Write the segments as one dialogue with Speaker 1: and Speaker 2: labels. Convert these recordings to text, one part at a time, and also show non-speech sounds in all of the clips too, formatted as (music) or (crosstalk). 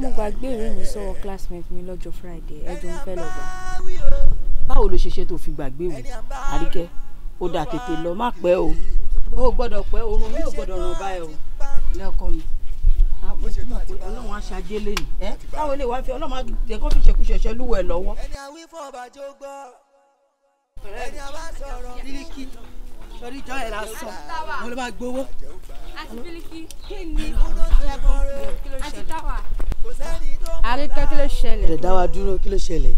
Speaker 1: mo gbàgbé ìwé mi sọ́wọ́ classmate mi lọ́jọ́ friday ẹjọ́ ń fẹ́ lọ gbà. báwo ló ṣe ṣe tó fi gbàgbé wò àríkẹ́ ó dà tètè lọ má pẹ́ o ó gbọ́dọ̀ pẹ́ oorun mi ò gbọ́dọ̀ ràn báyìí o lẹ́ẹ̀kọ́ mi ọlọ́run aṣáájé lẹ́nu ẹ káwọn ilé wa fi ọlọ́run àjẹ kó fi ṣẹkúṣẹṣẹ lúwẹ̀ lọ́wọ́. bíríkì sọrí jọ ẹ̀ lásán wọn ló máa gbowó. àti bíríkì kí ni àti táwa àríkẹ́ kí ló ṣẹlẹ̀. ẹ̀dá wa dúró kí ló ṣẹlẹ̀.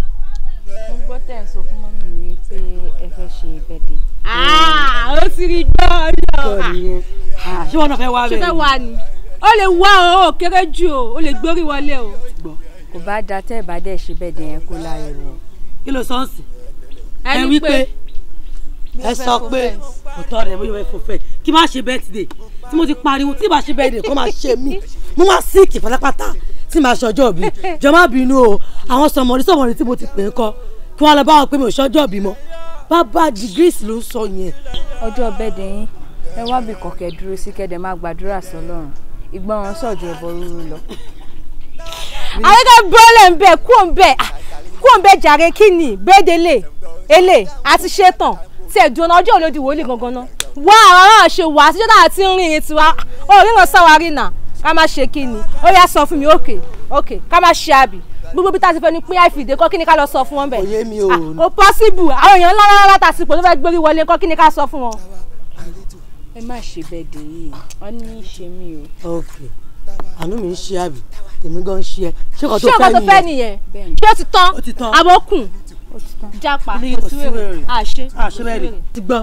Speaker 1: mo gbọ́ tẹ̀ sọ fún
Speaker 2: mọ́mí mi pé ẹ fẹ́ ṣe bẹ́ẹ̀dẹ̀. Ah,
Speaker 1: ó ti rí gbọ́ ọlọ́ọ̀
Speaker 2: ah, ṣé wọn fẹ́ wá bẹ́ẹ̀. ṣé fẹ́ wá
Speaker 1: ni ó lè wá o ó kéré jù o ó lè gbórí wọlé o. kò bá da tẹ́ ẹ̀ dẹ̀ ṣe bẹ́ẹ̀dẹ̀ yẹn kó láyé wọ. kí ló sọ́ọ̀sì ẹ wí pé ẹ sọ pé òtọ́ rẹ̀ bóyá ẹ̀fọ́ fẹ́ kí má ṣe bẹ́ẹ̀tì dè tí mo ti pariwo tí ì bá ṣe bẹ́ẹ̀tì dè kó má ṣe mí mo má síìkì pátápátá tí màá ṣọjọ́ bí jọ má bínú o àwọn sọmọrí sọmọrí tí mo ti pè é kọ kí wọ́n lọ bá wọn pé mi ò ṣọjọ́ bí mọ́ bàbá dìgírìsì ló ń sọ yẹn. ọjọ́ bẹ́ẹ̀dẹ̀ yín ẹ wá bí kọ̀kẹ́ dúró sí kẹ́dẹ̀ máa gbàdúrà sọlọ́run ìgbọràn sọ̀jọ̀ ẹ̀bọ rúru lọ. àrẹ́gà bọ́ọ̀lẹ̀ ń bẹ̀ kú òun bẹ̀ ah, kú òun bẹ̀ jàre kí ni bẹ́ẹ̀dẹ̀lẹ̀ èlé àti ṣetán tí ẹ̀ dùn ọjọ́ òlòdì wòlíì gangan náà wá àwọn aráàṣẹ wà àtijọ́ náà ti rìn ìrìn tiwa òórìnà sáwárì náà ká má ṣe kí ni ó yá sọ fún mi òkè òkè ká má ṣe àbí gbogbo bí tásìfẹ́ ni pín àìfìdé kọ́ kí ni ká lọ sọ fún wọn bẹ̀. òye mi o. Ah, kò pọ́síbù àwọn èèyàn ńláńlá ńlá tàṣìpò tó fẹ́ gbórí wọlé kọ́ kí ni ká sọ fún wọn. ẹ má ṣe bẹ́ẹ̀ dè yìí wọ́n ní í ṣe mí o. ok àánú mi ń ṣe àbí tèmi gan ṣe ẹ ṣé kò tó fẹ́ nìyẹn ṣé o ti tán àbókùn japa kò sí wèrè àṣẹ ah, àṣẹ ah, bẹ́ẹ̀ ni ti gbọ́.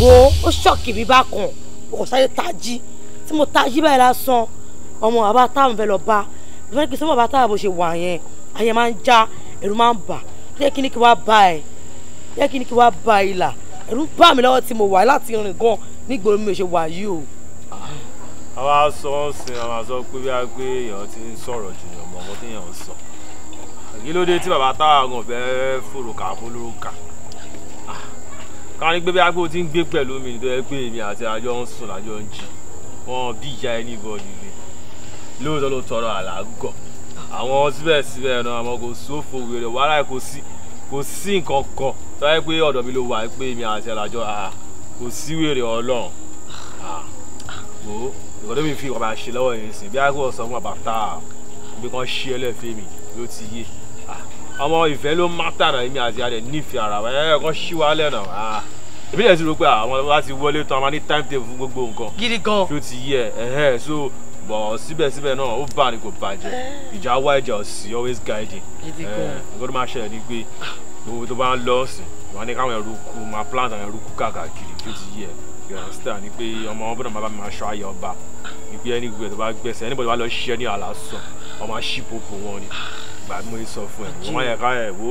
Speaker 1: wo ó ṣọ́ọ̀kì mi bákan mo kò sáré tají tí mo tají báyìí lásán ọmọ bàbá táwọn fẹ́ lọ bá bẹ́ẹ̀ kí sọ́mọ́ bàbá táwọn bó ṣe wà yẹn àyẹ̀ máa ń já ẹ̀rù máa ń bà jẹ́ kí ni kí wá bá ẹ̀ jẹ́ kí ni kí wá bá ẹ̀ ẹ̀rù ń bà lọ́wọ́ tí mo wà láti rìn gan nígboro mi ò ṣe wà yìí o.
Speaker 3: àwa sọ ń sin àwa sọ pé bí a gbé èèyàn ti ń sọ̀rọ̀ jù lọ́mọ ọmọ téèyàn ń sọ kí ló dé tí bàbá táwọn fẹ́ fòrò kà fún ká ní pé bí agbó ti ń gbé pẹ̀lú mi tó yẹ pé èmi àti àjọ ń sùn lájọ ń jì wọn bí ìyá ẹni bọ́ọ̀lù rẹ lóòótọ́ ló tọrọ àlágọ̀ àwọn síbẹ̀síbẹ̀ náà àmọ́ kò sófo wèrè wàhálà kò sí kò sí nǹkan kan tó yẹ pé ọ̀dọ̀ mi ló wà pé èmi àti àjọ kò sí wèrè ọlọ́run wò ó ìkọ́dọ̀ mi fi ìwà máa ṣe lọ́wọ́ yẹn sìn bí agbó sọ fún àbáta bí kan ṣí ẹlẹ́fẹ̀ẹ́ mi ló ti yé ọmọ ìfẹ́ ló má tànà èmi àti adẹ nífẹ̀ẹ́ ara wa ẹ kàn ṣí wa lẹ́nà wa ìbílẹ̀ ti rò pé àwọn bá ti wọlé tán a máa ní time table fún gbogbo nǹkan gidi gan tó ti yẹ ẹhẹ so bọ̀ síbẹ̀síbẹ̀ náà ó bá ní kò bàjẹ́ ìjà wá ìjà òsì always guiding gidi gan nǹkan tó máa ṣẹlẹ̀ ni pé gbogbo tó bá ń lọ sí wọn ní káwọn ẹrú kú máa plant àwọn ẹrú kú káàkiri tó ti yẹ gẹ̀rẹ́sítà ni pé ọmọ ọmọ bọ́dọ̀ máa bá mi máa ṣọ ayé ọba ni pé ẹni gbogbo bá gbẹ̀sẹ̀ ẹni bọ́dọ̀ bá lọ ṣiṣẹ́ ní àlàsàn ọmọ aṣípòpò wọn ni gbà mo sọ fún ẹ wọ́n yẹ ká ẹ̀ wò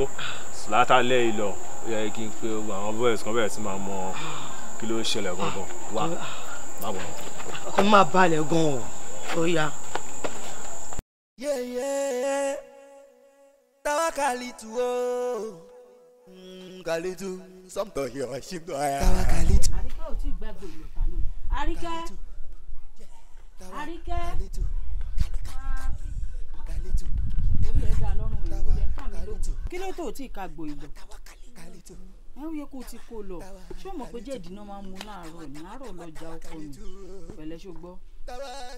Speaker 3: látàlẹ́ ìlọ yẹ kí n pe àwọn boys kan bẹ̀rẹ̀ sí máa mọ kí ló ṣẹlẹ̀ gangan wà
Speaker 4: báwo.
Speaker 1: ọkọ máa balẹ̀ gan-an ó yá.
Speaker 3: yeye tawakalitu o hmm, kalitu sọmtọ yọ ṣíbọ ẹ. tawakalitu.
Speaker 1: àríkẹ́ ò tí ì gbàgbé ìlọ̀ta náà àríkẹ́ àríkẹ́. kí ló tó tí ká gbo ìlọ ẹ ó yẹ kó o ti kó lọ ṣé o mọ̀ pé jẹ̀dí náà máa ń mu láàárọ̀ ní àárọ̀ lọ́jà ọkọ mi pẹ̀lẹ́ ṣó gbọ́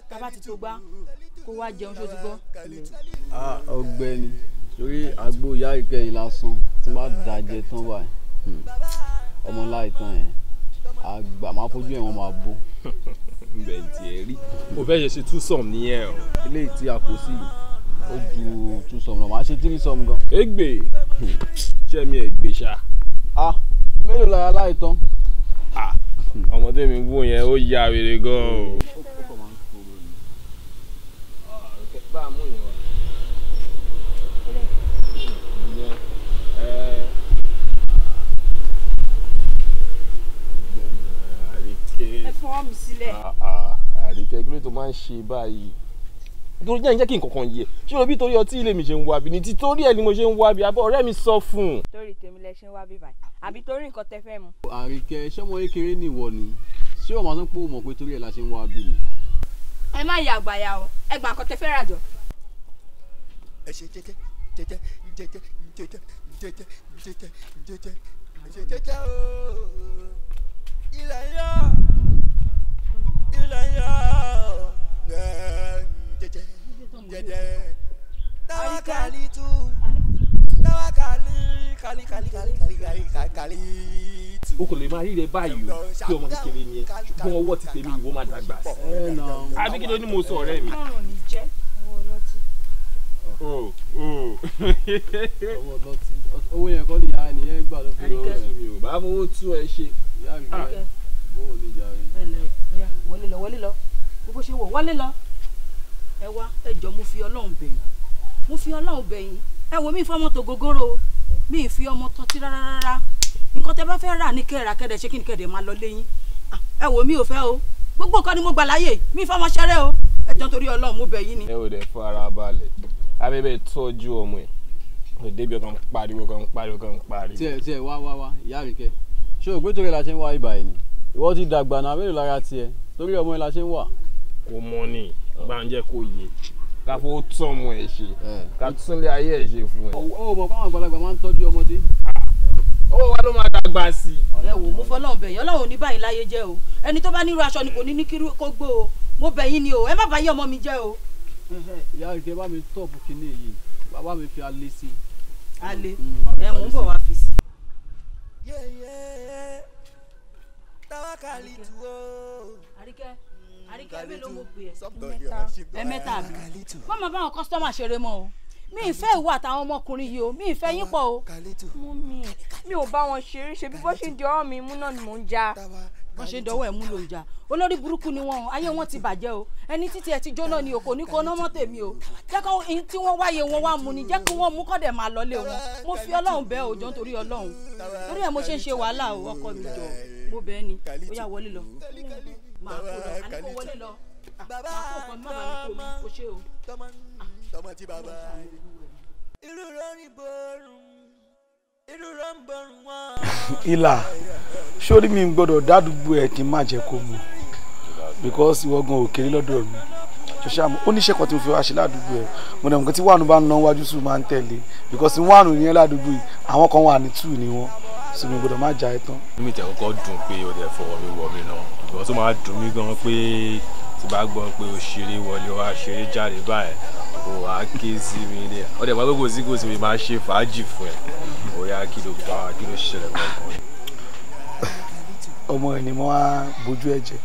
Speaker 1: tábà ti tó gbá kó wá jẹun ṣó ti gbọ́.
Speaker 3: Ah, ọ̀gbẹ́ni torí àgbo ìyá ìkẹyìn lásán tí má dàjẹ tán báyìí hmm, ọmọ láìtàn yẹn àgbà máa fojú ẹ̀ wọ́n máa bó. (laughs) bẹ́ẹ̀ tiẹ̀ rí o fẹ́ ṣe ṣe túsàn nìyẹn o. eléyìí tí a kò sí yìí ó ju two sum lọ màá ṣe three sum gan. ègbè ṣé mi ẹ̀ gbè ṣá. a mélòó lára láì tán. ọmọdé mi wò yẹn ó ya wèrè gan o.
Speaker 4: fọwọ́ mi sílẹ̀.
Speaker 3: àríkẹ́ kí ló tó máa ń ṣe báyìí torí jẹ́ ìjẹ́ kí nǹkankan yẹ ṣé o bí torí ọtí ilé mi ṣe ń wá bí ni ti torí ẹ ni mo ṣe ń wá bí abọ́ ọ̀rẹ́ mi sọ fún
Speaker 4: torí tèmi
Speaker 1: lẹ ṣe ń wá bí báyìí àbí torí nǹkan tẹ fẹ́ mu.
Speaker 3: àríkẹ́ ṣọmọ kékeré ni ìwọ ni ṣé o máa tún pé o pé torí ẹ la ṣe ń wá bí ni.
Speaker 1: ẹ má yà àgbàyà o ẹ gbà nǹkan tẹ fẹ́ ràjọ.
Speaker 3: ẹ ṣe jẹ́jẹ́ jẹ́jẹ́ jẹ́jẹ́ jẹ́jẹ́ jẹ́jẹ́ jẹ́jẹ́ jẹ́jẹ́ jẹ́jẹ́ jẹ́jẹ́ ooo ilẹ̀ yọ ilẹ̀ yọ jẹjẹ jẹjẹ
Speaker 1: tawakali tu
Speaker 3: tawakali kali kali
Speaker 1: kali kali kali kali
Speaker 3: tu. o kò lè máa rí rẹ báyìí o kí ọmọ kékeré ni ẹ ṣùgbọ́n ọwọ́ ti tèmi ìwọ máa dàgbà sí àbí kí ló ní mo sọ ọ̀rẹ́ mi. ọ̀rùn ní owó yẹn kọ́ nìyá ẹnìyẹn gbà ló fi lọ́wọ́ sí mi o bá mo tú ẹ ṣe. ìyá mi kọ́ ẹ bó o lè jà rẹ.
Speaker 1: wọlé lọ wọlé lọ bó ṣe wọ wọlé lọ ẹ wá ẹ jọ mo fi ọlọ́run bẹ̀yìn mo fi ọlọ́run bẹ̀yìn ẹ wo mi fi ọmọ tó gogoro mi fi ọmọ tọ́tí rárá rárá nǹkan tẹ bá fẹ́ rà ní kẹ́ra kẹ́dẹ̀ ṣé kí ni kẹ́dẹ̀ máa lọ lẹ́yìn ẹ wo mi ò fẹ́ o gbogbo nǹkan ni mo gbà láyè mi fi ọmọ ṣẹrẹ o
Speaker 3: ẹ jọ nítorí ọlọ́run mo bẹ̀ ni. ẹ ò dẹ̀ fara balẹ̀ abẹ́bẹ̀ tọ́jú ọmọ ẹ̀ òdebi ọkàn pariwo kan pariwo kan pariwo. tiẹ̀ tiẹ̀ wá wá wá ìyá àríkẹ́ ṣé ògbé torí la ṣe ń wá ibà yìí ni ìwọ ti dàgbà náà mélòó lára tiẹ̀ torí ọmọ yìí la ṣe ń wà. kò mọ ni gbàǹjẹ kò yé ká fó tún ọmọ ẹ ṣe ká túnlé ayé ẹ ṣe fún ẹ. ó mọ̀ káwọn àgbàlagbà máa ń tọ́jú ọmọdé. Ah. owó wa ló máa dàgbà sí i.
Speaker 1: ẹ wò mo fọlọ́n bẹ̀yìn ọlọ́run ní báyìí láyé jẹ́ o ẹni tó bá nírú aṣọ ni kò ní ní kírú kó gbó o mo bẹ̀yìn ni o ẹ má bàyí ọmọ mi jẹ́ o.
Speaker 3: ìyá ìjẹ bá mi tọ́ọ̀bù kínní yìí bàbá mi fi alẹ́ sí i. alẹ́ mm, ẹ mò ń bọ̀ wá
Speaker 1: fi sí i. yeye tawakali àríkẹ́ mi ló mú ṣeré mọ́ o mi ìfẹ́ ìwọ àtàwọn ọmọkùnrin yìí o mi ìfẹ́ yín pọ̀ o. mi ò bá wọn ṣeré ṣe bí bó ṣe ń di ọwọ́ mi mú náà ni mò ń já. bó ṣe ń dọwọ́ ẹ̀ mú ló ń já olórí burúkú ni wọn ayé wọn ti bàjẹ́ o ẹni títí ẹ ti jóná ni o kò ní kó ná mọ́ tèmi o jẹ́ kó tí wọ́n wáyé wọn wá mu ni jẹ́ kí wọ́n mú kọ́dẹ̀ máa lọlé wọn mo fi ọlọ́run bẹ́ẹ̀ o nítorí ọlọ́run
Speaker 4: torí ẹ̀ mo ṣe ń ṣe wàhálà o ọkọ mi jọ mo
Speaker 1: bẹ́ẹ̀ ni ó yá wọlé lọ
Speaker 4: máa kó lọ àníkó wọlé lọ
Speaker 1: bàbá tọmọ tọmọ
Speaker 3: tọmọ tí
Speaker 4: bàbá irú rọrin borun
Speaker 3: irú rọrin borun wọn. ìlà sórí mi gbọ́dọ̀ dádùgbò ẹ kí má jẹ kó mu because ìwọ gan òkèrè lọ́dọ̀ mi ṣọṣàmù oníṣẹ́ kan tí mo fi wá ṣe ládùúgbò ẹ̀ mo dẹ̀ mọ̀ pé tí wàánu bá ń ná wájú sùn máa ń tẹ̀lé because wàánu yẹn ládùúgbò yìí àwọn kan wà ní two ni wọ́n sì mi gbọ́dọ̀ má jà ẹ tán. mímì tẹ dùn pé o lè fọwọ́ mi wọ mi náà ìwọ tó máa dùn mí gan pé tí bá gbọ́ pé o ṣeré wọlé o wá ṣeré jáde báyìí o wá ké sí mi ní ẹ ọdẹ bá gbogbo sí kò sí mi máa ṣe fàájì fún ẹ o yá kí ló bá kí ló ṣẹlẹ̀ kankan. ọmọ ẹ ni mo wá bójú ẹ jẹ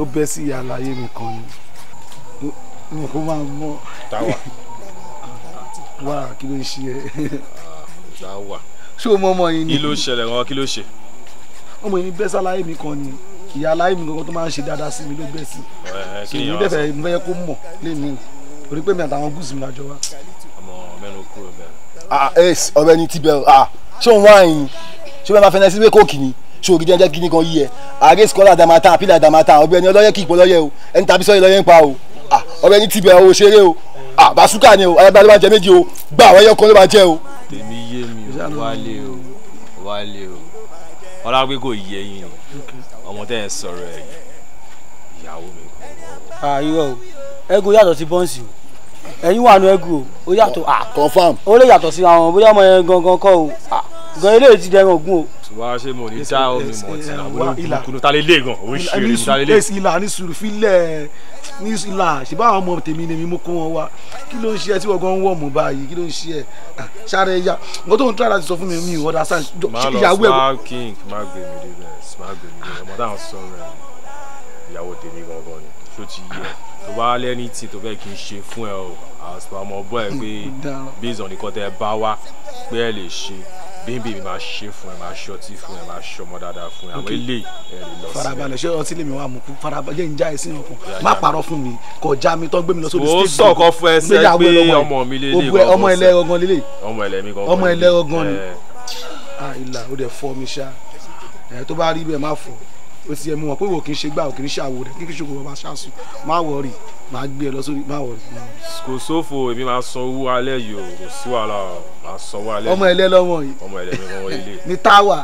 Speaker 3: ó bẹ́ sí àlàyé mi kan ni mo kó máa mọ wá kí ló ṣe ẹ. ṣé o mọ ọmọ yín ni. kí ló ṣẹlẹ̀ wọn kí ló ṣe ọmọ yìí bẹ́sẹ̀ aláyé mi kan ni ìyá aláyé mi kankan tó máa ń ṣe dáadáa sí mi ló bẹ́ẹ̀ sí èmi dẹ̀ fẹ́ fẹ́ kó mọ̀ lẹ́nu orí pé mi àtàwọn gúúsù mi lájọ wa. ọmọ mẹ́rin ó kúrò bẹ́ẹ̀. ọbẹ̀ ni ti bẹ̀rù ṣé òun wá yín ṣé òun máa fẹ́ nẹ́sí pé kóòkì ni sórí jẹjẹ kí ni kan yí ẹ ààrẹ sọlá dàmátà àpìlà dàmátà ọbẹ ni ọlọyẹ kì í pọ lọyẹ o ẹni tàbí sọyẹ basuka ah, ah, ni o ayaba ló máa jẹ méjì o gbà àwọn ẹyọ ọlágbé kò yẹ yín o ọmọ tẹ́ ẹ sọ̀rọ̀ ẹ̀ ìyàwó mi kò. àyọ̀ ẹgò yàtọ̀ sí bọ́ǹsì o ẹ̀yin wà nù ẹgò o yàtọ̀. confam. ó lè yàtọ̀ sí àwọn bóyá ọmọ yẹn gangan kọ́ o gan ilé ti dẹrùn ogun o. ṣùgbọ́n ṣé mo ní dá omi mọ̀ tí àwọn olùkùnú ta lè lé gan òun ṣe eré ta lè lé. èsì ìlà ní sùúrù filẹ̀ ní ìlà ṣùgbọ́n àwọn ọmọ tèmi ni mi mú kó wọn wá kí ló ń ṣe ẹ tí wọ́n gan ń wọ̀ mú báyìí kí ló ń ṣe ẹ ṣáàrẹ ẹ̀yà nǹkan tó ń tọ́ra ti sọ fún mi mi ìwọ́dà sáà ìyàwó ẹ̀. máa lọ small king má gbé mi débẹ̀ má gbé mi débẹ̀ mọ̀ dáhùn sọ̀rọ̀ ìyàwó tèmi gangan ni tó ti yẹ tó bá lẹ́ni tí tó fẹ́ kí n ṣe fún ẹ o àṣọ àmọ́ bọ́ ẹ pé based on nǹkan tẹ́ bá wá pé ẹ lè ṣe bíbí mi máa ṣe fún ẹ máa ṣọtí fún ẹ máa ṣọmọ dáadáa fún ẹ àwọn ilé ẹ lè lọ sí. farabalẹ̀ ṣé ọtí lèmi wà mú kú farabalẹ̀ ń já ẹsìn ọkàn má parọ́ fún mi kò já mi tó gbé mi lọ sórí stage. ó sọ̀kọ fún ẹsẹ̀ pé ọmọ mi lélẹ̀ gan ọmọ ẹlẹ́ ọgán lélẹ̀ ọmọ ẹlẹ́ mi gan ọmọ ẹlẹ́ ọgán ni àìlà ah, ó dẹ̀ fọ́ mi ṣá ẹ̀ tó bá rí bẹ́ẹ̀ má fọ́ o ti yẹ mu wọn pé wò kì í ṣe gbà ò kì í ṣe àwò rẹ kí kí ṣòkò bàbá ṣáṣù má wọrí má gbé ẹ lọ sórí má wọrí. kò sófo èmi máa san owó alẹ́ yìí o kò sí wàhálà máa san owó alẹ́ yìí. ọmọ ẹlẹ́ lọ́wọ́ yìí ọmọ ẹlẹ́ mi wọ́n ilé. ní táwà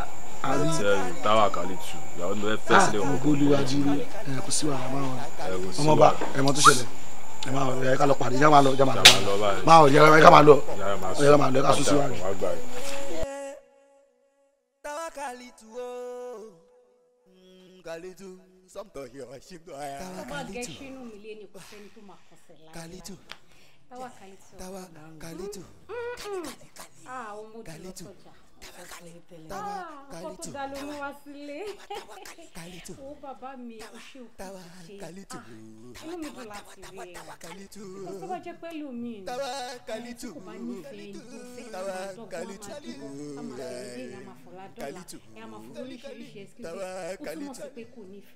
Speaker 3: àbí táwà kálí tù yàrá ló fẹ́ ah, sílẹ̀ wọn. olùwàjú ẹ kò sí wàhálà máa yẹ ká lọ kalitu sọmtọ yọ ṣíbọ ẹ. tawa kalitu
Speaker 2: kalitu tawa
Speaker 3: kalitu kalitu
Speaker 2: ah, kalitu tawakali tawakali tawakali tu tawakali tu tawakali tu tawakali tu tawakali tu tawakali tu tawakali tu tawakali tu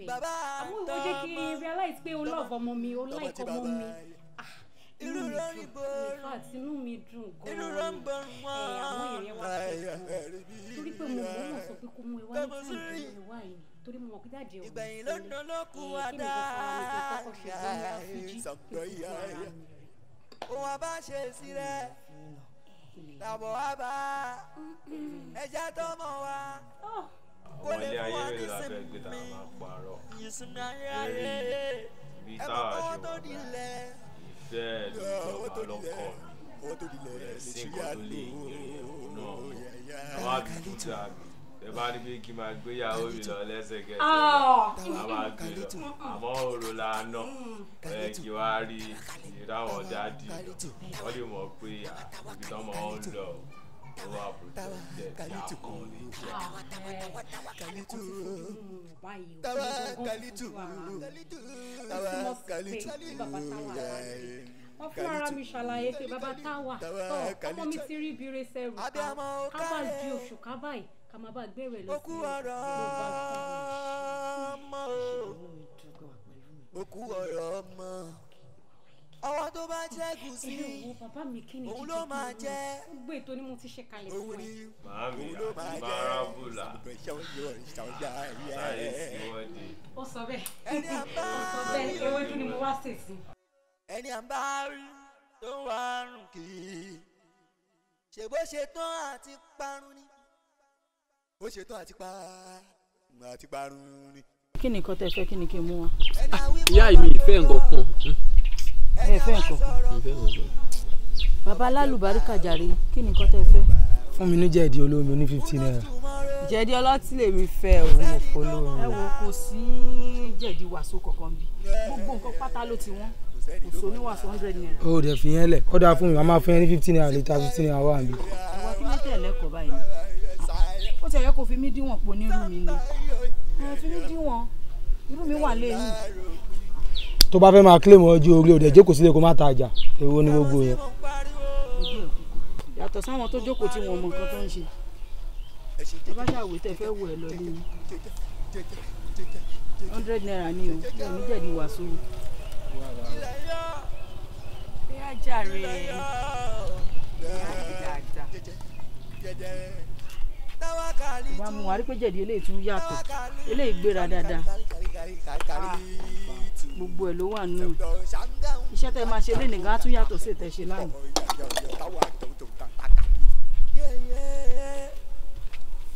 Speaker 2: baba ta ma àmọ́ ìwọ jẹ́ kí n realize pé o love ọmọ mi o like ọmọ mi ah inú mi dùn in fact inú mi dùn gan-an inú ló ń gbọ́n eh, wọn àwọn
Speaker 4: èèyàn wá sí torí pé mo mọ̀ mọ̀ sọ pé kó mú ẹ wá ní fún ìdílé
Speaker 2: wa yìí torí mo mọ̀ eh, kí dáàdì ọ̀hún ìgbẹ̀yìn ló ń lọ kú adá
Speaker 3: sọ̀tọ̀ ìyá rẹ̀
Speaker 1: òun àbá ṣe sí rẹ̀ eh, tàbọ̀ wá bá
Speaker 4: ẹja tọmọ wa oh.
Speaker 3: kó lè fún wa ní sinmi
Speaker 4: ìsinmi ayé ayé ẹ bọ̀ bọ́ tó dilẹ̀
Speaker 3: dead owó tó dilẹ̀ owó tó dilẹ̀ nàìjíríà lò ó àwọn àbíkúta ẹ bá ní bí kí n máa gbéyàwó mi lọ lẹ́sẹ̀kẹsẹ̀ a máa gbé lọ àmọ́ òru la ẹ kí wá rí ìdáwọ̀ dáàdì wọ́n lè mọ̀ pé ah, ibi tán mọ̀ ń lọ tawa tawa
Speaker 2: kalitu tawa tawa tawa tawa kalitu
Speaker 1: tawa
Speaker 4: kalitu tawa kalitu wọ́n fún ara mi ṣàlàyé pé bàbá
Speaker 2: táwa ọmọ mi ti rí ibi rẹ sẹ́rù ká bá di oṣù ká báyìí ká má bá gbèrè lọ sí òkú ọ̀rọ̀ ọmọ òkú ọ̀rọ̀ ọmọ ọwọ́ tó bá jẹ́ gùsì òun ló máa jẹ́ gbogbo ètò ni mo ti ṣe kalẹ̀ fún ẹ.
Speaker 4: màámi àmàràbùlà
Speaker 3: láyé síwọ́de.
Speaker 2: ó sọ bẹ́ẹ̀ ó sọ bẹ́ẹ̀ ewédú ni mo wá sèṣin. ẹni à ń bá
Speaker 1: rí tó wá rùn kì í ṣe bó ṣe tán àti parun ni bó ṣe tán àti parun
Speaker 3: àti parun ni.
Speaker 1: kí ni nǹkan tẹ fẹ́ kí ni kí n mú wa. ìyá mi ìfẹ́ nǹkan kan ẹ fẹ́ nǹkan
Speaker 4: kan
Speaker 1: bàbá alálùbáríkà jàre kí ni nǹkan tẹ fẹ́.
Speaker 3: fún mi ní jẹ̀dí olómi oní fifty naira.
Speaker 1: jẹ̀dí ọlọ́tí lèmi fẹ́ òun ò polówó. ẹ wo kò sí jẹ̀dí wàsó kankan bí gbogbo nǹkan pátá ló ti wọ́n kò sóní wàsó hundred naira.
Speaker 3: o dẹ̀ fi yẹn lẹ̀ kọ́dà fún mi màá máa fún yẹn ní fifty naira lítà fifteen naira wà níbí.
Speaker 1: àwa kí ló tẹ̀lé ẹ̀kọ́ báyìí ó tẹ̀yẹ kó fi mí díwọ̀n pò ní irú mi ni fi mí díwọ̀n irú mi wà léyìn
Speaker 3: tó bá fẹ́ máa claim ọjọ́ orí òde jókòó sílé kó má ta àjà èwo ni gbogbo yẹn.
Speaker 1: yàtọ̀ sáwọn tó jókòó tí wọ́n mọ nǹkan tó ń ṣe ẹ bá ṣàwé tẹ fẹ́ wọ ẹ lọ ní
Speaker 3: hundred naira ni o èmi
Speaker 1: jẹ̀bi wàásù. bí ajá rẹ̀ ẹ̀ ìbámu àrípéjẹ̀dì eléyìí tún yàtọ̀ eléyìí gbéra dáadáa. Ah gbogbo ẹ̀ ló wà nù iṣẹ́ tẹ́ máa ṣe lénìí gan tún yàtọ̀ sí ìtẹ́ ṣe lánàá.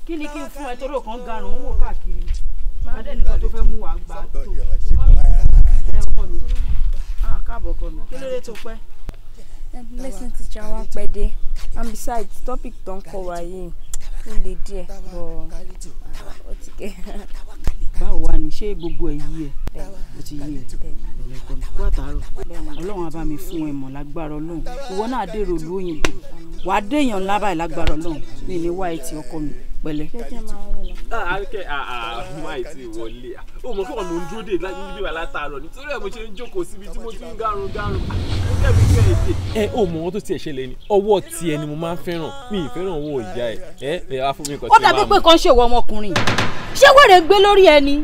Speaker 1: kí ni kí n fún ẹ torí òkan garùn ún wò káàkiri adé nìkan tó fẹ́ mú wa gbà tó ah, káàbọ̀ ọkọ mi kí ló dé tó pẹ́.
Speaker 4: lesson teacher
Speaker 1: wa pẹ́ dé and besides topic tó ń kọ́ wa yìí ó le díẹ̀ bọ̀ ah, ó ti kẹ́ báwo wá ni ṣé gbogbo ẹ yí ẹ o ti yí ẹ ẹlẹkọ mi kó àtàárọ̀ Ọlọ́run á bá mi fún ẹ mọ̀ lágbára Ọlọ́run ìwọ náà dèrò ìlú òyìnbó wà á déèyàn ńlá báyìí lágbára Ọlọ́run mi ní wá etí ọkọ mi pẹ̀lẹ́.
Speaker 3: àkẹ́ àmọ́ àìsí ìwọlé o mọ̀ fún ọ̀nà òǹdúró dè níbi wà látàárọ̀ nítorí ẹ̀ mo ṣe ń jókòó síbi tí mo ti ń gárun gárun ẹ ò mọ ohun tó tiẹ̀ ṣẹlẹ̀ ni ọwọ́ tiẹ̀ ni mo máa ń fẹ́ràn mi ì owó ìyá ẹ ẹ ẹ wá fún mi kan tí mo máa mọ. ó dàbí pé
Speaker 1: kan ṣèwọ ọmọkùnrin ṣé wẹ̀rẹ̀ gbé lórí ẹni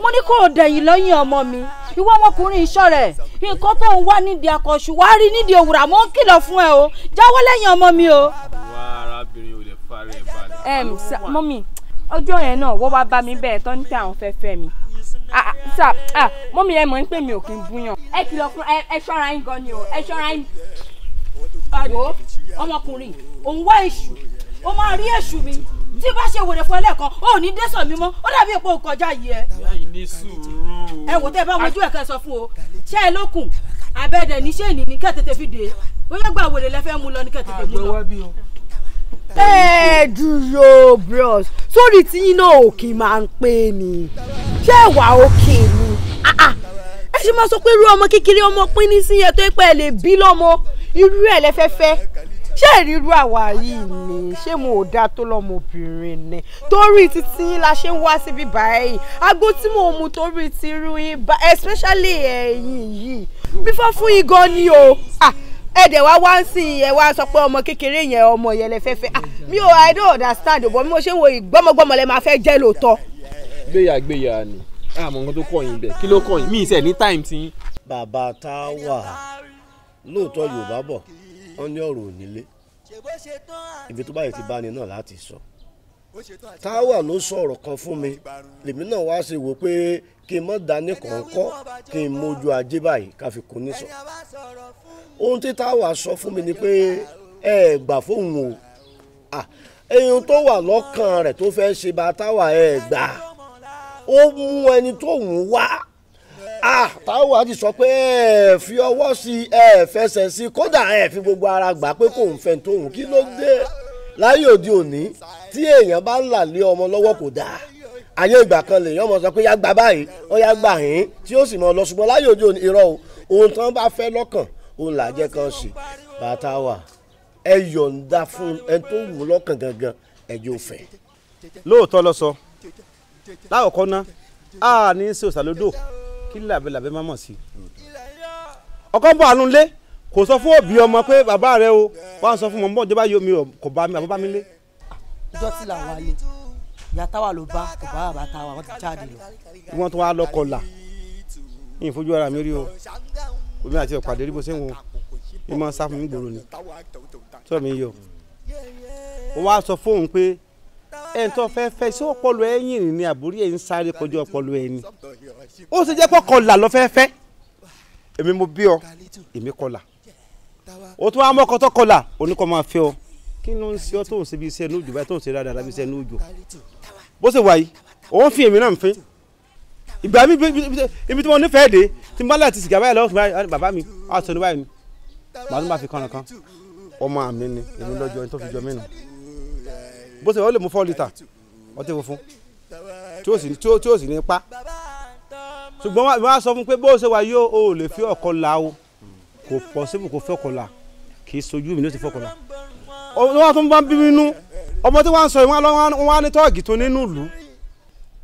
Speaker 1: mo ní kó o dẹ̀yìn lọ́yìn ọmọ mi ìwọ ọmọkùnrin iṣọ́ rẹ̀ nǹkan tó ń wá nídìí akọ̀ṣù wá rí nídìí òwúrà mo ń kìlọ̀ fún ẹ o jáwọ́ lẹ́yìn ọmọ mi o. wá arábìnrin
Speaker 2: ò lè fara ẹ̀ balẹ̀. ẹm mọ́mì ọjọ́ yẹn náà wọ́n wá bá mi bẹ́ẹ̀ tán níta àwọn fẹ́ fẹ́ mi sà mọ́mì ẹ mọ̀ ń pè mí ò kí n búyàn. ẹ kìlọ̀ fún ẹ ṣọ́ra yín
Speaker 1: gan ni o ẹ ṣọ́ra yín. àdó ọmọkùnrin òun wá èṣù ó máa rí èṣù mi tí bá ṣe wèrè fún ẹlẹ́ẹ̀kan ó ní dẹ́sọ̀ mi mọ́ ó dàbí èpo kọjá yìí ẹ. ní sùúrù. ẹ wò tẹ bá wọn ojú ẹ̀ka sọ fún o ṣé ẹ lókun abẹ́dẹ̀ ní ṣé ènìyàn kẹ́ tètè fi dé bóyá gba wèrè lẹ́fẹ́ mú lọ ní kẹ́ tètè mú lọ. ẹ dúró bros sórí tíyín náà òkè máa ń pè ní ṣé ẹwà òkè ni ah, ah. ẹ ṣe máa sọ pé irú ọmọ kékeré ọmọ pín ní sí ẹ tó pẹ́ lè bí lọ́mọ irú ẹ̀ lẹ́fẹ́fẹ́ ṣé ìrírú àwa yìí ni ṣé mo ò dáa tó lọ́mọbìnrin ni torí títí la ṣe ń wá síbí báyìí agbó tí mo mu torí ti rú yín especially ẹ̀yin yìí fífọ́ fún yín gan ni o ah, ẹ̀dẹ̀ wá wá sí i ẹ̀ wá sọ pé ọmọ kékeré yẹn ọmọ yẹn lè fẹ́fẹ́ ah, mi ò i don't understand bọ́ mi mo ṣe ń wo ìgbọ́mọgbọ́mọ lẹ máa fẹ́ jẹ́ lóòótọ́.
Speaker 3: gbéyà gbéyà ni àmọ́ nǹkan tó kọ̀ yín bẹ̀ kí ló kọ̀ yín mí ìṣẹ̀ ní time tí. bàbá tá a wà lóòótọ́ Yorùbá bọ̀ wọ́n ní ọ̀rọ̀ onílé ibi tó báyìí ti bá ni náà láti sọ
Speaker 4: táwa ló sọ̀rọ̀ kan fún mi
Speaker 3: lèmi náà wá ṣe wò pé kí n mọ̀ dání kọ̀ọ̀kọ́ kí n mójú ajé báyìí ká fi kún nísọ ohun tí táwa sọ fún mi ni pé ẹ gbà fóun o ẹyin tó wà lọ́kàn rẹ̀ tó fẹ́ ṣe bá táwa ẹ gbà ó mú ẹni tó ń wá Ah, táwọn àti sọ pé ẹ fi ọwọ́ sí ẹ fẹsẹ̀ sí kódà ẹ fi gbogbo ara gbà pé kò ń fẹ́ tóun kí ló dé láyé òde òní tí èèyàn bá ń là lé ọmọ lọ́wọ́ kò dáa ayé ìgbà kan lèèyàn mọ̀ sọ pé yàgbà báyìí ó yàgbà yín tí ó sì mọ̀ lọ ṣùgbọ́n láyé òde òní irọ́ o ohun tán bá fẹ́ lọ́kàn òun làjẹ́ kan sí bàtà wà ẹ yọ̀ǹda fún ẹni tó wù lọ́kàn gangan ẹjọ́ fẹ́. lóòótọ́ lọ sọ láwọ̀kọ́ ná a ní í ṣe òsàlódò kí làbẹ́làbẹ́ má mọ̀ sí. ọkọ ń bọ̀ àánú lé kò sọ fún òbí ọmọ pé bàbá rẹ o wọ́n sọ fún mọ̀ mọ́ ìjọba yóò mi kò bá mi àbọ̀ bá mi lé.
Speaker 1: ìjọ tí làwọn alẹ ìyá táwa ló bá kò bá bàbá táwa wọn ti jáde lọ.
Speaker 3: wọ́n tún wá lọ́kọ̀ là ní ìfojú ara mi rí o omi àti ọ̀pàdé rí bó ṣe ń wo mi máa ń sá fún mi gbòòrò ni tí wọ́n mi yọ. ó wá sọ fóun pé ẹ̀ ń tọ́ fẹ́ fẹ́ ṣé ọpọlọ ẹ ni àbúrí ẹ̀ ń sáré kọjá ọpọlọ ẹ ni ó sì jẹ́ pọ́kànlá lọ fẹ́ fẹ́ èmi mo bí ọ èmi kọlà o tún wá mọ́ ọkọ tó kọlà oníkọ́ máa fẹ́ ọ kí ló ń ṣe ọ tó ń ṣe bí iṣẹ́ ní òjò báyìí tó ń ṣe dáadáa bí iṣẹ́ ní òjò bó ṣe wà yìí òun fi èmi náà ń fín ìgbà mi ibi tí mo nífẹ̀ẹ́ dé tí mo bá láti sìgá báyìí lọ́wọ́ bàbá mi àtọ́ni báyìí ni màá tún bá fi kànràn kan ọmọ àmì ni èmi lọ́jọ́ ẹni tó fi jọ mí nù bó ṣe wọ́n lè mú four litre ọtí funfun tí ó sì tí ó sì ní pa ṣùgbọ́n wọ́n á sọ fún pé bó ṣe wà yóò o lè fi ọkọ̀ la o kò possible kò fẹ́ ọkọ̀ la kì í sojú mi ló ti fẹ́ ọkọ̀ la wọ́n tún bá ń bí mi nú ọmọ tí wọ́n sọ yìí wọ́n á ní tọ́ọ̀gì tó nínú ìlú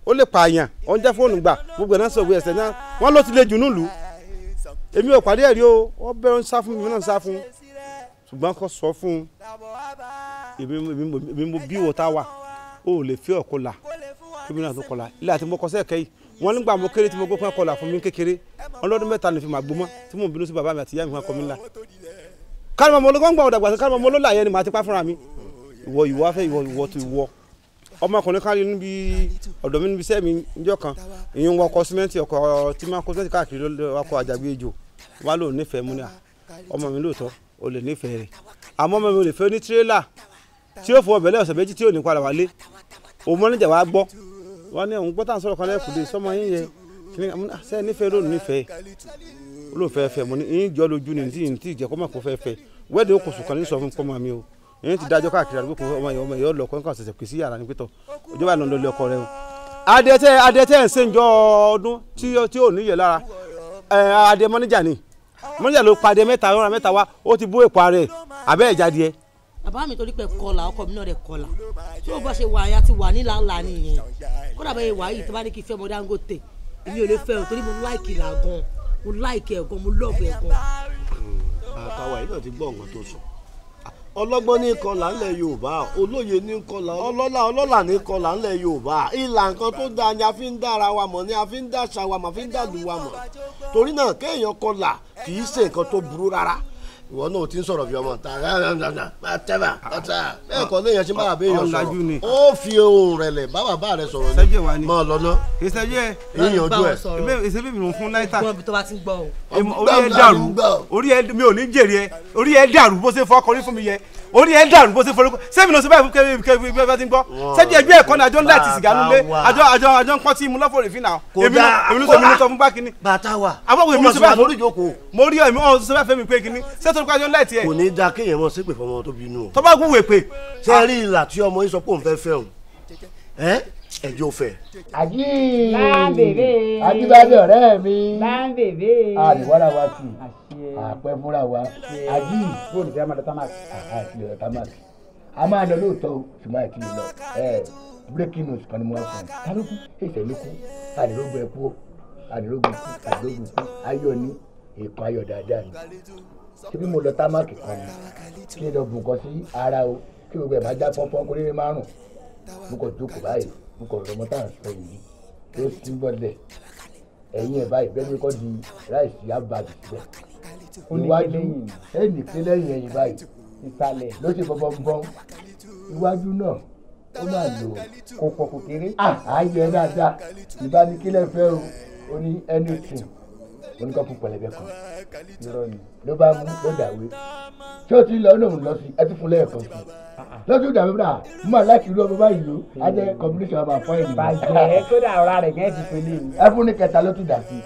Speaker 3: ó lè pààyàn ó ń jẹ́ fóònù gbà gbogbo náà sọ̀rọ̀ ẹ̀sẹ̀ náà wọ́n ló ti le jù nílùú èmi ò pàdé ẹ̀rí o wọ́n bẹ̀rù ń sá fún mi náà ń sá fún un ṣùgbọ́n kò sọ fún un èmi mo bí wọ́n tá wà ó lè fi ọ̀kọ́ la kí mi náà tó kọ́la ilé àti mo kọ́ sẹ́ẹ̀kẹ́ yìí wọ́n nígbà mo kéré tí mo gbọ́ pé kọ́la fún mi kékeré ọlọ́dún mẹ́ta ni fi máa gbó mọ́ tí mo bínú sí bàbá mi àti ìyá mi kan kọ́ ńlá kálmọ̀ mo ló gbọ́ngbà ọ̀dàgbà sí kálmọ̀ mo ló màá ti pa fúnra mi ìwọ ìwọ afẹ́ ìwọ ìwọ tó ìwọ ọmọkùnrin kan rí níbi ọ̀dọ̀ mi níbi sẹ́mi níjọ́ kan ìyẹn wọ ọkọ̀ símẹ́ǹtì tí máa kó símẹ́ǹtì káàkiri ọkọ̀ àjàgbé ejò wà lóun nífẹ̀ẹ́ múnà ọmọ mi lóòótọ́ o lè nífẹ̀ẹ́ rẹ̀ àmọ́ ọmọ mi ò lè fẹ́ ní tirẹ́là tí yóò fún ọbẹ̀ lẹ́ọ̀sẹ̀ méjì tí yóò ní padà wálé òun mọ́nìjà wa gbọ́ wọn ní òun gbọ́ tá à ń sọ̀rọ̀ kan lẹ́kùn dé sọmọ yín yẹ ah, ṣe nífẹ̀ẹ́ lónìí nífẹ̀ẹ́ olóòfẹ́ fẹ́ mo ní yín jọ lójú ni tí yín tí jẹ́ kó má kó fẹ́ fẹ́ wẹ́ẹ̀dì okòsùn kan ní sọ fún kọ́mọ mi o yín ti dájọ́ káàkiri àdúgbò kan ọmọ yẹn ọmọ yẹn lọ kọ́ńkà ṣẹ̀ṣẹ̀ pèsè ni pétọ́ ìjọba ìlànà lọlé ọkọ rẹ o. adẹ́tẹ́ adẹ́tẹ́ ń ṣèǹjọ́ ọdún tí ò ni mọ́jà ló padẹ mẹ́ta lọ́ra mẹ́ta wá ó ti bó èpo ara abẹ́ ẹ̀ jáde ẹ̀.
Speaker 1: bàbá mi torí pé kọlà ọkọ mi náà rẹ kọlà tí ó bá ṣe wà ya ti wà nílànlá nìyẹn kó dàbẹ́ ìwà yìí tó bá ní kí fẹ́ mọ Dangote èmi ò lè fẹ́ o torí mo láìkì là mo láìkì ẹ̀ mo lọ́ọ̀fù ẹ̀
Speaker 3: àtàwọn ẹ̀ náà tó sọ ọlọ́gbọ́n ní kọlà ńlẹ̀ yorùbá olóye ní kọlà ọlọ́lá ọlọ́là ní kọlà ńlẹ̀ yorùbá ìlà nǹkan tó dáa ni a fi ń dára wa mọ̀ ni a fi ń dáṣà wa mọ̀ a fi ń dàlú wa mọ̀ torí náà kéèyàn kọlà kì í ṣe nǹkan tó burú rárá ìwọ náà ti ń sọ̀rọ̀ fi ọmọ ta tẹ́fà tẹ́fà ah, ah, bẹ́ẹ̀ kọ́ léèyàn ti máa ah, béèyàn sọ̀rọ̀ ó fi ohun rẹ̀ lẹ̀ bàbá bá rẹ̀ sọ̀rọ̀ ni mọ̀ lọ́nà ìyànjú ẹ̀
Speaker 1: ìṣẹ́bí mi ń fún náítà orí
Speaker 3: ẹ̀ dàrú orí ẹ̀ mi ò ní jèrè ẹ̀ orí ẹ̀ dàrú bó ṣe fọ́ ọkọ ní fún mi yẹ orí ẹ̀ ń dàrú bó ṣe forúkọ sẹ́mi ló ṣe báyìí kébí kébí kébí ti ń gbọ́ sẹ́jì ẹgbẹ́ ẹ̀kọ́ ni àjọ ń láti sìgá lulẹ̀ àjọ àjọ àjọ ń pọ́n tí mu lọ́fọ̀ rèéfín náà èmi ló sọ mi ló sọ fún bá kínní. bàtà wa àwọn èmi ló sọ bá mo rí ìjókòó. mo rí èmi ọ̀hún sọ bá fẹ́ mi pé kínní sẹ́tọ̀ nípa àjọ ń láti ẹ̀. kò ní da kéèyàn mọ sípè fọmọ tó bínú o. tọ́ bá gún wèpè. sẹ́ẹ̀rì ah. ìlà tí ọmọ yín sọ pé òun fẹ́ fẹ́ òun ẹjọ fẹ. àjí àjíbábẹ ọ̀rẹ́ mi àríwára wa tù àpẹ fúnra wa àjí fóònù fẹ máa dọta máàkì àti ọ̀tá máàkì a máa lọ lóòótọ́ ṣùgbọ́n àti ìlọ breaking news kan ni mo wá fún un kálukú ìṣẹ̀lúkú àdìrógbò ẹ̀kú àdìrógbò ẹ̀kú àdìrógbò ẹ̀kú ayọ̀ ni èèkàn ayọ̀ dáadáa ni ṣébí mo lọ támákì kan ni kí n lọ bùn kan sí ara o kí gbogbo ẹ̀ máa já pọ́npọ́n kó márùn-ún mo kàn jókòó báyìí n kò rọmọ tá à ń sọ yìí tó ti ń bọ̀lẹ̀ ẹ̀yìn ẹ̀ báyìí bẹ́ẹ̀ ni kò di ráìsì abàdì sílẹ̀ iwájú ẹnì pé lẹ́yìn ẹ̀yìn báyìí ìsàlẹ̀ ló ṣe bọ́bọ́bọ́ iwájú náà ó máa lò kó pọ̀ kò kéré dáadáa ìbánikílẹ̀ fẹ́ o ó ní anything oníkọ́pù pẹlẹbẹ kan ló bá mú ló dàwé tí ó ti lọ náà lọ sí ẹ ti fún sí i lọ́sùn ìdààmú náà mọ̀ láti irú ọmọ báyìí ló á jẹ́ combination of our point. bàjẹ́ kódà ọ̀rá rẹ̀ gẹ́gẹ́ ti pele mi. ẹ fún ní kẹta ló tún dà sí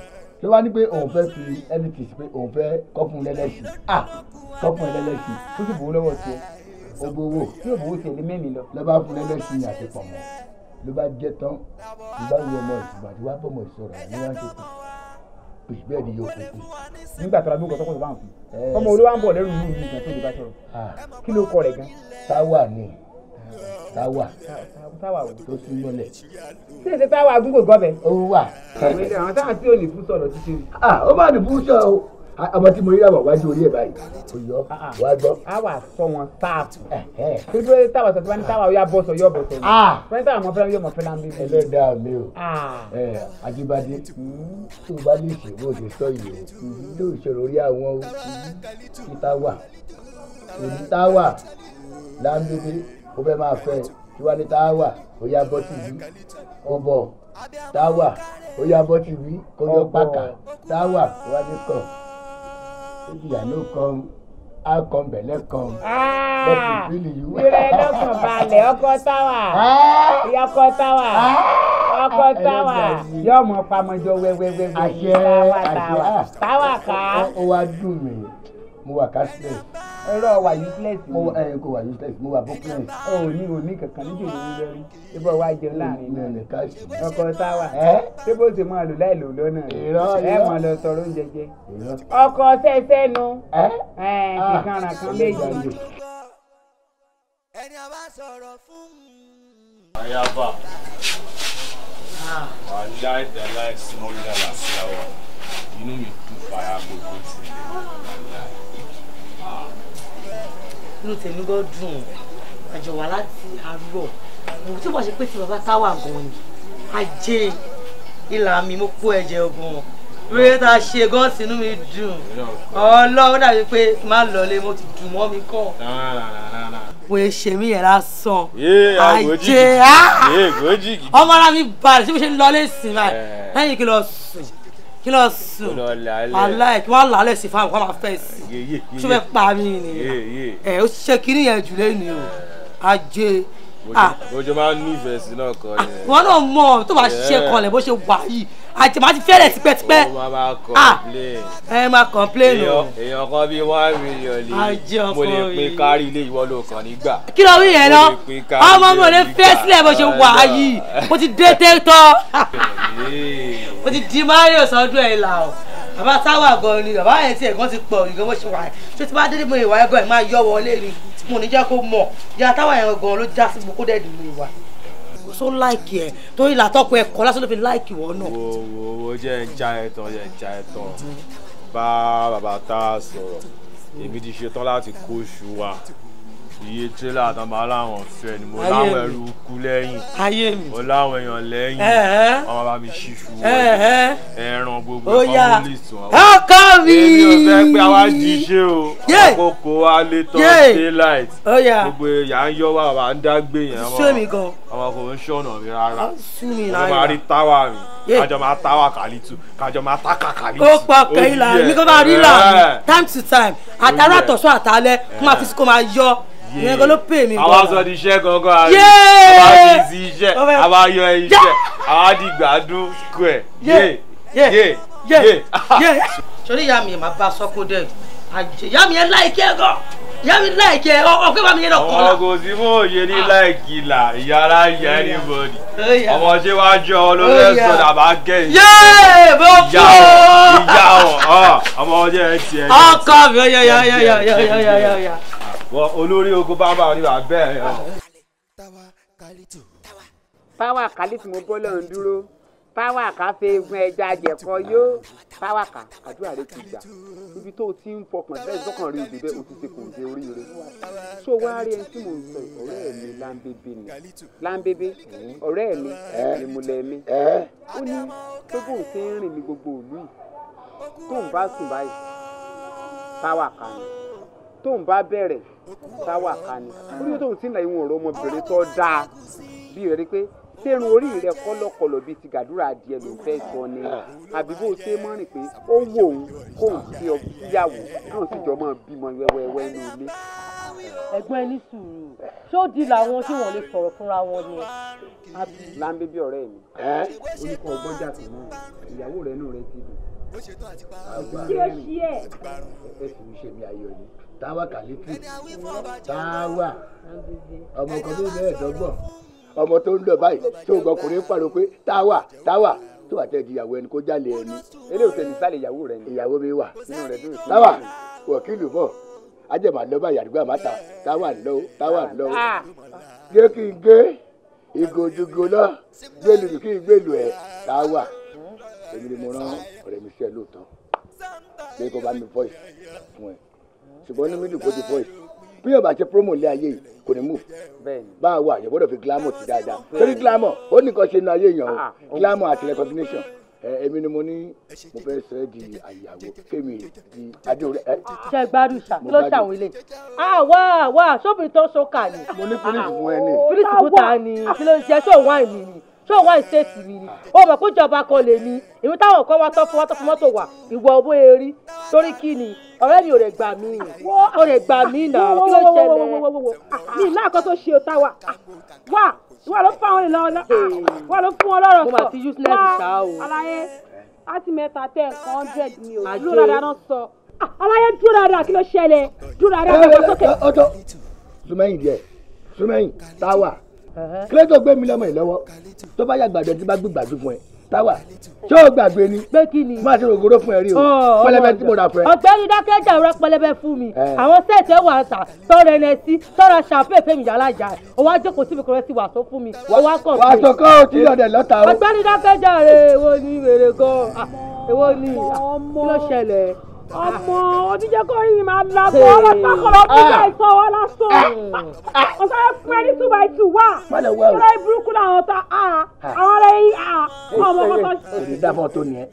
Speaker 3: tó bá ní pé òun fẹ́ fi anything pé òun fẹ́ kọ́fún lẹ́lẹ́sì ah kọ́fún lẹ́lẹ́sì tó sì bòó lọ́wọ́ tiẹ̀ ogbó owó tí òbò owó tẹ̀lé mẹ́rin lọ. lọ́ba fún lẹ́lẹ́sì àti pọ̀ mọ́ ló bá jẹ́ tán ló bá wí ọmọ ìsìgbà tí wàá bọ̀ mọ̀ ìsọ̀rọ̀ ní wàá ṣe kù òsì bẹ́ẹ̀ di yòókù sí nígbà tó la bí nǹkan tọkọtò bá ń fi ọmọ olówó à ń bọ̀ lẹ́rù yìí ní ìgbà tó lè bá sọ̀rọ̀ ah. kí ló kọ rẹ̀ gan. táwa ni táwa táwa wò tó sún mọ́lẹ̀. ṣé èsì táwa agúngò gọ́bẹ̀. ó wà. àwọn táwọn tí ò ní fún sọ̀rọ̀ títí. Ah, ó má ní fún sọ̀rọ̀ ọmọ tí mo rí àbọ̀ wájú orí ẹ̀ báyìí kò yọ ah, ah. wá gbọ́. a wà sọ wọn táàpù torí pé táwa sọ̀tún bá ní táwa yọ abọ́sọ̀ yọ bọ̀sọ̀ ni wọ́n ní táwa ah! mọ̀ fẹ́ràn yọ mọ̀ fẹ́ràn bí. ẹlẹ́dàá mi o àjíbádé tó o bá lè ṣe bó o ṣe sọ yìí o tó o ṣòro rí àwọn o títà wà òní táwà láńdédé ó fẹ́ máa fẹ́ tí wàá ní táwà ó yá bọ́ tìbí ọbọ̀ táwà ó yá bọ́ tìbí kó yọ pàkà táwà ó wá ní kàn if you no come i come belle come. wíwẹ́ lọ́kàn
Speaker 4: balẹ̀ ọkọ táwà (laughs) ah! ọkọ táwà ah! ọkọ táwà yóò mọ
Speaker 3: pamọ́jọ wẹ́wẹ́wẹ́wẹ́ táwà táwà ah! ká. ó wá dùn mí mo wà cashless ẹ̀rọ wà useless mo wà ẹ̀ eh, kò wà useless mo wà bookless ẹ ò ní òní kankan níbi ìlú lórí ibò wa jẹun láàrin náà ọkọ sáwà ṣé bó ṣe máa lò láì lò lọ́nà rẹ ẹ mọ̀ lọ sọ̀rọ̀ oúnjẹ jẹ
Speaker 4: ọkọ sẹ́sẹ́ nu kíkanra kan méjì. ẹni a
Speaker 3: bá sọ̀rọ̀ fún. ayaba wàhálà ìdálá ìsinmi ó dára sí àwọn inú mi kún fara gbogbo sílẹ̀ wàhálà
Speaker 1: inú tèmi gan dùn àjọ wà láti àárọ̀ mo tí mo ṣe pé ti bàbá táwà gan ni ajé ìlà mi mo kó ẹ̀jẹ̀ gan rí ta ṣe gan sínú mi dùn ọlọ́run dàbí pé má lọlé mo ti dùn mọ́ mi kàn. mo ṣe mí yẹn lásán ajé ọmọ ara mi balẹ̀ ṣé mo ṣe ń lọlé sí i báyìí eh. sùn kí lọ sùn aláì kí wọ́n lálẹ́ sí fáwọn kọ́ máa fẹ́ sí i ṣé fẹ́ pa mí ni ẹ ó ṣe kiri yẹn jù lẹ́nu o eh. ajé
Speaker 3: bójú ah. máa ń nífẹ̀ẹ́ sí náà kọ yẹn. wọn náà mọ tó bá eh. ṣe kọlẹ̀
Speaker 1: bó ṣe wà yìí àti màá ti fẹ́rẹ̀ tipẹ́tipẹ́. ó
Speaker 3: máa ah. complain.
Speaker 1: ẹ máa complain o.
Speaker 3: èèyàn kan bíi one million lè mo lè pín kárí ilé ìwọ ló kàn nígbà. kí ló wí yẹn lọ ah, ọmọ mi ò lè fẹ́ sílẹ̀ bó ṣe wà yìí
Speaker 1: mo ti dé tẹ́tọ́. (laughs) ó ti di mario sọdún ẹ̀ là o bàbá táwa gan ni bàbá yẹn ti ẹ̀gbọ́n ti pọ̀ ìgbọ́n bó ṣe wà tó ti bá dé níbo ìwà ẹ̀gbọ́n ẹ̀ máa yọ wọlé ni tí mo ní kó mọ̀ ìyá táwa yẹn gan ló já sí gbogbo dẹ́ẹ̀dì mi wà. so láìkì ẹ torí làtọ́kọ ẹ kọ́ lásán ló fi láìkì wọ́n náà.
Speaker 3: wo wo wo jẹ́ ń já ẹ tán jẹ́ ń já ẹ tán bá bàbá tá a sọ̀rọ̀ èmi ti ṣetán láti kó oṣù wa iye tírélà tó máa láwọn fẹ́ ni mo láwọn ẹrú kú lẹ́yìn mo láwọn èèyàn lẹ́yìn ọmọ bá mi ṣíṣú ẹran gbogbo ọmọ lìsì
Speaker 4: wọn. ọkọ mi èmi ò fẹ́ pé àwa jí
Speaker 3: o àkókò wa daylight gbogbo ìyá ń yọ wá wà ń dágbé yẹn ọmọ ọmọ kò ń ṣọ̀nà mi rárá
Speaker 1: ọmọ máa rí
Speaker 3: táwa mi kájọ máa táwa kàlítù kájọ máa táka kàlítù. ó pọ̀ kẹ́hìn làwọn mi kò máa rí làwọn
Speaker 1: time to time àtàrà àtọ̀sọ́ àtàlẹ́ kó máa fi sí kó máa yọ ìyẹn kan ló pè mí. àwa sọ di
Speaker 3: iṣẹ́ gangan àrùn àwa fi
Speaker 1: si iṣẹ́ àwa yọ iṣẹ́ àwa di gbádùn square yé yé yé. sori ìyá mi máa bá sọ́kó dẹ̀ ìyá mi ẹ láìkẹ́ ẹ gan ìyá mi láìkẹ́ ẹ ọkọ ìbá mi yẹn lọ kọ́ la. ọkọ
Speaker 3: sí fún òye ní ah. láìkì là ìyára yẹ oh, anybody oh, ọmọ ṣé wàá jọ ọ ló fẹ́ sọ dàbá gẹ̀ yé
Speaker 4: bó kú ìyá
Speaker 3: ọ ọmọ ọjọ́ ẹ tiẹ̀. ọkọ mi yọ yọ yọ yọ yọ yọ yọ wọ olórí ogun bábà oníbà bẹ́ẹ̀ o. páwà kálí tí mo bọ́ lọ́run dúró páwà ká fẹ́ egun ẹja àjẹkọ yó páwà ká àdúrà rẹ ti gbà ibi tó o ti ń fọkàn bẹ́ẹ̀ sọ́kàn rí ibi bẹ́ẹ̀ o ti ṣe kò dé oríire. so wá rí ẹni tí mò ń sọ ọ̀rẹ́ mi láńbébé ni láńbébé ọ̀rẹ́ mi ni mo lẹ́
Speaker 4: ó ní gbogbo
Speaker 3: òsín rìn ní gbogbo òlú yìí tóun bá sùn báyìí páwà ká ni tóun bá bẹ̀rẹ̀ sáwà ká ni orí tóun ti ń là ìwọ̀n ọ̀rọ̀ ọmọbìnrin tó dáa bí rẹ̀ rí pé sẹ́run orí rẹ̀ kọ́lọ́kọlọ̀ bíi ti gàdúrà adìẹ ló fẹ́ sọ ni àbí bó ṣe mọ́ rìn pé ó wò ó kóun sí ọ síyàwó náà sì jọ mọ́ bímọ wẹ́wẹ́wẹ́ ní ilé.
Speaker 1: ẹ̀gbọ́n ẹni sùúrù ṣó di làwọn tí wọ́n lè
Speaker 3: sọ̀rọ̀ fúnra wọn ni. láńbé bí ọ̀rẹ́ mi. oníkọ ọgbọ́n jà mọ́ ìyàwó rẹ̀ nù rẹ̀ ti dùn. kí ló ṣe é. ẹ sì ń ṣe mi ayọ̀ ni táwa kàlítì táwa ọmọ kan tó bẹ́ẹ̀ dọ́gbọ̀n ọmọ tó ń lọ báyìí tó gbọkùnrin pàrọ̀ pé táwa táwa tó àtẹ ìyàwó ẹni kó jálè ẹni. eléyìí tẹ̀lé sálẹ̀ ìyàwó rẹ ni. ìyàwó mi wà táwa wọ̀kìlù bọ̀ ajẹ́mà lọ́ba yàdúgbà máta táwa lọ táwa lọ. Ah. gé kí n gé ìgò ojúgo náà gbèlú kí n gbèlú ẹ̀ táwa èmi ni mo rán ọ̀rẹ́ mi sí ẹ lóòótọ́ pé kó bá mi voice fún ẹ ṣùgbọ́n ní mídùú kó ti fọ́ yìí bí yóò bá ṣe promo lé ayé yìí kò ní move bá a wà yóò gbọ́dọ̀ fi glamour ti dáadáa ah, torí glamour ó nìkan ṣe nu ayé yàn o ah, glamour àti recognition èmi ni mo ní mo fẹ́ sọ ẹ́ di àyàwó kémi di adéorí ẹ. ṣe
Speaker 1: gbádùn ṣá kí ló ṣàwọn ilé. àwa àwa sóbìrì tó so kà ní.
Speaker 3: mo ní fírísì fún ẹ ní. fírísì
Speaker 1: fún ta ni kí ló ń ṣe ṣé wáìnì ni ṣé òun wá ìṣèṣì mi ni ó mọ̀ pé ìjọba kan lè mi ìwé táwọn kan wá tán fún wọ́n tán fún mọ́tò wà ìwọ owó erí torí kí ni ọ̀rẹ́ mi ò rẹ̀ gbà mí ò rẹ̀ gbà mí nà kí ló ṣẹlẹ̀ mi náà kan tó ṣe ọ̀tá wa wà wà ló fún àwọn ìlànà wà ló fún wọn lọ́rọ̀ sọ wà
Speaker 4: àlàyé
Speaker 2: láti mẹ́ta tẹ̀ nǹkan hundred mi ò dúró dáadáa náà sọ àlàyé dúró dáadáa kí ló
Speaker 1: ṣẹlẹ̀ dúró dáadáa lọ́wọ́ sókè.
Speaker 3: ọjọ́ súnmẹ́yìn díẹ̀ súnmẹ́yìn táwà kílẹ̀tọ̀ gbé mi lọ́mọ yìí lọ́wọ́ tó bá yà gbàdọ̀ tí bá gbé gbàdú fún ẹ táwa ṣé o gbàgbé ni máa ṣe rògbòrò fún ẹ rí o pẹlẹbẹ tí mo rà fún ẹ.
Speaker 1: ọ̀gbẹ́ni dákẹ́jà rọ pẹlẹbẹ fún mi àwọn sẹ́ẹ̀tì ẹ̀wà àtà tọrọ ẹni ẹtí tọrọ ṣàfihàn fẹ́mi yàrá ìjà ẹ̀ o wá jókòó síbi kọrẹ́ sí wàásù fún mi o wá kàn sí. wàásù kọ́ o ti yọ̀dẹ̀ lọ́ta o. ọ̀gbẹ́ni dákẹ́jà rẹ̀ èwo ni wèrè gan-an ah, èwo ni ah, kí ló ṣẹlẹ̀ ọmọ oníjẹ́kọ̀ yìí máa la bọ́ ọlọ́pàá kọ̀ọ̀lọ́ fúnra ìtọ́
Speaker 4: wa lásán wọ́n sáré fún ẹni two by two wá sọ́dọ̀ ìburúkú làwọn ta àwọn ará yìí ọmọ ọmọ tó ṣe. èdè dàbọ̀
Speaker 3: tó nìyẹn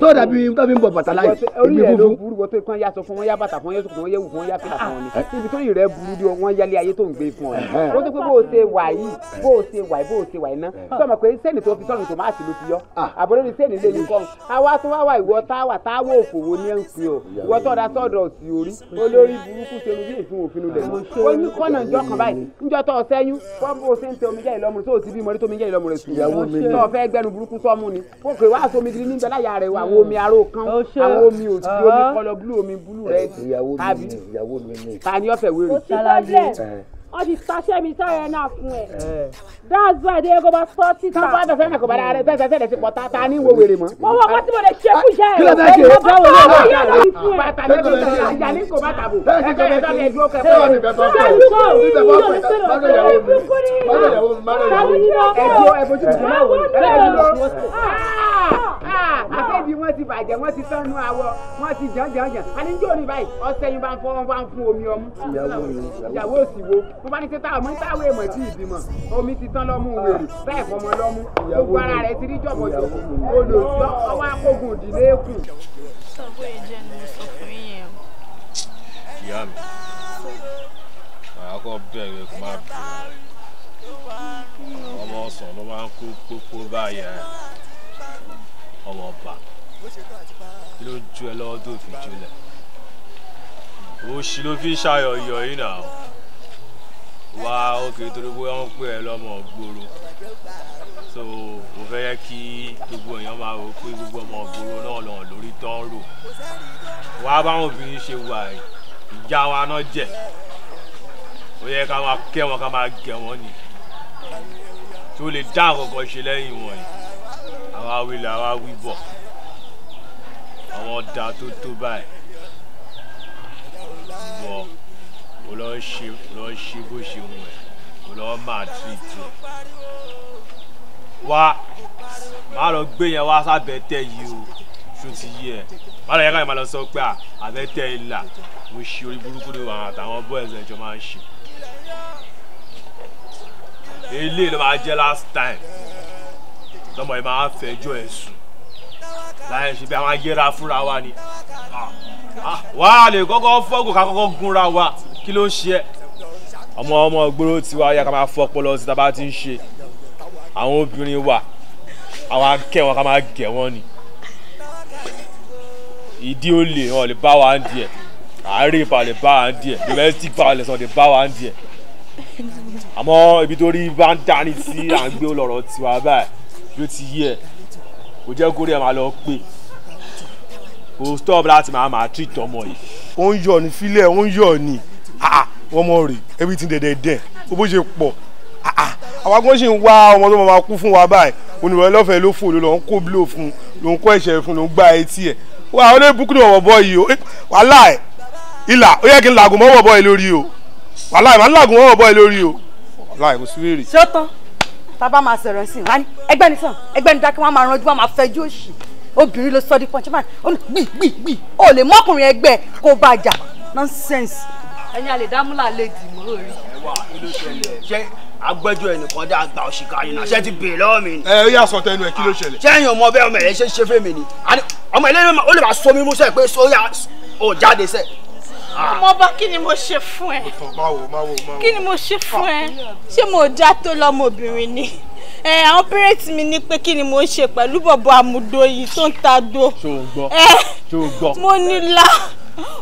Speaker 3: tó dàbí nǹkan ń bọ̀ bàtà láyé èmi fúnfún. olùyẹ̀dọ̀ burúkú tó kàn yàtọ̀ fún wọn yá bàtà fún wọn yẹ sùkùn wọn yẹ wù fún wọn yá fìlà fún wọn ni ibi tó yìí rẹ burú di wọn yálé ayé tó ń gbé fún ọ ni ó ti pé bó o ṣe wà yìí bó o ṣe wà yìí bó o ṣe wà yìí ná sọmọ pé sẹ́ni tó fi sọ́ọ̀nù tòmátì ló ti yọ àbọ̀lórí sẹ́ni lè ní kọ́ àwa tó wá wà ìwọ táwà táwà òfòwò wo ní ẹ̀ ń pè ọ́ ìwọ tó da sọ́ọ̀dọ̀ sí orí olórí burúkú ṣe orí èsùn òfin lẹ̀ mọ́ ó ní kọ́nà ìjọ kan báyìí níjọ tó sẹ́yún wọ́n bó ṣe ń tẹ omi ìlọmọ rẹ̀ tó ti bí mọ́rí tó mi ìlọmọ rẹ̀ sùn tó fẹ́ gbẹnu burúkú sọ́mu ni òkè wá aṣọ omi gidi níbẹ̀ láyà rẹ̀ àwọn omi aró kan àwọn omi òtí omi kọlọ wọ́n ti taṣẹ́ mi sáré náà
Speaker 4: fún ẹ.
Speaker 1: that's why they go ma sọ síta. tán bá fẹsẹ̀ náà kò bá dára rẹ̀ fẹsẹ̀ fẹsẹ̀ ti pọ̀ tá a ní wo wèrè mọ́. mo wọ ọkọ mo lè ṣe fún iṣẹ́ rẹ̀ o ẹ̀yin bá wọlé ọmọ yẹn lórí fún
Speaker 4: ẹ. bàtà lẹ́nu
Speaker 3: ìgbà
Speaker 1: ìjà ní kò bá tàbò ẹgbẹ́ ìjọba ẹ̀ dúró kẹfẹ́. ṣé
Speaker 4: ìlú kò ní ìlú Ah, àṣẹ́jì
Speaker 3: wọ́n ti bàjẹ́ wọ́n ti tọ́nu àwọ̀ wọ́n ti jànjànjàn àníjó ni báyìí ọ̀sẹ̀ yìí bá ń fọ́ wọn bá ń fún omi ọmú. ìyàwó òsì wo mo bá ní ṣe táwọn mọ́tà wé mọ̀ tí ìbímọ omi ti tán lọ́mú wèrè bẹ́ẹ̀ fọmọ lọ́mú gbogbo ara rẹ̀ ti rí jọ̀bọ̀jọ̀
Speaker 4: olùsọ ọwọ́ akógun òdìlé
Speaker 3: kù. ìyá mi màá kọ́ bẹ̀rẹ̀ kó má
Speaker 4: bẹ̀rẹ̀ ọmọ ọ̀sán
Speaker 3: ló máa ń kó pópó báyà ọwọ́ ọba lójú ẹ lọ́wọ́ tó fi ló fi ń ṣàyọ̀yọ̀ yìí nà wá òkè torí pé wọ́n pè ẹ́ lọ́mọ gbòòrò so mo fẹ́ yẹ kí gbogbo èèyàn máa rò pé gbogbo ọmọ gbòòrò náà lọ́n lórí tán wá báwọn obìnrin ṣe wà ìjà wa náà jẹ ó yẹ ká máa kẹ́ wọn ká máa gẹ̀ wọ́n ni tí lè dá àkọ́kọ́ ṣe lẹ́yìn wọn àwa wílẹ̀ àwa wíbọ̀ àwọn ọ̀dà tó tó báyìí wọ o lọ ṣe lọ ṣe bó ṣe ń wẹ̀ o lọ máa tìrìtì wá má lọ gbé yẹn wá sábẹ́ tẹ̀ yìí o ṣó ti yí ẹ̀ má lọ yẹ káyọ̀ má lọ sọ pé àbẹ́tẹ̀ ìlà mo ṣe orí burúkú ni wàhán àtàwọn bọ́ọ̀sì ẹ̀jọ̀ máa ń ṣe eléyìí ló máa jẹ́ last time lọ́mọ yìí máa fẹjọ́ ẹ̀ sùn láyé ṣe bí àwọn ayéra fúnra wa ni ah, ah, wà á lè kọ́kọ́ fọ́gùn ká kọ́kọ́ gúnra wa kí ló ń ṣe ẹ́ ọmọ ọmọ gbòòrò tiwa yá ká máa fọ́ ọpọlọ sí tá bá ti ń ṣe àwọn obìnrin wa àwọn akẹ́ ká máa gẹ̀ wọ́n ni ìdí olè wọn lè bá wa ń díẹ̀ àárẹ̀ ìbàlè bá wa ń díẹ̀ domestic violence wọn lè bá wa ń díẹ̀ àmọ́ ibi tó rí bá ń dání sí à ń gbé lọ́rọ̀ tiwa báyìí yóò ti yí ẹ kò jẹ́ kórè ẹ̀ máa lọ pé o stop láti máa máa treat ọmọ yìí. ó ń yọ ní filẹ̀ ó ń yọ ní ọmọ rẹ̀ everything dẹ̀dẹ̀ dẹ̀ o bó ṣe pọ̀ àwa gan ṣì ń wá ọmọ tó máa kú fún wa báyìí onírọ̀ ẹlọ́fẹ̀ẹ́ ló fò ló lọ́n kó bílò fún ló ń kọ́ ẹ̀ṣẹ̀ fún ló ń gba etí ẹ̀ wà ó lè búkú ní ọ̀wọ̀ bọ́ yìí o eh, wàhálà ẹ̀ ìlà ó yẹ kí n làgùn mọ́wọ́ bọ́ yìí lórí o wàhálà ẹ̀ máa ń làgùn mọ́wọ́ bọ́ yìí lórí o wàhálà ẹ̀ kò sí wèrè.
Speaker 1: ṣé ó tán bàbá máa sọ̀rọ̀ sí i wá ní ẹgbẹ́ ni sàn ẹgbẹ́ ni dákẹ́ wọn máa ranjú wọn máa fẹjú òṣì obìnrin ló sọ di punch man ó ní gbìgbìgbì ó lè mọ́kùnrin ẹgbẹ́ kó bá jà nonsense. ẹ̀yin àlè dámúlà lè dì mọ́ orí. ẹ wà kí
Speaker 3: ṣé agbẹjọ́ ẹnìkan dá àgbà òṣìkà yìí náà ṣé ti bèè lọ́wọ́ mi ni. ẹ yà sọ tẹnu ẹ kí ló ṣẹlẹ̀. sẹ́yìn ọmọ bẹ́ẹ̀ ọmọ ẹ̀ ṣe ṣe fẹ́ mi ni ọmọ ẹlẹ́yìn ó lè máa
Speaker 4: ọmọ bá kini mo ṣe fún ẹ kí mo ṣe fún ẹ ṣé mo
Speaker 1: já tó lọmọbìnrin ni ẹ àwọn pẹrẹtì mi ní pé kí ni mo ń ṣe pẹ̀lú bọ̀bọ̀ àmúdó yìí tó ń ta dó
Speaker 4: ẹ
Speaker 1: mo nílá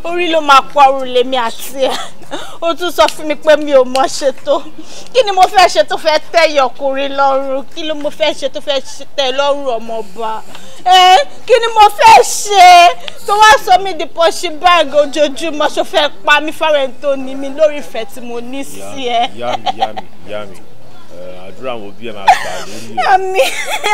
Speaker 1: orí ló máa pọ orúlé mi àti ẹ ó tún sọ fún mi pé mi ò mọ ṣètò kí ni mo fẹ́ ṣe tó fẹ́ tẹ́ yọkùnrin lọ́rùn kí ni mo fẹ́ ṣe tó fẹ́ tẹ́ lọ́rùn ọmọọba ẹ kí ni mo fẹ́ ṣe tó wá sọ mí di pọ́ṣí báàgì ojoojúmọ́ ṣó fẹ́ pa mí fáwọn ẹni tó ní mi lórí ìfẹ́ tí mo ní sí ẹ.
Speaker 3: yá mi yá àdúrà àwọn òbí ẹ máa gbà lórí ẹ
Speaker 4: àmín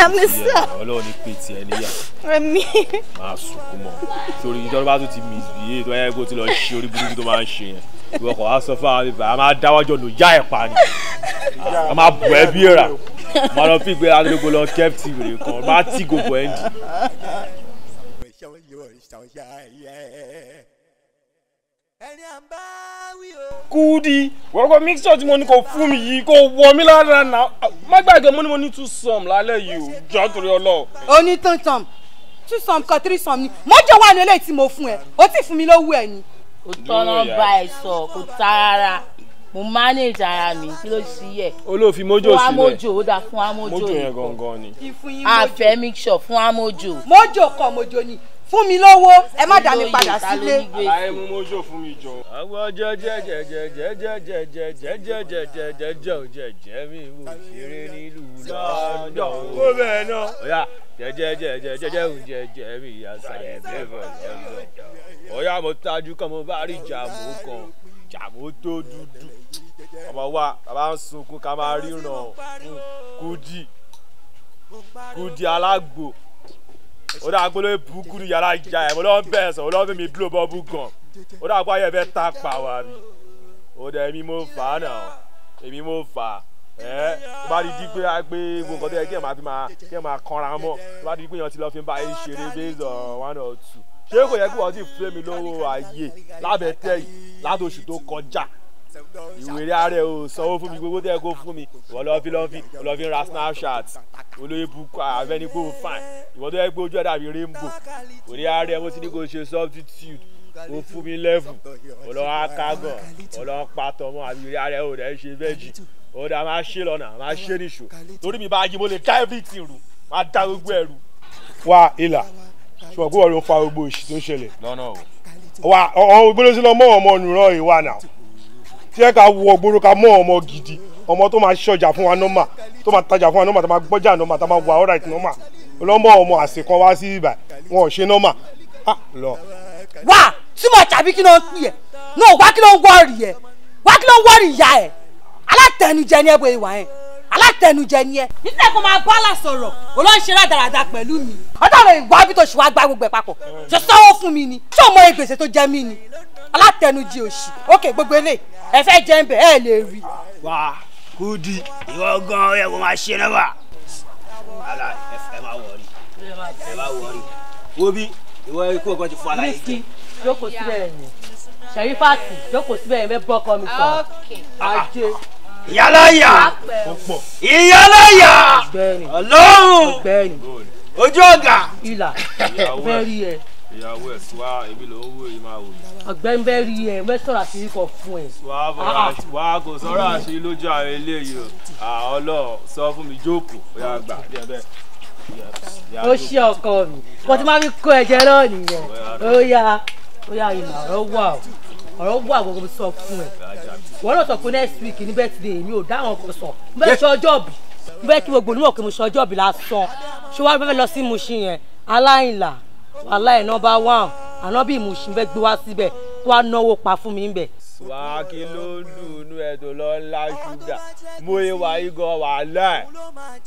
Speaker 4: àmín sá
Speaker 3: Ọlọ́run ní pé tiẹ̀ níyà àmín máa sunkún mọ́ sórí ìjọba bá tún ti mì bí èyí tó yẹ kó ti lọ ṣe orí burúkú tó máa ń ṣe yẹn ìwọ kò wá sọ fún àwọn ibà a máa dáwọ́jọ lò yá ẹ̀ pa ni
Speaker 4: a máa bù ẹ bí èrà
Speaker 3: máa lọ fi ìgbéra lóko lọ kẹ́pìtì rè kan máa tí gbogbo ẹ̀ ń dì. Kudi wọ́kọ̀ mixture tí mo ní kò fún mi yìí kò wọ mí lára náà má gbàgbé mo ní mo ní two sum lálẹ́ yìí o jọ́ torí ọlọ́. oní tán
Speaker 1: tán two sum kan three sum ni mọ́jọ́ wà ní eléyìí tí mo fún ẹ o ti fún mi lówó ẹ ni. kò
Speaker 3: tọ́nà bá
Speaker 1: ẹ sọ kò tá rárá mo manage ara mi kí ló ṣí yẹ. olóòfin mojo sílẹ̀ fún amojo ó dáa fún amojo nìkan mojo yẹn gangan ni. àfẹ́ mixture fún amojo. mojo kọ mojo ni fún mi lówó ẹ má dá padà sílé. ayé
Speaker 3: mú mojó fún mi jọ. àwọn jẹjẹjẹjẹjẹjẹjẹjẹjẹjẹjẹjẹjẹjẹjẹ ò jẹjẹ mi wò ṣeré nílùú lọ́dọ̀ kó bẹ́ẹ̀ náà. ọ̀yà jẹjẹjẹjẹjẹjẹ ò jẹjẹ mi àṣà ẹ̀mí bọ̀ lọ́dọ̀. ọ̀yà mo tajú kan mo bá rí jàmó kan jàmó tó dúdú. ọmọ wa bàbá ń sunkún ká máa ríran kúdí kúdí alágbò o da gbolo buku ni yàrá ìjà ẹ mo lọ bẹ sọ o lọ fi mi blow bubble gum o da gbọ ayẹ fẹ ta pa wa mi o da èmi mo fà na, nà mo fà á ẹ tó bá di di pé agbe gbé gbogbo nǹkan tó yẹ kí ẹ máa fi máa kí ẹ máa kanra mọ tó bá di pé yan ti lọ fi ń bá ṣeré based on one or two ṣé kò yẹ kí wọ́n ti fún mi lówó ayé lábẹ́ tẹ́yì látòṣù tó kọjá ìwé ààrẹ o sanwó fún mi gbogbo tẹ kó fún mi ìwọ lọ fi lọ fi lọ fi ra snapchat olóyè bukọ avẹnigbó fine ìwọ tó yẹ pé ojú ẹ dàbí rainbow ìwé ààrẹ mo ti ní kó ṣe substitute kó fún mi level olówó akágàn olówó patọmọ àbí ìwé ààrẹ o rẹ ṣe veggie o dà máa ṣe lọ́nà máa ṣe níṣó torí mi bá yí mo lè dá everything rù máa dá gbogbo ẹrù. wá ìlà ṣùgbọ́n kí wọ́n ló fa gbogbo ìṣì tó ń ṣẹlẹ̀. lọ́nà o. wà ọ̀ gbólóṣèlú ọmọ ọmọ ònúrọ̀ ìwà náà tí ẹ ká wọ gbòòrò ká mọ ọmọ gidi ọmọ tó máa ṣọjà fún wa nọ́mà tó máa tajà fún wa nọ́mà tó máa gbọ́jà nọ́mà tó máa wà ọ̀rà ìtì nọ́mà ọlọ́mọ ọmọ àsìkan wá sí ibà wọn ò ṣe nọ́mà á lọ. wá túmọ̀ tàbí kí ló ń
Speaker 1: pè náà wá kí ló ń wọ́ọ̀rì yẹ wá kí ló ń wọ́ọ̀rì ìyá ẹ̀ alátẹnujẹ ní ẹ̀bùn ìwà yẹn alátẹnujẹ ni ẹ nígbà kan máa bá àlà sọ̀rọ̀ olóńṣe rádaràda pẹ̀lú mi. ọjọ́ rẹ̀ ìwà bí tó ṣe wàá gba gbogbo ẹ̀ papọ̀ ṣe sanwó fún mi ni ṣé o mọ gbèsè tó jẹ mí ni alátẹnujẹ òṣì òkè gbogbo eléyìí ẹ fẹ́ jẹ́ ń bẹ̀ ẹ lè rí.
Speaker 3: wà á kú di ìwọ gan ẹ kò máa ṣe náà wà. ala ẹ má wọrí ẹ má wọrí wo bí ìwọ ikú ọgbọ́n ti fọ àlàyé. mísì jókòó síbẹ̀ yẹn
Speaker 1: ṣẹ̀rí fáàtì jókòó síbẹ̀ yẹn bẹ́ẹ̀ bọ́ ọkọ mi
Speaker 3: ìyáláyà
Speaker 4: ìyáláyà
Speaker 1: ọlọ́run ojú ọ̀gá. ìlà bẹ́ẹ̀ rí ẹ
Speaker 3: ìyàwó ẹ suwa èmi ló ń wò yìí máa wò yìí. ọ̀gbẹ́ni bẹ́ẹ̀
Speaker 1: rí ẹ mẹ́sàn-án àṣírí kan fún ẹ.
Speaker 3: wà á ah, ah. kò sọ̀rọ̀ àṣírí lójú àwọn eléyìí o ọlọ́ọ̀ sọ fún mi jókòó bóyá gbà bí ẹ bẹ́ẹ̀. ó ṣe ọkọ
Speaker 1: mi wọ́n ti máa fi
Speaker 4: kó ẹ̀jẹ̀ náà nìyẹn ó
Speaker 1: yá ìmọ̀ràn wà o ọ̀rọ̀ wà wọ́n sọ fún ẹ̀ wọ́n náà sọ pé next week ní birthday mi ò dáhùn ọkọ̀ sọ mo fẹ́ ṣe ọjọ́ òbí mo fẹ́ kí gbogbo onímọ̀ pé mo ṣe ọjọ́ òbí lásán ṣé wàá fẹ́ lọ sí Mushin yẹn aláìlà aláìnàbá wà ànábì Mushin fẹ́ gbé wá síbẹ̀ kó wá náwó pa fún mi ń
Speaker 3: wà á kí ló ń dùnú lọ ńlá ṣúgà mo yẹ wà yí gan wà láì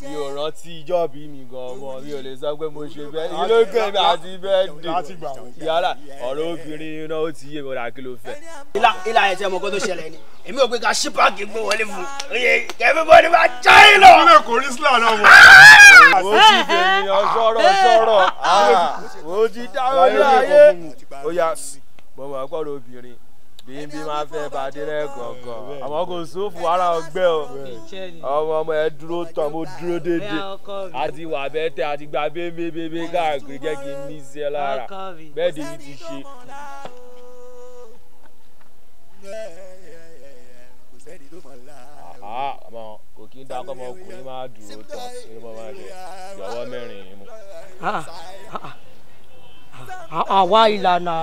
Speaker 3: mi ò rántí ijọ́ mi gan ọmọ mi ò lè sọ pé mo ṣe bẹ́ẹ̀ ìlógún mi àti bẹ́ẹ̀ dè yàrá ọ̀rọ̀ obìnrin iná ó ti yé mi ọ̀dà kí ló ilà ilà ẹ̀jẹ̀ mọ̀ tó ṣẹlẹ̀ ni èmi ò gbé ka ṣí gbó wọlé fún oye kẹfí bọ́ọ̀lì máa já yín lọ. ilé kò rí sílà náà wọ̀. mo ah! ti fèèyàn sọ̀rọ̀ sọ̀rọ̀ mo ah! ti dáwọ́ ní ayé bíbí máa fẹ́ bàdé lẹ́ẹ̀kọ̀ọ̀kan àmọ́ kò sófò ara ọgbẹ́ o ọmọ ọmọ ẹ dúró tán mo dúró dédé àti wà bẹ́tẹ̀ àti gba bébébébé káàkiri jẹ́ kí n ní í lára bẹ́ẹ̀ dèmi ti ṣe. àmọ́ kò kí n dá ọkọ̀ ọmọkùnrin máa dúró tán nínú ọmọ rẹ̀ jọ̀wọ́ mẹ́rin mú
Speaker 1: àwa ìlànà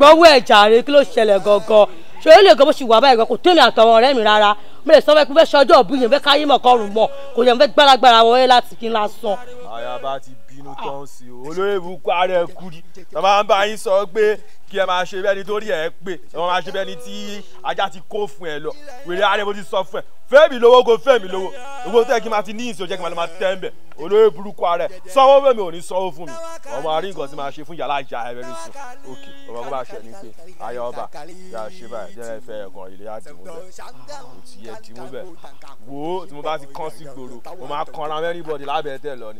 Speaker 1: gbọ́wọ́ ẹ̀jà rẹ kí ló ṣẹlẹ̀ gangan ṣe é lè gbọ́ bó ṣe wà báyìí gan kò tẹ́lẹ̀ àtọwọ́ ọ̀rẹ́ mi rárá mo lè sọ fẹ́ pé fẹ́ ṣọjọ́ òbí yẹn fẹ́ káyé mọ̀ kọrùn mọ̀ kò yẹn fẹ́ gbáragbára wọlé láti kí n lásán.
Speaker 3: àyàbá ti bínú tán sí i olóyè ibùkún ààrẹ kúri tàbá ń bá yín sọ pé kí ẹ máa ṣe bẹ́ẹ̀ nítorí ẹ pé ẹ máa ṣe bẹ́ẹ̀ ni tí ajá ti kó fún ẹ lọ wèrè ààrẹ mo ti sọ fún ẹ fẹ́mi lówó ko fẹ́mi lówó owó tẹ́ kí n máa ti ní ìsìn òjẹ́ kí n máa lọ máa tẹ́ ń bẹ̀ olóyè burúkú ara sanwó fẹ́mi ò ní sanwó fún mi ọmọ àrí nǹkan tí máa ṣe fún yàrá ìjà ẹ bẹ́ẹ̀ sùn òkè ọmọ kó bá ṣe ní pé ayé ọba yà ṣe báyìí jẹ́ ẹ̀fẹ́ ẹ̀kan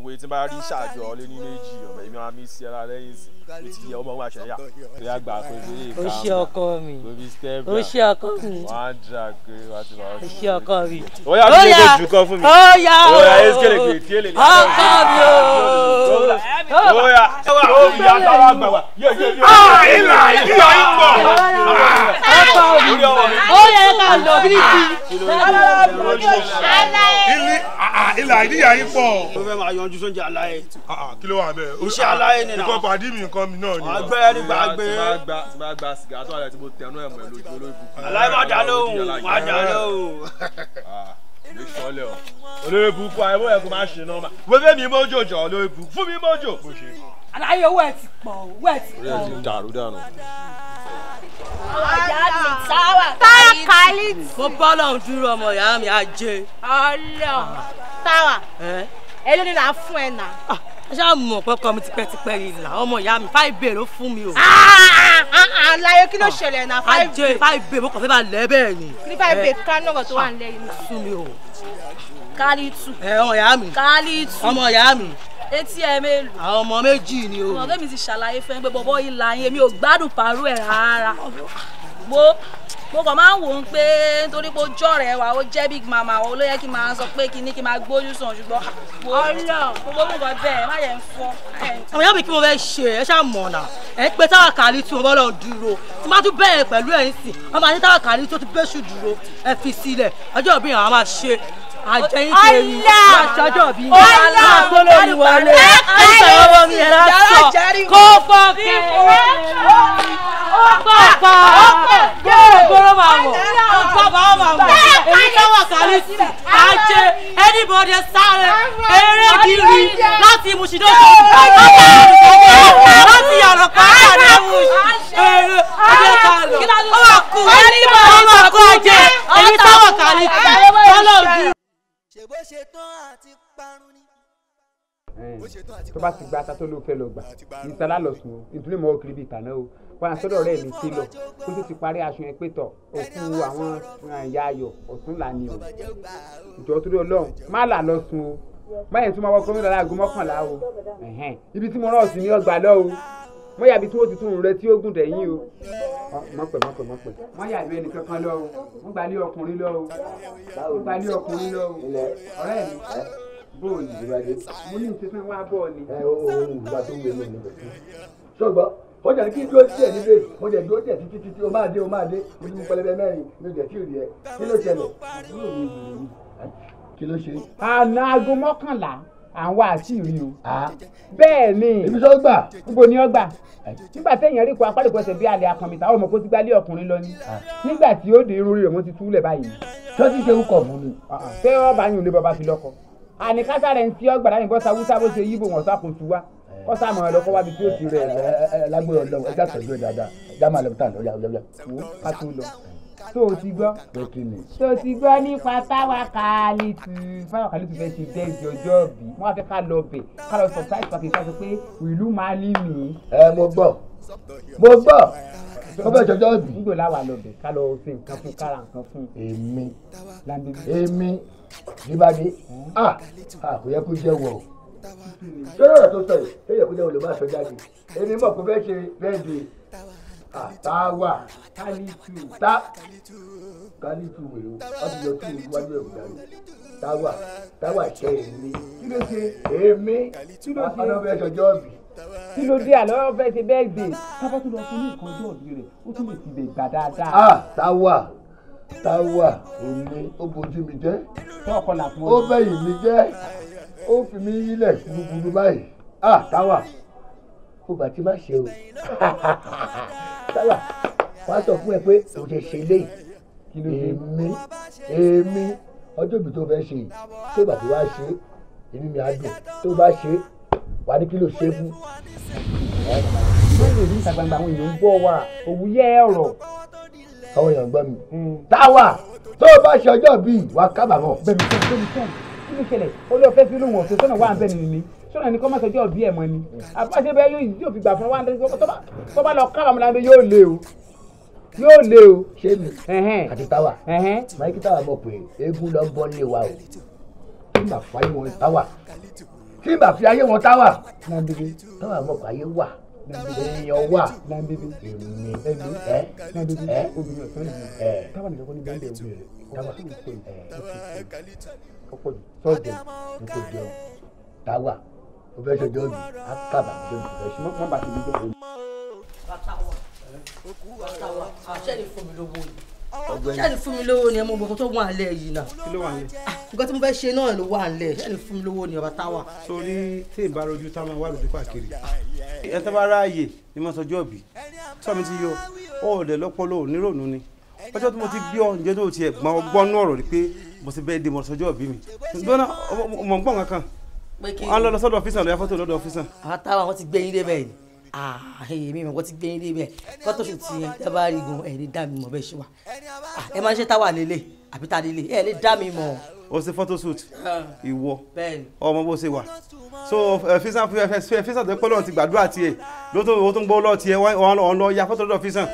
Speaker 3: ìwé tí n bá rí ṣàjọ lé ní méjì ọmọ èmi máa mi sí ara lẹ́yìn sí ló yẹ ọmọ wàṣẹ yà tó yà gbà pé bí
Speaker 1: èèkà ó ṣe
Speaker 4: ọkọ mi ó ṣe
Speaker 1: ọkọ
Speaker 3: mi wọn á dra pé wàá
Speaker 1: ṣe ọkọ mi ó yà ó yà ó yà ó yà eskele kò tí èlè ní ọkọ
Speaker 3: mi ó ó yà ó yà táwa gbà wá yé yé yé ah
Speaker 4: ìlà ìlà ìpọ ọkọ mi ó yẹ ká lọ bí ti ìlà
Speaker 3: ìlà ìyá ìpọ kọjú sóúnjẹ aláyé. kí ló wà bẹ́ẹ̀. iṣẹ́ aláyé nìyà. nǹkan pàdé mi nǹkan mi náà ni. àgbẹ̀ nígbà àgbẹ̀. tí máa gba sìgá tó àlẹ́ tí mo tẹnu ẹ̀ mọ̀ lójú olóògùn. aláyé má dá lóhùn má dá lóhùn. lè sọlẹ̀ o. olórí burúkú ayé bóyá kó má ṣe náà má. wo fẹ́ mi mọ́jò jọ olórí burúkú fún mi mọ́jò.
Speaker 1: aláyé owó ẹ̀ ti pọ̀ owó ẹ̀ ti pọ̀.
Speaker 3: orí ti dàrú dànù
Speaker 1: táwa. mo bọ́lọ̀ ń dúró ọmọ ìyá mi ajé. ọlọ táwa ẹ ló ní là á fún ẹ nà. Ah, ṣá mọ̀ pọ́kọ́ mi tipẹ́tipẹ́ yìí là ọmọ ìyá mi fáìbè ló fún mi o. àlàyé ah, ah, kí ló ṣẹlẹ̀ nà fáìbè. ajé fáìbè mo kàn fẹ́ bá lẹ́ bẹ́ẹ̀ ni. kí fáìbè kánọ̀rọ̀ tó wà lẹ́yìn náà. fún mi o. kálítù. ẹ eh, ọmọ ìyá mi. kálítù. ọmọ ìyá mi etí ẹ mélòó. àwọn ọmọ méjì ni o. ọmọ ọgẹ́ mi ti ṣàlàyé fún pé bọ́bọ́ yìí wo mo kàn máa ń wò ó pé nítorí pé ó jọ wa ó jẹ́ big mama wa ló yẹ kí n máa sọ pé kí ni kí n máa gbójú sàn ṣùgbọ́n wo gbogbo nǹkan bẹ́ẹ̀ má yẹ ń fọ́. àwọn yàrá mi kí mo fẹ́ ṣe ẹ ṣáà ẹ pé táwa kàlí tí mo bọ́ dúró tí má tún bẹ̀rẹ̀ pẹ̀lú ẹ̀ ń sìn ọmọ àti táwa kàlí tó ti bẹ́ṣù dúró ẹ fi sílẹ̀ ọjọ́ ìbí àjẹyìn tèmi aṣọjọ bí aláàbọlórí wọlé
Speaker 4: ìṣàwọ́bọ mi ẹ̀rá sọ kó pọ̀ kí
Speaker 1: ó pọ̀ pọ̀ gbọ́dọ̀ máa wọ̀ bàbá máa wọ̀ èyí lọ́wọ́ kàlí sí àjẹ ẹnìbọdẹ sáré eré gírí láti mùsùlùmí láti yàrá pàápàá ní mùsùlùmí
Speaker 4: eré ọjọ́ kàlọ́ ọwọ́ kù ọwọ́ kù àjẹ èyí táwọn kàlí sí ọlọ́ọ̀dún
Speaker 1: ṣetán àti parun ni.
Speaker 3: tó bá ti gba ata tó ló fẹ́ lọ gbà ìtàlá lọ sùn o nítorí mọ́ kiri bíi ìtàná o wọn àtọ́dọ̀ ọ̀rẹ́ mi ti lọ kó tó ti parí aṣọ yẹn pé tọ̀ òkú àwọn ìyá ayọ̀ ọ̀tún là ní o ìjọ tó dé ọlọ́run má là lọ sùn o má yẹn tún máa wọ kọ́mídàá láago mọ́kànlá o ibi tí mo rán ọ̀sìn ní ọgbà lọ mọ yàbí tí wọ́n ti tún un rẹ tí ó gùn dẹ̀yìn o. má pẹ́ má pẹ́ má pẹ́. mọ yàbí ẹnì kankan lọ o mo gbà lé ọkùnrin lọ o mo gbà lé ọkùnrin lọ o ọ̀rẹ́ mi bóòlù mo ní ìtẹ́sán wá bọ́ọ̀lù. ẹ o o ìwà tó ń wé lónìí bẹ̀ ṣọgbọ́n kọjá kí dúró díẹ̀ níbẹ̀ mo jẹ̀ dúró díẹ̀ títí títí o máa dé o máa dé mo ní mo pẹlẹbẹ mẹ́rin mi ò jẹ̀ tí O, rí ẹ kí ló ṣẹlẹ̀ kí ló ṣe. àná aago mọ́kànlá àwọn àṣírí o. bẹ́ẹ̀ ni ibi tó gbà. gbogbo ni ó gbà. nígbà téèyàn rí ko apárìkọsẹ̀ bí alẹ́ apọ̀nmi táwọn ọmọ kó ti gbálé ọkùnrin lọ ni. nígbà tí ó dé irun rẹ̀ wọ́n ti túlẹ̀ báyìí. sọ́sì ṣe ń kọ̀ mú ni. ṣé ọba yìí ò lè bàbá fi lọ́kọ. àní kásárẹ̀ ń tí ọgbà láyìn bọ́ sáwúsá bó ṣe yíbo wọ̀n sákòtù wá kọ́ sáàmù ọ̀dọ́ kọ́ wá bí tí ó ti rẹ̀ lágbóyọ̀ lọ ẹja sọ̀rọ̀ dáadáa já máa lọ bí tá à ń lọ yá yá yá. wo ká tó lọ tó o ti gbọ́ tó o ti gbọ́ nípa táwa kálítù táwa kálítù fẹ́ ṣe dẹ́sí ọjọ́ bí wọ́n á fẹ́ ká lọ bẹ̀ ká lọ sọ táìpì pàtàkì ká pé ìlú máa ní mi. ẹ mo gbọ́ mo gbọ́ wọ́n bẹ̀ jọjọ́ bí. nígbò láwa lọ bẹ̀ ká lọ ṣe nǹkan fún kára nǹkan fún. èmi èmi níbàdí à kò yẹ kó jẹ́ wọ̀ o sọ́dọ̀ ọ̀rọ̀ tó sọ yìí ṣé yẹ kó jẹ́ wọ̀ ló máa sọ jáde èmi mọ̀ kó fẹ́ ṣe bẹ́ẹ̀ àtàwà kálítù tá kálítù wèrè o wọ́n ti yọ túwò níwájú ẹ̀rù dànù táwà táwà jẹ́ èmi kí ló ṣe èmi kí ló ṣe ọlọ́bẹ̀ ṣọjọ́ ọ̀bì kí ló dé àlọ́ ọ̀bẹ ṣe bẹ́ẹ̀ gbé tábà tó lọ fún ní nǹkan ọjọ́ ọ̀bì rẹ̀ ó tún lè ti lè gbà dáadáa. a táwà táwà èmi ó bojú mi jẹ́ ó bẹ̀yìn mi jẹ́ ó fi mi yílẹ̀ gbúgbúrú báyìí ah, a táwà ó bàtí má ṣe o. (laughs) sábà wọ́n á sọ fún ẹ pé o lè ṣe léyìí èmi èmi ọjọ́ ìbí tó fẹ́ ṣe yìí tó bá ti wá ṣe èmi mi á dùn tó bá ṣe wà ní kí ló ṣe fún. lórí ìta gbangba àwọn èèyàn ń bọ̀ wá òwúyẹ́ ọ̀rọ̀. àwọn èèyàn gbọ́ mi. Hmm. táwa tó bá ṣe ọjọ́ bíi wà kábàámọ̀. bẹ́ẹ̀ni sẹ́ni bẹ́ẹ̀ni sẹ́ni kí ló ṣẹlẹ̀ ó lọ́ọ́ fẹ́ fi lóhùn ọ̀sẹ̀ sọ́nà wà bẹ́ẹ̀ nìyí sọ̀rọ̀ ẹni kọ́ máa sọjọ́ bí ẹ̀ mọ́ ni àbáṣe bẹ́ẹ̀ yóò yóò fi gbà fún wa tó bá lọ kábàámọ̀ láńdó yóò lé o yóò lé o. ṣé mi àti táwa máìkì táwa mọ̀ pé eégún ló ń bọ́ nílé wa o kí n bá fi ayé wọn táwa kí n bá fi ayé wọn táwa táwa mọ̀ pé ayé wà èèyàn wà èmi
Speaker 4: ẹ ẹ ẹ
Speaker 3: táwa nìkan kọ́ ní bẹ́ẹ̀ lè wúlò táwa ọ̀pọ̀ jù sọ́ọ̀jù nítorí táwa o fẹ́ ṣọjọ́ bí a kábà ṣe ń bẹ̀rẹ̀ ṣe mọ́ bá ti dúpẹ́ òun.
Speaker 1: ṣẹ́ni fún mi lówó
Speaker 3: ni ṣẹ́ni
Speaker 1: fún mi lówó ni ẹ mọ nǹkan tó wà nílẹ̀ yìí náà. kí ló wà nílẹ̀. Ah, nǹkan tí mo fẹ́ ṣe náà ló wà nílẹ̀ ṣẹ́ni fún mi lówó ni ọba táwa. sórí
Speaker 3: tí ì bá rojú táwọn wà lójú káàkiri ẹ tẹ́ bá ráàyè ni mo sọjọ́ bí sọmi ti yọ ọ̀ọ́dẹ lọ́pọ̀lọ́ onírònú ni ọjọ́ tí mo ti gbé ọ ǹjẹ́ tó ti ẹ̀ gbọ́n ọgbọ́n náà rọ̀ rí pé mo ti bẹ́ẹ̀ dé mo sọjọ́ bí mi gbọ́n náà ọmọ ń gbọ́n kankan wọn lọ
Speaker 1: sọ́dọ̀ ọfíìsàn lọ yá fọ́tò lọ́dọ̀ ọfíìsàn. àwọn táwọn àwọn ti gbé yín débẹ̀ ni ah, eh, èmi mọ̀ wọ́n ti gbé yín débẹ̀ fọ́tò sì ti dábàá rí gan ẹ̀ lè dá mi mọ̀ bẹ́ẹ̀ ṣe wà ah, ẹ máa ń ṣe táwa lélẹ̀ àbí ta lélẹ̀ ẹ lè dá mi mọ̀.
Speaker 3: o ṣe photo shoot ah, ìwọ ọmọ bó ṣe wà so fisan fisan tó pẹ́ lọ́ọ̀ ti gbàdúrà tiẹ̀ ló tó ń gbọ́ lọ́ọ̀ tiẹ̀ wọ́n lọ ya fọ́tò lọ́dọ̀ fisan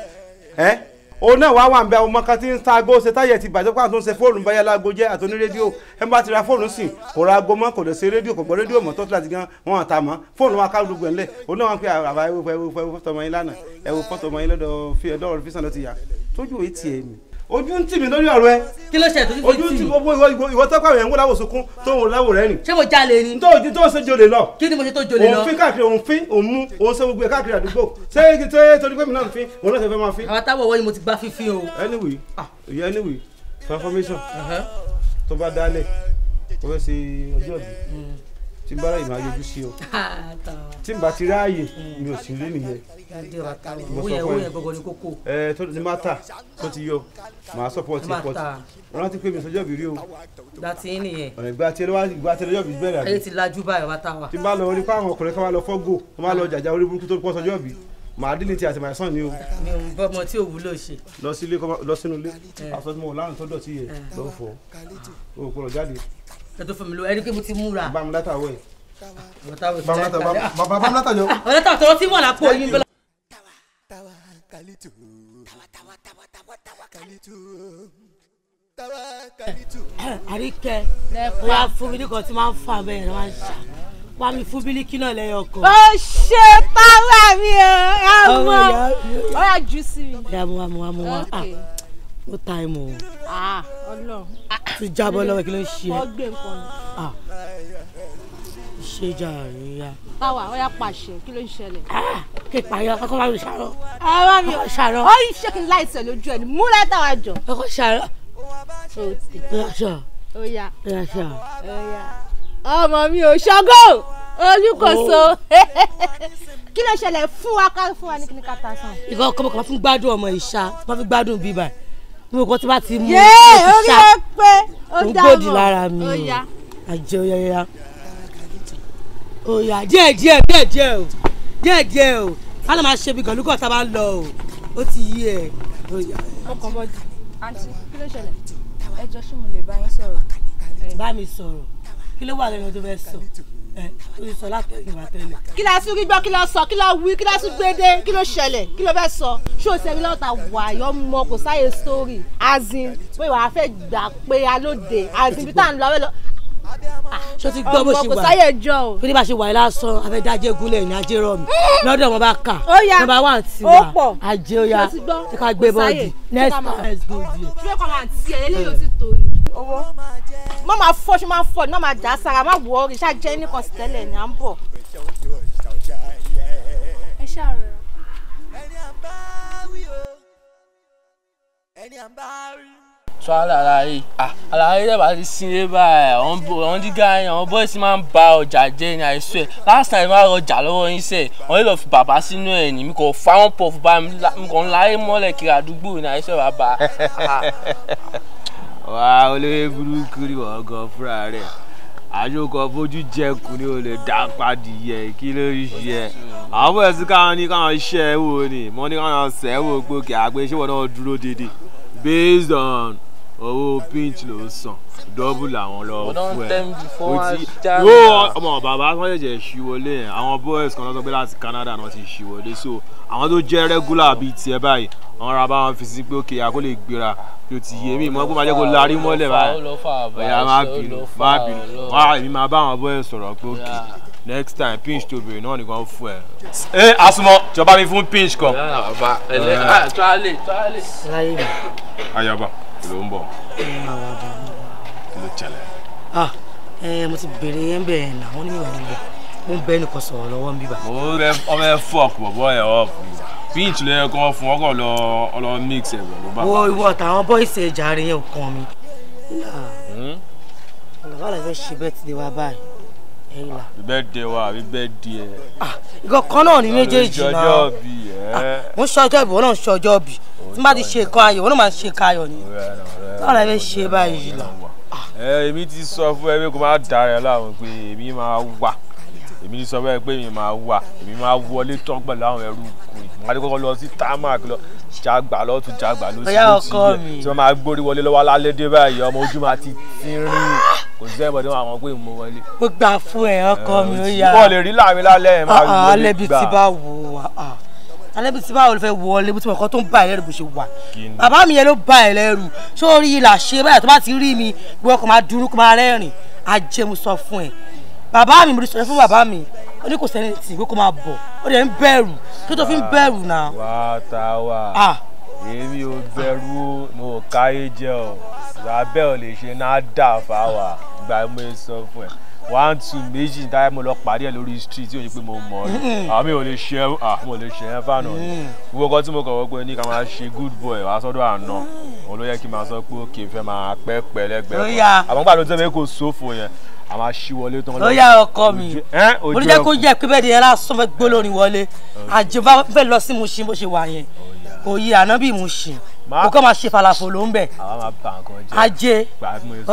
Speaker 3: Eh? òun náà wá wà ń ọmọ kan tí ń ta aago ṣe táyẹ̀ ti bàjẹ́ pàtó ń ṣe fóònù báyà láago jẹ́ àtòní rédíò ẹ bá ti ra fóònù sí kò ra aago mọ́ kò lè ṣe rédíò kò gbọ́ rédíò mọ́ tọ́tù láti gan wọn àtà mọ́ fóònù wa ká gbogbo òun náà wọn pe àbá ẹ wo lánàá ẹ wo lọ́dọ̀ fi ẹ̀dọ́ ọ̀rọ̀ fi sàn lọ́ti yà tójú èyí ojú ń tì mí lórí ọ̀rọ̀ ẹ. kí ló ṣe tó ti fi tì mí. ojú ń tì gbogbo ìwọ ìwọ tọ́pọ̀ àwọn ẹ̀ńgbọ́n láwòsókún tó ń láwò rẹ nì. ṣé mo jalè ni. tó ojú tó ṣe jolè lọ. kí ni mo ṣe tó jolè lọ. òun fi káàkiri òun fi òun mú òun ṣe gbogbo ẹ káàkiri àdúgbò ṣé ṣé torí pé mi náà fi òun náà ṣe fẹ́ máa fi. àwọn táwọn wọ́n yìí mo ti gbá fífín o. anyway ah. anyway transformation uh-huh. tó bá dálẹ̀ mo fẹ́ ṣe ọjọ́ ìbí mm. tí n bá ráyè máa yọjú sí ọ (laughs) ah, tí n bá ti ráyè mi ò sì lé nìyẹn wúyẹn wúyẹn gbogbo ni kókó. ẹ tó ní máa ta tó ti yọ màá sọpọ́ọ̀tì pọ́ọ̀tì rántí pé mi sọjọ́ bí rí o.
Speaker 1: dati yín nìyẹn.
Speaker 3: ọ̀nà ìgbà tí ẹlẹ́wà ìgbà tí ẹlẹ́jọ́ bí bẹ̀rẹ̀ àbí. ayé ti
Speaker 1: lajú báyìí wá tá wa.
Speaker 3: tí n bá lọ orí fáwọn ọkùnrin kan wá lọ fọ́gò wọ́n máa lọ jàjà orí burúkú tó pọ̀ sọjọ́ bí màá dín ní ti àtìmáyé sàn ni o. mi ò bọ́ ọmọ tí òwú ló ṣe. lọ sílé lọ sínú ilé aṣọ tí mo lárùn tó dọ̀tí yẹ lọ fọ o kò lọ jáde.
Speaker 1: ẹ tó fún mi lọ ẹni pé mo ti múra. bá mi látàwọ̀ ẹ̀. bá mi látàwọ̀ bá mi látàwọ̀. ọ̀rẹ́ta tó ti wà lápò yín tawakalitu
Speaker 4: tawakalitu tawakalitu. Eh, àríkẹ́ wàá fún mi nìkan tí máa ń fà bẹ́ẹ̀ ni wọ́n á ṣá wàá
Speaker 1: mi fún bílíkì náà lẹ́yìn ọkọ. ó
Speaker 2: ṣe pàrọ̀ mi o ọmọ ó yà jù sí mi.
Speaker 1: dààmú àmú àmú wa ó ta ìmọ̀ o.
Speaker 2: Ah, ti jábọ́ lọ́wọ́ kí ló ń ṣe é. ọgbẹ́ nǹkan
Speaker 1: ṣe jà ìyá. báwa ó yà pàṣẹ kí ló ń ṣẹlẹ̀. Ah, kí pààyàn ọkọ bá mi ṣàrọ. ara mi ò ṣàrọ. ó yí ṣé kí n láìsẹ̀ lójú ẹ̀ ní mú lẹ́tà wa jọ. ọkọ ṣàrọ. ó ti ó yà ṣọ. ó yà ó yà ṣọ. ó yà ọmọ mi ò ṣọgọ olùkóso oh.
Speaker 2: (laughs) kí ló ṣẹlẹ̀ fún wa ká fún wa ní kíní ká ta sàn.
Speaker 1: ìgbà ọkọ mi kò máa fi gbádùn ọmọ ìṣá máa fi gbádùn bíbà mi ò kọ́ tí bá ti mú mi ti ṣá
Speaker 2: òun gbòdì lára mi
Speaker 1: àjẹyẹyẹ òyà díẹ̀ díẹ̀ díẹ̀ díẹ̀ o díẹ̀ díẹ̀ o ká ló máa ṣe bí gànlúkọ̀ tá a bá ń lọ o ó ti yí ẹ òyà. ọkọ bọjú àǹtí kí ló ṣẹlẹ̀ ẹ jọ ṣé mo lè bá yín sọ̀rọ̀. bá mi sọ̀rọ̀ kí ló wà lẹ́nu tó fẹ́ sọ ó ti sọ látẹ̀yìn wá tẹ́lẹ̀. kí la sún gbígbọ́ kí la sọ kí la wí kí la sún gbédé kí ló ṣẹlẹ̀ kí ló fẹ́ sọ ṣé o ṣẹ́ni lọ́ta wàyọ́ mọ kò sáyé sórí azin pé wàá fẹ́ gbà pé alóde azin bí tá à ń lọ Ah, ṣó ti gbọ́ bó ṣe wà ọmọ bá ṣe wà lásán abẹ́dá gúnlẹ̀ ní ajé rọ̀ mi lọ́dọ̀ wọn bá kà nọmba one ti wà ajé ó tí ká gbé bọ́ọ̀dì next time let's go there. ṣé máa fọ́ ṣe máa fọ́ náà máa dà sára má wọ ọ́ rí nìkan tẹ́lẹ̀ ní à ń
Speaker 4: bọ̀. ẹni à ń bá rí o
Speaker 3: ẹni à ń bá rí sọ alàlàyé alàlàyé dẹ̀ bá ti sin é báyìí àwọn dígá yẹn àwọn bọ́ìsì máa ń ba ọjà jẹ́ ní àìsọ ẹ̀ last time máa rọjà lọ́wọ́ yín sẹ̀ wọ́n lè fi bàbá sínú ẹ̀ ní mi kò fáwọn pọ̀ fún báyìí mi kò ń láyé mọ́lẹ̀ kiri àdúgbò ní àìsọ bàbá. (laughs) wà á olóyè burúkú ni wọ́n gan fúnra rẹ̀ àjòkọ fojú jẹkù ni o lè dá padì yẹ kí ló ń ṣe àwọn bóyá sí káwọn ní káwọn ṣẹ́ wò ni mo ní káwọn ṣẹ́ wò pé kí àgbẹ̀ ṣé wọn náà dúró déédéé based on owó pinch ló ń san dọ́bù làwọn lọ fún ẹ
Speaker 4: o ti wo
Speaker 3: ọmọ bàbá wọn ṣẹ̀ṣẹ̀ ṣíwọlé yẹn àwọn boys kan lọ́sọ̀ pé láti Canada náà ti ṣíwọlé so àwọn tó jẹ́ regular bíi tiẹ̀ báyìí àwọn ará bá wọn fi sí pé òkè àkó lè gbéra yóò ti yé mi mọ́ pé máa jẹ́ kó larí mọ́lẹ̀ báyìí ọ̀yà má bínú má bínú wá èmi máa bá àwọn boys sọ̀rọ̀ pé òkè next time pinch tó bèrè náà nìkan fún ẹ. ẹ asumọ jọba mi fún pinch kan. Ah, ayaba kí ló ń bọ̀.
Speaker 1: kí ló ṣẹlẹ̀. ah ẹ mo ti bèrè yẹn bẹ́ẹ̀ náà wọ́n ní ìwà nílẹ̀ mo ń bẹ́ẹ̀ nìkan sọ̀rọ̀ lọ́wọ́ ń bíbà.
Speaker 3: mo bẹ ọmọ fọk bọ̀bọ̀ ẹ̀ ọ́ fíìtì ló yẹ fún ọkọ̀ lọ ọlọ mix ẹ̀ pẹ̀lú bàbá. wo ìwọ
Speaker 1: àtàwọn bọ́ìsì ẹja rẹ yẹn ò kàn mí. Hmm? bàbá àlàyé ṣe bẹ́ẹ̀ ti di wa báyìí ẹ̀yìnlá.
Speaker 3: bíbẹ́ẹ̀dẹ̀ wa àbí bẹ́ẹ̀dẹ̀ ẹ̀. ìkan kan náà ní méjèèjì náà ọjọ́ bí ẹ̀. Ah, mo ń
Speaker 1: ṣọjọ́ ìbò náà ń ṣọjọ́ bí tí n bá ti ṣe nǹkan ayọ̀ wọn náà máa ń ṣe nǹkan ayọ̀ ni. báwo la fẹ́ ṣe báyìí lọ.
Speaker 3: Ah. èmi ti sọ fún ẹ pé kó má da rẹ láwọn pé èmi máa wà èmi ti sọ fún ẹ pé èmi máa wà èmi máa wọlé tán pẹ̀lú àwọn ẹrú kùnrin màá dé kọ́kọ́ lọ sí tamak lọ jàgbà lọ́tún jàgbà lọ́sí lọ́sí yẹ tí wọ́n máa gbórí wọlé lọ́wọ́ alálẹ́ dé báyìí ọmọ ojú máa ti tínrín kò sí ẹ̀bọ̀dé wọn àwọn pé mo wọlé.
Speaker 4: ó gbà fún ẹ ọkọ mi ó yà.
Speaker 3: bọ́ọ̀lù èrí láàrin lálẹ́ ẹ̀ máa ah, ah, wọlé gbà. alẹ́ ti bá
Speaker 1: wò wá ah, alẹ́ ti bá wọlé fẹ́ wọlé bó ti mọ̀ tó ń bá ẹ bó ṣe wà. bàbá mi yẹn ló bá ẹ sórí ilà ṣe báyà tó bá ti rí mi gbọ́ kó máa dúró kó máa rẹ́rìn ajẹ́mu sọ fún ẹ bàbá mi mo ti sọ fún bàbá mi ó ní kò sẹ́ni tì pé kó máa bọ̀ ó dẹ̀ ń bẹ̀rù kí
Speaker 3: èmi ò bẹ̀rù o mo káyé jẹ o abẹ́ ò lè ṣe náà dà fáwà gba mo sọ fún ẹ one two méjì táyà mo lọ pàdé ẹ lórí street tí ò ní pé mo mọ rí hmm. àmì ò lè ṣe ẹ àmì ò lè ṣe ẹ fànà ni hmm. gbogbo kan tí mo kọ̀ wọ́pẹ́ ní ká máa ṣe good boy wàá sọ́dọ̀ àná hmm. òun ló yẹ kí n máa sọ pé òkè fẹ́ máa pẹ́ pẹ́ lẹ́gbẹ̀ẹ́ kan àmọ́ gbàdúrà tó ń bẹ kó sófo yẹn a máa ṣí wọlé tán. ó ọkọ mi orí jẹ́ kó jẹ́
Speaker 1: pé bẹ́ẹ̀ ni ẹ lásán fẹ́ gbólórin wọlé àjọba fẹ́ lọ sí mu ṣí bó ṣe wà yẹn òye ànábì mu ṣì o kọ́ máa ṣe falafo ló ń bẹ̀.
Speaker 3: àwa máa bà nǹkan jẹ́
Speaker 1: ajé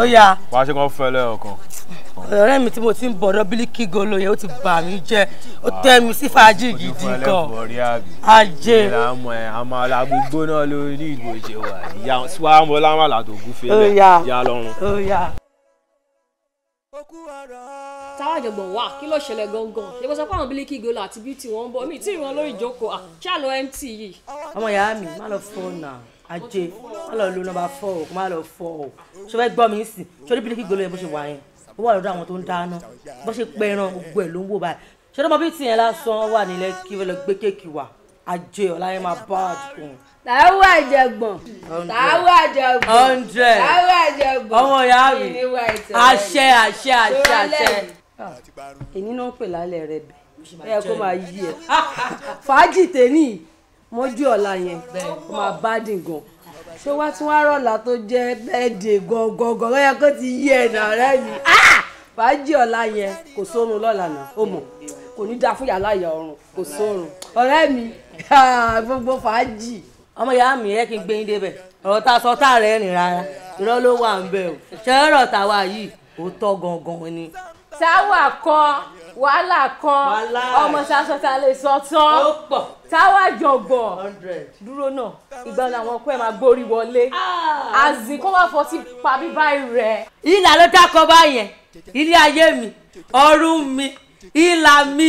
Speaker 1: ọ̀ya.
Speaker 3: wàá ṣe kàn fẹ́lẹ́ ọkàn.
Speaker 1: ọ̀rẹ́ mi tí mo ti ń bọ̀dọ̀ bílíkì golo yẹn ó ti bà mí jẹ́ ó tẹ́ mi sí fàájì gidi kan
Speaker 3: ajé. àmàlà gbogbo náà ló ní ìgbòjè wa ìyá sùwàmù ọlámàlà tó gúfe lẹ ìyá
Speaker 1: lọ́rùn
Speaker 2: táwọn àjọgbọ̀n wà kí ló ṣẹlẹ̀ gangan ṣèkó sọ pé àwọn bílíkì gòlò àti bíútì wọn ń bọ̀ mí tí ìwọn lórí ìjókòó à ṣàlọ mt yìí.
Speaker 1: ọmọ ìyá mi má lọ fọ nà ajé má lọ lo nọ́mbà fọ o má lọ fọ o ṣé fẹ́ gbọ́ mi sí ṣé orí bílíkì gòlò yẹn bó ṣe wà yẹn ó wà lọ́dọ̀ àwọn tó ń dáná bó ṣe pẹran gbogbo ẹ̀ ló ń wò báyìí ṣé ọmọ bíi tìyẹn lásán wà nílẹ̀ kí wọ́n lọ gbé kéèkì wà ajé ọ̀la yẹn máa bá àdúgbò táwọn àjẹgbọn táwọn àjẹgbọn hundred táwọn àjẹgbọn ọmọ ìyá mi àṣẹ àṣẹ àṣẹ àṣẹ. èyí ah. ah. náà ń pè lálẹ́ rẹ bẹ̀ ẹ kó máa yí ẹ fàájì tèmi mọ́jú ọ̀la yẹn kó máa bá dín gan ṣé wá tí wọ́n á rọ̀lá tó jẹ́ bẹ́ẹ̀dẹ̀ gọ̀ọ̀gọ̀ọ̀gọ̀ lọ́yẹ kó ti yí ẹ̀ nà rẹ́ mi ah! fàájì ọ̀la yẹn kò sórun lọ́la náà ó mọ̀ kò ní dáa fún yàrá ìyá ọ̀run kò sórun ọ̀rẹ́ mi (laughs) gbogbo fàájì ọmọ ìyá mi yẹ kí n gbé yín débẹ̀ ọ̀rọ̀ tá a sọ tá a rẹ̀ rìn rárá irọ́ ló wà ń bẹ̀ o ṣẹ́rọ̀ tàwa yìí ó tọ́ gangan ni. táwa kan wàhálà kan ọmọ ṣaṣọ ta lè sọ tán táwa jọ̀gbọ̀n
Speaker 2: dúró náà ìgbà làwọn ọkọ ẹ̀ máa gbórí wọlé ah. àzìn kó wàá fọtí pàbí báyìí rẹ̀.
Speaker 1: ìlà ló dákọ báyẹn ilé ayé mi ọ̀run mi ìlà mi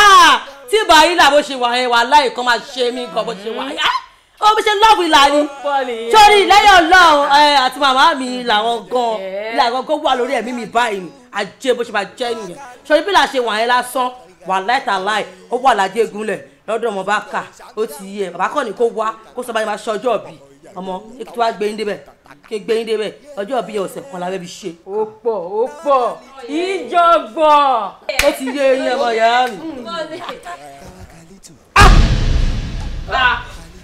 Speaker 1: ah! tí bàá ìlà bó ṣe wà yẹn wà láì kan máa ṣe mí gan bó ṣe wà yẹn. Ah! ó bí ṣe lọ́ọ̀bù ìlànà
Speaker 4: sórí lẹ́yìn ọlọ́run àti màmá mi làwọn gan làwọn
Speaker 1: gan wà lórí ẹ̀mí mi báyìí ni ajé bó ṣe máa jẹ́ nìyẹn sórí bí làṣẹ wà yẹn lásán wà láìta láì ó wà lájẹ egunlẹ̀ lọ́dọ̀ ọmọ bá kà ó ti yẹ bàbá kàn ní kó wá kó sọ báyìí máa ṣe ọjọ́ ọ̀bì ọmọ kí tó wá gbé yín débẹ̀ kí gbé yín débẹ̀ ọjọ́ ọ̀bí yẹn ọ̀sẹ̀ kan lábẹ́ bí ṣe. ó pọ̀ ó pọ̀ ìjọgbọ̀n. ó ti yé eyín ọmọ yàrá mi.
Speaker 4: Hmm.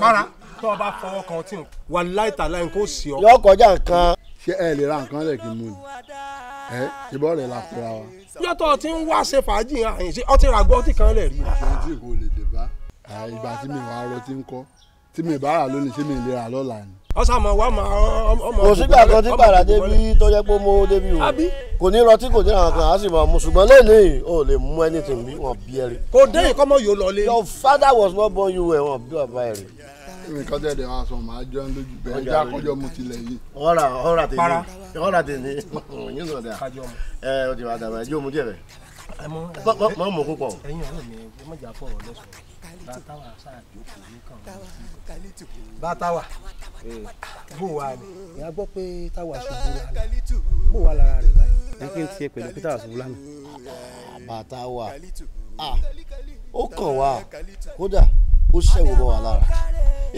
Speaker 3: mara tó o bá fọwọ́ kan tí wà láìta láì kó sí ọ. yọ kọjá nǹkan. ṣé ẹ lè ra nǹkan lẹ́ẹ̀kì mú ni ẹ ìbọn rẹ la pera wa. yọtọ tí ń wá ṣe fàájì àyìn sí ọtí ra gbọ́ ọtí kan lẹ̀ rí. àṣẹ tí kò lè dé bá ìgbà tí mi wàá rọ tí ń kọ́ tí mi bá rà lónìí ṣé mi lè lọ́la ni ọsàmọ wa ma ọmọ. kò sígbà kan tí bàrà débi tó jẹ́ pé mo débi o kò ní rọtí kò ní àwọn kan á sì máa mu ṣùgbọ́n lẹ́nìí o lè mú anything bí wọ́n bí ẹ rí. kò dé ìkọ́ mọ́ yóò lọ lé. your father was not born you were wọ́n bí bàbá ẹ rí. nǹkan tẹ̀ dẹ̀ wá sọ màá jọ ń lójú bẹ́ẹ̀ ẹja àkọ́jọ́ mu tilẹ̀ yìí. ọ̀rà ọ̀rà tèmi ọ̀rà tèmi yín sọ̀dà ẹ o ti wà dàbà ẹjọ́ mu jẹ́ mọ́ mọ́ púpọ̀ bó wa ni ìyá gbọ́ pé táwa ṣubú lánàá bó wa lára rẹ̀ báyìí. ní kí n tiẹ̀ pẹ̀lú pété àṣubú lánàá. bàtà wa ó kàn wá kódà ó ṣẹ̀wò bọ̀ wá lára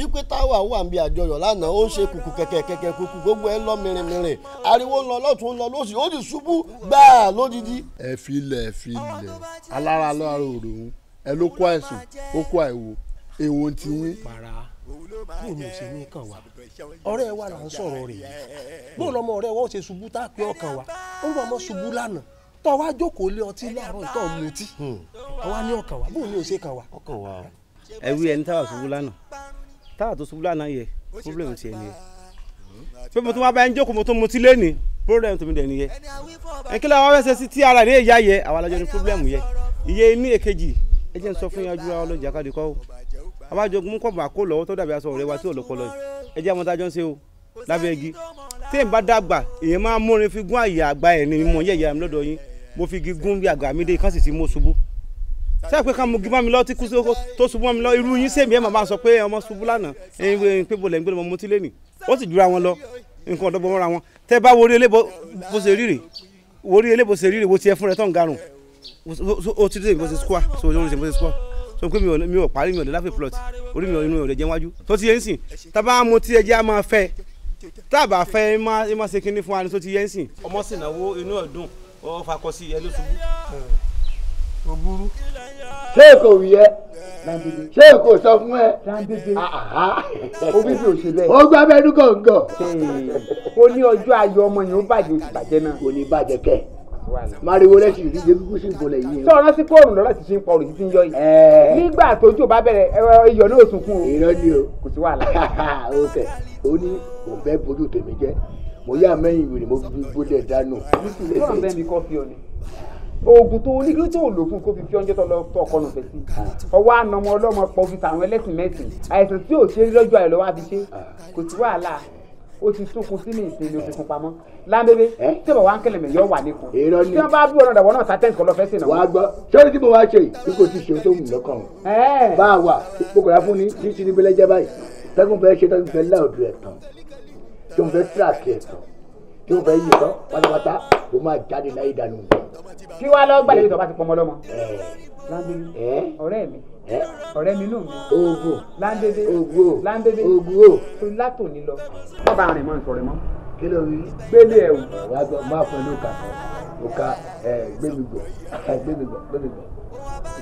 Speaker 3: ipe táwa wà níbi àjọyọ̀ lánàá ó ń ṣe kùkù kẹ̀kẹ́ kẹ̀kẹ́ kùkù gbogbo ẹ̀ ń lọ mìrìnmìrìn ariwo ń lọ lọ́tún ń lọ lọ́sì ó ti ṣubú gbáà lódìdí. ẹ filẹ̀ ẹ filẹ̀ alára lọ́rọ̀ òòrùn ẹ ló kó àìsàn ó kó àìwò èèwọ̀n ti wín bó ni òsè ní kàn wá ọ̀rẹ́ wa là ń sọ̀rọ̀ rẹ̀ yìí bó lọmọ ọ̀rẹ́ wa ó ṣe ṣubú tá a pé ọkàn wa ó ń bọ ọmọ ṣubú lánàá tọ́ wa jókòó lé ọtí láàárọ̀ ìtọ́ mutí àwa hmm. ní ọkàn wa bó ni òsè kàn wá. ọkàn wa ẹ wí ẹni táwa ṣubú lánàá táwa tó ṣubú lánàá yẹ problem tiẹ̀ nìyẹn pé mo tún wá bá ẹni jókòó mo tún mutí lẹ́nìí problem tó mi dẹ̀ nìyẹn ẹ̀kí làwọn fẹsẹ̀ sí tí ara ní èyá yẹ àwa lájọ ní problem yẹ iye ní èkejì ẹ jẹ́ ń sọ fún yín ajú ọlọ́jà káàdì àwọn àjogún mú kọ̀ọ̀bà kó lọ́wọ́ tó dàbí aṣọ ọ̀rẹ́ wa tí ò lọ́kọ lọ ẹ jẹ́ àwọn tájọ́ ń ṣe o lábẹ́ igi tí n bá dàgbà èèyàn máa múrin fi gún àyè àgbà ẹ̀ ní mọ̀ yẹ̀yẹ̀ mi lọ́dọ̀ yín mo fi igi gún bí àgbà mi dé kán sì sí mo ṣubú sẹ́yìn pé ká mo gí bá mi lọ tí kú tó ṣubú bá mi lọ irú yín sèmi ẹ̀ màmá sọ pé ọmọ ṣubú lánàá ẹ̀yin pé bọ̀lẹ̀ ń mo ti lé nì ó sì jura wọn lọ nǹkan ọ̀dọ́gbọ̀n mọ́ra wọn tẹ́ bá wo orí elébó bó ṣe rírè wo orí elébó ṣe rírè wo tiẹ̀ fún rẹ o ti dé ìbò ṣe square so o ti so pé mi ò parí mi ò lè láfi plot orí mi ò lè jẹ wájú tó ti yẹ ń sìn tábà mu tí ẹjẹ á máa fẹ́ tábà fẹ́ ẹ má ẹ má ṣe kinní fún wa ni tó ti yẹ ń sìn. ọmọ sì náwó inú ẹ̀ dùn ọ fakọ sí ẹ ló o burú. ṣé kò wí ẹ ṣé kò sọ fún ẹ òbí ah, ah, ah. mi ò ṣe bẹ́ẹ̀. ó gbá bẹ́ẹ̀ dúkọ̀ ń gọ̀. ó ní ọjọ́ ayọ̀ ọmọ yẹn ó bàjẹ́ ó sì bàjẹ́ náà. kò ní bàjẹ́ kẹ́ mariwo lẹ́sìn ìdí ìdí gbígbó sí ìbọlẹ̀ yìí. sọ ọ̀rọ̀ sí kóòrùn lọ́rọ̀ sì ti ń pa òrùn títí ń yọ yìí. nígbà tójú bá bẹ̀rẹ̀ iyọ̀ náà sunkún o. irọ́ ni o kò sí wàhálà. o (laughs) o ní òun fẹ́ bójú tèmi jẹ́ mo yá mẹ́yìn ìwé ni mo fi gbólẹ̀ dànù. oògùn tó oníkí tó lò fún kó fi fi oúnjẹ tó lọ tó ọkọ nù fẹsí ah. ọwọ ànàmọ ọlọmọ pọ fi tàwọn ẹlẹ́sìn mẹ́sìn àìsàn tí ò o ti sunkún sí mi ìsìn ló fi kun pamọ́ lámbébé tí bàbá wa ń kẹlẹ̀ mẹ́ yọ wà ní kun tí wọ́n bá bí ọ̀nà ìdàwọ̀ náà sátẹ́ǹtì kọ́ lọ fẹ́ sìn náà. wàá gbọ́ sọ́ọ́rì tí mo wá ṣe yìí kò tí ì ṣe tó wù lọ́kàn bá a wà pokòrá fún ni tí tí níbi lẹ́jẹ́ báyìí tẹ́gùn fẹ́ ṣe tẹ́gùn fẹ́ láòdù ẹ̀ tán tí mo fẹ́ tíráàkì ẹ̀ tán tí mo fẹ́ yìí tán pátápátá mo máa jáde láyé dànù. kí wàá lọ gbàlejò tó bá ti pọnmọ lọmọ. ọ̀rẹ́ mi ọ̀rẹ́ mi nù mí. ogo láńdédé ogo láńdédé ogo tó látòní lọ. wọ́n bá rìn mọ́ ìsọ̀rẹ́ mọ́. kí ló rí. gbélé ẹ̀ wò. wàá gbọ́ máa fún ẹ ní òkà òkà gbémigbò gbémigbò gbémigbò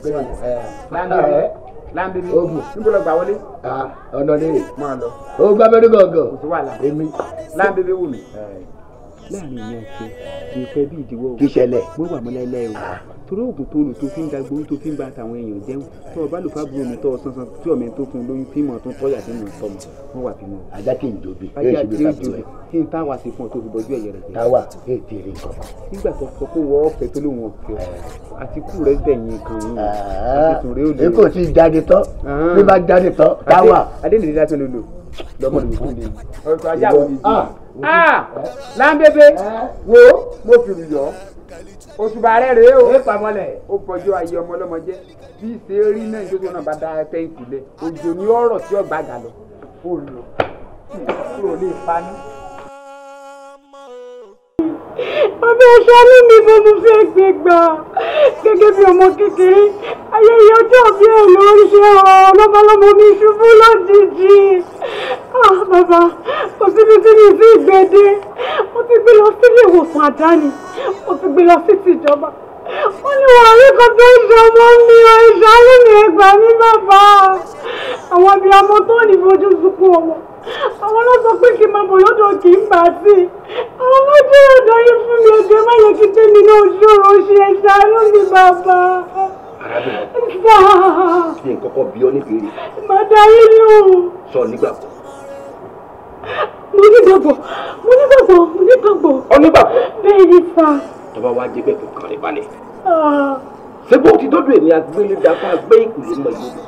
Speaker 3: gbémigbò. láńdédé láńdédé ogo níbo lọ gbà wọlé. ọ̀nà ni máa lọ. o gbá mẹ́rin gọ̀ọ̀gọ̀. kò sí wàhálà èmi láńdédé wù mí. láàrin ìyẹn ṣe kì í fẹ́ bí ìdíwọ́ kì í ṣẹlẹ̀. mo wà mọ́lẹ́lẹ́ o torí oògùn tó lò tó fi ń da gbóyún tó fi ń ba àtàwọn èèyàn jẹun tó o bá lò fábùrù mi tó o san san tí ọmọ tó fún un lóyún fíìmù tó ń tọ́jà sí mi tọmọ wọn wà fíìmù. ajá kì í dobi yóò ṣe bí fàbùrù kí n táwa sí fún ọ tó fi bọjú ẹyẹ rẹ jẹ. táwa
Speaker 4: yóò ti rí nǹkan.
Speaker 3: nígbà tó sọ pé wọ́n fẹ́ tó lóun ọ̀fẹ́ àti kú rẹ gbẹ̀yìn kan wọn. ẹ kò tí jáde tán bí bá jáde tán táwa. adé nìyí láti lò lọ́mọ ni mo fi lè. láńbébé wo mo fi rù yọ òṣùbà rẹ rèé o. ẹ pàmọ́lẹ̀. ó kọjú ayé ọmọ bí ìṣe rí náà ìjọ́jọ́ náà bá da tẹ́ǹkì lẹ̀ òjò ní ọ̀rọ̀ tí ọ̀gbà gà lọ. kúrò lè paní
Speaker 4: ọbẹ̀ ṣáálú mi mo mú fẹ́ gbé gbà gẹ́gẹ́ bí ọmọ kékeré ayẹyẹ ọjọ́ bí ẹ̀ ló ń ṣe ọlọ́mọlọ́mọ mi ṣubú lójijì bàbá kò síbi tí mi ti gbèdé mo ti gbé lọ sílé ìwòsàn àdáni mo ti gbé lọ sí tìjọba ó ní wọn rí kan tó ń ṣe mi ọ ìṣàánú mi ẹgbàá ní bàbá àwọn abiyamọ tó ní fojú sunkún ọmọ àwọn ló sọ pé kí n máa bọ̀ lọ́dọ̀ kì í bà sí i àwọn ló jẹ́ ọ̀dọ́ yín fún mi ẹ̀jẹ̀ má yẹ kí tèmi náà ṣòro ṣe ẹ ṣàánú mi bàbá.
Speaker 3: arábìnrin ṣe nǹkan kan bí ọ níbèrè. màá dá sọ nígbàgbọ́.
Speaker 4: mo nígbàgbọ́ mo nígbàgbọ́ mo nígbàgbọ́. ọ nígbàgbọ́. bẹ́ẹ̀ ni sá.
Speaker 3: tọ́ba wa jẹ́ bẹ́ẹ̀ kó kàn rẹ̀ balẹ̀. Ah ṣé bó ti dọ́dọ̀ èmi àgbélẹ̀dá fún agbé ìkùnsí mọ̀ ìdòdò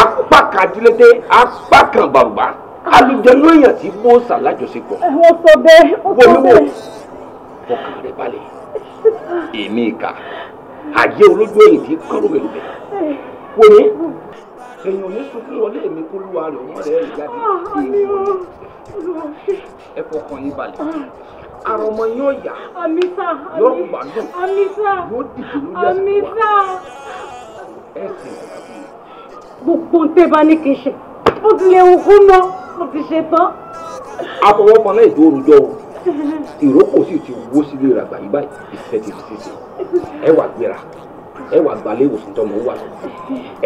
Speaker 3: apá kan dílédé apá kan bàbá alùjẹnu èèyàn tí bó ṣàlájọṣepọ̀.
Speaker 4: wọ́n sọ bẹ́ẹ̀ wọ́n sọ bẹ́ẹ̀.
Speaker 3: fọkàn rẹ balẹ̀ èmi ìka àjẹ́ olójú ẹ̀yìn tí kọ́rọ̀ mi lùbẹ̀ wọ́n ní èèyàn ní sunkún wọlé mi kó lúwa rẹ̀ ọmọ rẹ̀ jáde ah, ẹ fọkàn yín balẹ̀ ara ọmọ yín ó yá yóò gbádùn
Speaker 4: yóò dìbò lórí ẹsẹ̀ wa ẹ sì gbogbo ń tẹ́ bá ní kí n ṣe ó ti lè wù ná mo ti ṣe tán. afọwọ́ pọnà
Speaker 3: ètò òrùjọ o ìrókò sì ti wó sílé ìràgbà yìí báyìí ìfẹ́ ti fi ṣe ẹ wà gbéra ẹ wà gbalẹ̀ ìwòsàn tọmọ wà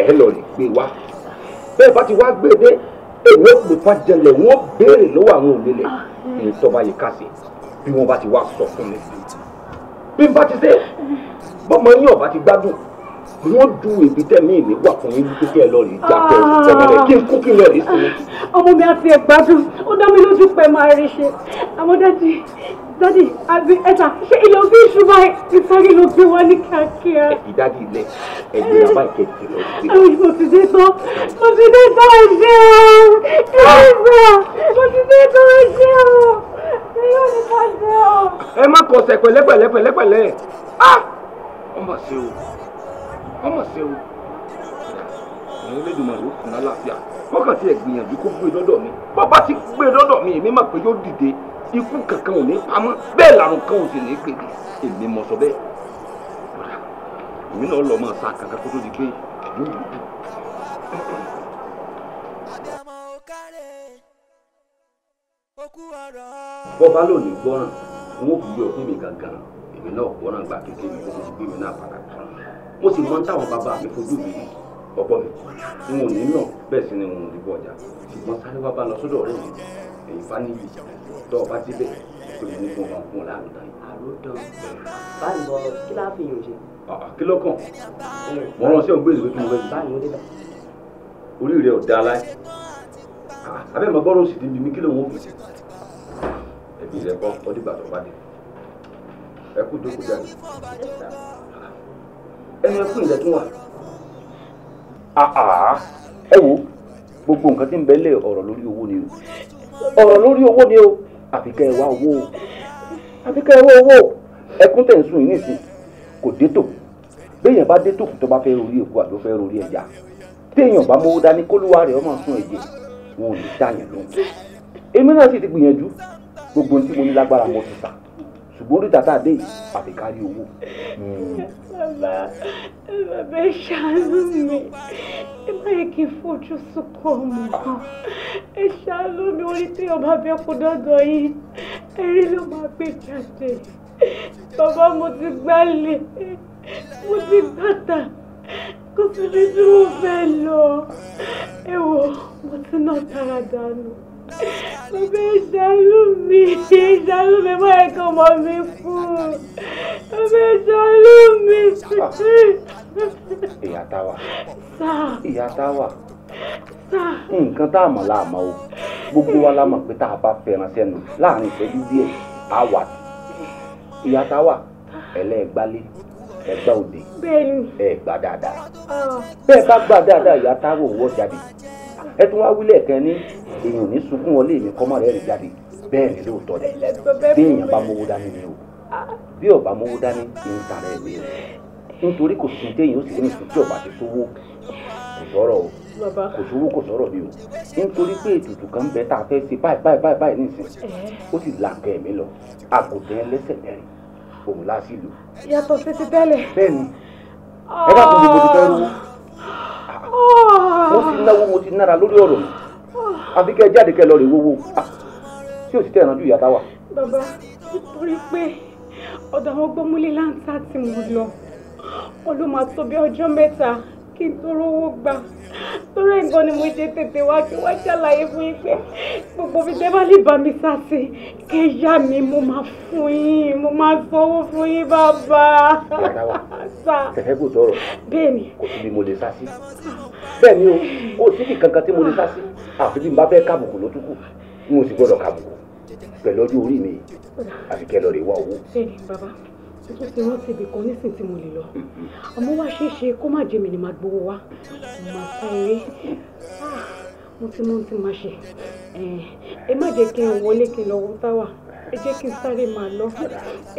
Speaker 3: ẹ lọ lè gbé wa bẹ́ẹ̀ bá ti wá gbé dé èmi ò pè fàjẹlẹ̀ wọ́n béèrè lọ́wọ́ àwọn òlélẹ̀ ní ah. tọ́ba yìí kà sí i bí wọ́n bá ti wá sọ fún mi bí n bá ti dé bọ́mọ yín ọ̀bá ti gbádùn wọ́n du èbí tẹ̀mí ìlú wà fún yín wípé kí ẹ lọ rí ìjà pẹ̀lú
Speaker 2: tẹ̀mọ́lẹ̀ kí n kú kí n lọ rí sí i. ọmọ mi àti ẹ̀gbádùn ó dá mi lójú pé máa rí ṣe àmọ́ dájú dájú àbí ẹ̀ta ṣé ilé òbí ìṣúná ìsáré ló gbé wá
Speaker 4: ní kíákíá.
Speaker 3: ẹ̀bí dájú ilẹ̀ ẹ̀bí bàbá ìkẹ́jì lọ
Speaker 4: sí. mo ti dé tán mo ti dé tán ẹ̀ṣẹ̀ o ẹ̀ṣẹ̀ mo ti dé tán ẹ̀ṣẹ̀ o
Speaker 3: ẹ má kọsẹ̀ pẹ̀lẹ́pẹ̀lẹ́ pẹ̀lẹ́pẹ̀lẹ́ ah! ọmọ ṣe o ọmọ ṣe o ẹ̀yin lẹ́dùnmọ̀ ló kùn lálàáfíà kọ́kàn tí ẹ̀ gbìyànjú kó gbé e dọ́dọ̀ mi bọ́ba ti gbé e dọ́dọ̀ mi èmi máa pé yóò dìde ikú kankan ò ní pamọ́ bẹ́ẹ̀ làrùn kan ò sì ní pèdè èmi mọ̀ sọ bẹ́ẹ̀ èmi náà lọ́ọ́ máa sa kankan kó tó di pé yóò dùn. bọ́ba ló ní gbọ́ràn n ó bí ọkùn mi gangan èmi náà gbọ́ràn gba kékeré mi kókó ti gbé mi náà padà kan mo sì mọ táwọn bàbá mi fojú mi rí mi n ò ní nà bẹ́ẹ̀ sì ni n ò ní bọ̀ ọjà ṣùgbọ́n sáré wá bá lọ sọ́dọ̀ ọ̀rẹ́ mi èyí bá níbi tọ́ ọba débẹ̀ tó ní kó máa fún ọ láàrúdà
Speaker 2: yìí. àròdàn báyìí lọ kí láá fi
Speaker 3: yòó ṣe. Ah, ah, kí lọ́kàn mo rán sí ọ̀gbẹ́ni lójú mi lọ́jọ́ orí abẹ́ mọ̀ bọ́rọ̀ sì ti bí mi kí lòun ó fi ẹ̀bí rẹ̀ kọ́ ọdún ìgbà tó bá dé ẹ kú dókú jáde ẹni ẹkú ilẹ̀ tún wà. Ah, ah. ẹ wo gbogbo nǹkan tí ń bẹ́lẹ̀ ọ̀rọ̀ lórí owó ni o ọ̀rọ̀ lórí owó ni o àfi kẹ́ ẹ wá owó o àfi kẹ́ ẹ wá owó o ẹkún tẹ̀ ń sùn yìí nìsín kò dẹ́tò béèyàn bá dẹ́tò tó bá fẹ́ rori èkó àbí ó fẹ́ rori ẹja téèyàn bá mówó dání kólúwa rẹ̀ ọmọ sún ẹ̀jẹ̀ wọn ò ní dáyẹn lóhùn èmi náà sì ti gbìyànjú gbogbo ohun tí mo ní lágbára mo ti tà ṣùgbọ́n orí tàtà dé àfi kárí owó.
Speaker 4: bàbá bàbá ẹ ṣàánú mi ẹ má yẹ kí n fojú sunkún ọmọ kan ẹ ṣàánú mi orí tí ọba bẹ kú dọ́dọ̀ yìí ẹrí ló máa gbé jáde bàbá mo ti gbálẹ̀ mo ti gbàtà kó tó dé tí mo fẹ́ lọ ẹ wò mo ti náà tara dànù bàbá ìṣàlù mi ìṣàlù mi mọ ẹ̀kọ́ ọmọ mi fún bàbá ìṣàlù mi. ìyá táwa
Speaker 3: ìyá táwa nǹkan tá a mọ̀ la mọ̀ o gbogbo wa la mọ̀ pé tá a bá fẹ́ràn sẹ́nu láàrin ìṣẹ́jú díẹ̀ àwa ìyá táwa ẹlẹ́gbálé ẹgbà òde ẹgbà dáadáa ah. bẹ́ẹ̀ bá gbà dáadáa ìyá táwọ òwò jáde ẹ tún wá wílẹ̀ kan ní èèyàn ní sunkún wọlé mi kọ́mọ́ rẹ̀ rìn jáde bẹ́ẹ̀ ni lóòótọ́ rẹ̀ bí èèyàn bá mówó dání ni o bí ọba mówó dání kì í tàn rẹ̀ lé o nítorí kò sí téèyàn ó sì ní ìsúntí ọba ti sówó kò sọ̀rọ̀
Speaker 4: o kò sówó
Speaker 3: kò sọ̀rọ̀ mi o nítorí pé ètùtù kan bẹ tá a fẹ́ ṣe báyìí báyìí báyìí nísìnyí ó sì làkẹ́ mi lọ àgùntàn ẹlẹ́sẹ̀ mẹ́rin fòmù lásìlú.
Speaker 2: yàtọ̀ sí ti tẹ́lẹ̀.
Speaker 3: bẹ́ẹ̀ni ẹ bá kún gbogbo ti fẹ́ rú mo ti náwó mo ti nára lórí ọ̀rọ̀ àfi kẹ́ ẹ jáde kẹ́ ẹ lọ rè wówó ah, tí ò sì tẹ̀ ẹ̀ránjú ìyá
Speaker 2: táwa. bàbá nítorí pé ọ̀dọ̀ àwọn gbọ́múlé láǹtà tí mo lọ ó ló ọjọ́ mẹ́ta kí n tó rówó gbà torí ẹ̀gbọ́n ni mo ṣe tètè wá kí wọ́n ṣàlàyé fún yín pé gbogbo fi ṣe bá lè bá mi sáṣe
Speaker 4: kí ẹ̀yà mi mo máa fún yín mo máa sanwó fún yín bàbá. kẹ̀kẹ́ kò tọrọ bẹ́ẹ̀ni
Speaker 3: kò síbi mo lè sáṣe bẹ́ẹ̀ni o kò síbi kankan tí mo lè sáṣe àfi bí n bá fẹ́ kábùkù ló tún kù n ò sì gbọ́dọ̀ kábùkù pẹ̀lú ọjọ́ orí mi àfi kẹ́ rè wá owó.
Speaker 2: bẹ́ẹ̀ni bàbá tó ti rántí ibì kan nísìn tí mo lè lọ àmọ́ wá ṣeé ṣe kó má jẹ́ mi ni màá gbowó wá mo máa sá eré mo ti mọ ohun tí màá ṣe ẹ má jẹ́ kí n wọlé kí n lọ wọ táwà ẹ jẹ́ kí n sáré máa lọ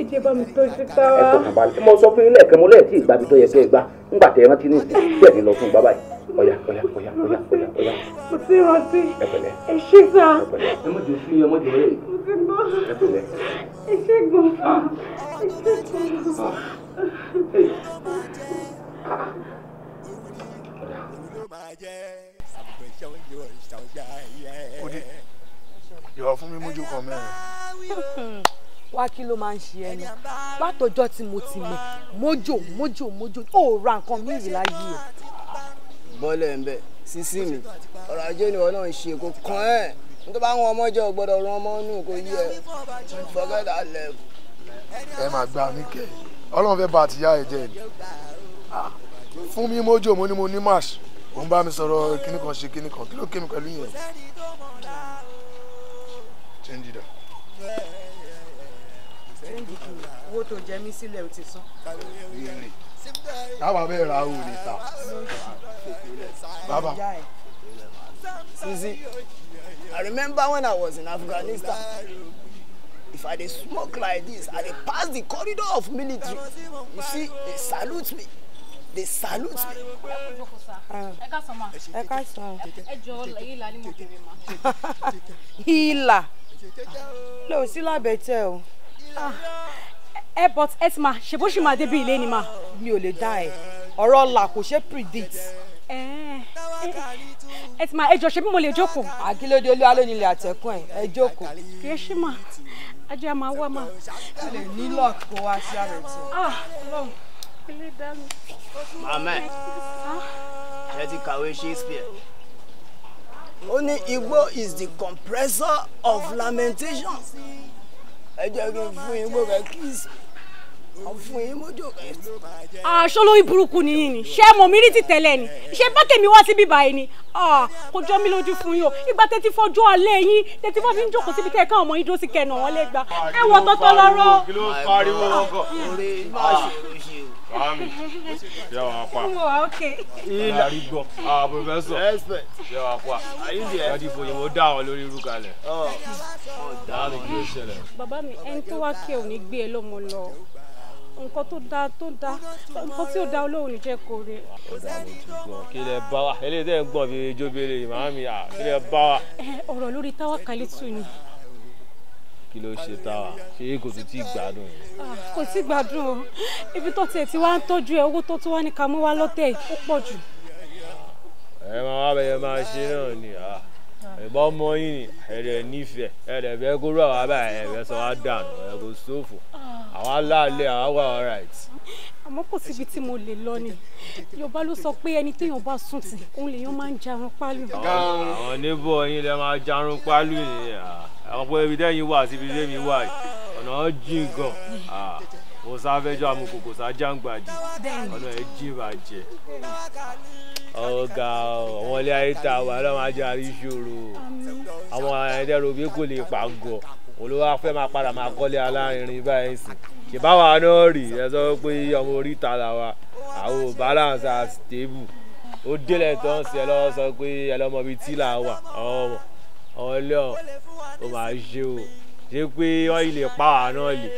Speaker 2: ẹ jẹ́ bá mi tọ́jú táwà. ẹ kò bàbá mo sọ
Speaker 3: fún yín lẹ́ẹ̀kan mo lẹ́ẹ̀tì ìgbà mi tó yẹ kẹ́ ẹ gbá ńgbà tẹ̀ ẹ rántí ní ìsìn bẹ́ẹ̀ ni lọ fún bàbá yìí ọ̀yà ọ̀yà ọ̀yà ọ̀yà ọ̀yà.
Speaker 4: mo ti rántí ẹ ṣe sá.
Speaker 3: ẹ mọ̀ jù sí ẹ mọ̀ jù ẹ ẹ ṣe gbọ́dọ̀
Speaker 4: ẹ ṣe gbọ́dọ̀.
Speaker 3: Odi, yọ̀ fún mi mójú kan
Speaker 1: mẹ́rin wá kí ló máa ń ṣe ẹni látọjọ́ tí mo ti mọ̀ mójò mójò mójò ó ra nǹkan mi rí láyé ẹ.
Speaker 3: bọ́lẹ̀ ń bẹ̀ sísí mi ọ̀rọ̀ ajé ni wọn náà ń ṣe kó kàn ẹ́ tó bá wọn ọmọ jẹ ọgbọdọ rán ọmọ nù kò yí ẹ forget that ẹ máa gbà mí kẹ Ọlọ́run fẹ́ bá àtìyá ẹ jẹ ni ah, fún mi mójó mo ní mo ní march ò ń bá mi sọ̀rọ̀ kíní kan ṣe kíní kan kí ló ké mi pẹ̀lú yẹn. change da.
Speaker 1: owó tó jẹ mí sílẹ̀ ó ti san. rírì
Speaker 3: bẹ́ẹ̀ ra òòlì ta bàbá. sísí I remember when I was in Afghanistan. If I dey smoke like this, I dey pass the corridor of military. You see, they salute me. They salute
Speaker 2: me.
Speaker 3: Hila.
Speaker 1: No, still Ẹ better. Eh, but Esma ṣe bó ṣì máa débi ilé ni ma. Mi ò lè dá ẹ̀. predict. Eh.
Speaker 2: ẹ ti máa ẹjọ ṣe bí mo lè jókòó. àkìlódé olúwa ló nílẹ̀ àtẹ̀kùn ẹ̀ ẹ jókòó. kì í ṣí mà ajé a máa wá mà. a lè nílò kó wá sí àrẹ tí.
Speaker 4: Ah, Ọlọ́run ilé ah.
Speaker 3: ẹ ti kàwé Shakespeare. ó ní igbó is the compressor of lamentation. ẹ jẹ́ kí n fún igbó rẹ̀ kíìsì aṣọ
Speaker 2: lórí burúkú ni yín ni ṣé mọ̀ mí rí ti tẹ́lẹ̀ ni ṣé bákẹ́mi wá síbí báyìí ni kò jọ mí lójú fún yín o ìgbà tẹ́tí fọjú alẹ́ yín tẹ́tí fọ́tí ń jókòó síbi tẹ́ẹ̀ká ọmọ yín dó sí kẹ́nà wọn lè gbà ẹ wọ tọ́tọ́ lọ́rọ́. kí ló pariwo ọgọ.
Speaker 3: Mami, yẹ wa pa. Ilà igbọ. Ah, professor. Expert. Yẹ wa pa. Ayi di ẹ. Yadi foyinwo dá wọn lórí irú kalẹ̀. Mami kí ló ṣẹlẹ̀.
Speaker 2: Bàbá mi, ẹni tó wá kí ẹ ò ní gbé e lọ́mọ lọ nǹkan tó dáa tó dáa nǹkan tí ò dáa olóhùn ní jẹ́ rè.
Speaker 3: kí lè bá wa eléyìí tẹ́ ń gbọ́ bí jóbele màámi à kí lè bá wa.
Speaker 2: ọ̀rọ̀ lórí táwákálítù ni
Speaker 3: kí ló ṣe tá a kò tún tí gbádùn.
Speaker 2: kò tí gbádùn o ibi tó tiẹ̀ ti wá ń tọ́jú ẹ owó tó tún wá ní ká lọ́tẹ̀ ó pọ̀ jù.
Speaker 3: ẹ máa wá bẹ̀yẹ máa ṣe náà ni ìbọn ọmọ yín ni ẹ̀rẹ̀ nífẹ̀ẹ́ ẹ̀rẹ̀ bẹ́ẹ̀ kó rú àwọn abẹ́ ẹ̀rẹ̀ sọ wá dànù ẹ̀rẹ̀ kó sófò àwọn aláàlẹ̀ àwọn wà all right.
Speaker 2: àmọ́ kò síbi tí mo lè lọ ni yorùbá ló sọ pé ẹni téèyàn bá sùn tì òun lèèyàn máa ń jarun pálù. àwọn
Speaker 3: níbọ̀ yín lè máa jarun pálù ni àwọn pé ibi tẹ́yìn wà síbi tẹ́mi wà ọ̀nà jìn gan kò sáfẹ́jọ́ àmukò kò sá jàǹgbàdì ọ̀nà ẹ̀ jìn bàjẹ́ ọ̀gá àwọn ilé ayé ta wà lọ́wọ́ ajá àríṣòro àwọn ẹ̀ẹ́dẹ́rù bí kò lè pàgọ́ olówó afẹ́ máa padà máa kọ́lé alárinrin báyìí sí ìbáwa náà rì ẹ sọ pé ọmọ oríta làwa àwọn balance are stable ó délẹ̀ tó ń sẹ́ lọ́wọ́ sọ pé ẹlọ́mọbi tí là wà ọmọ ọlọ́ọ̀ ó máa ṣe o ṣe pé ọ́ìlì pa àná lè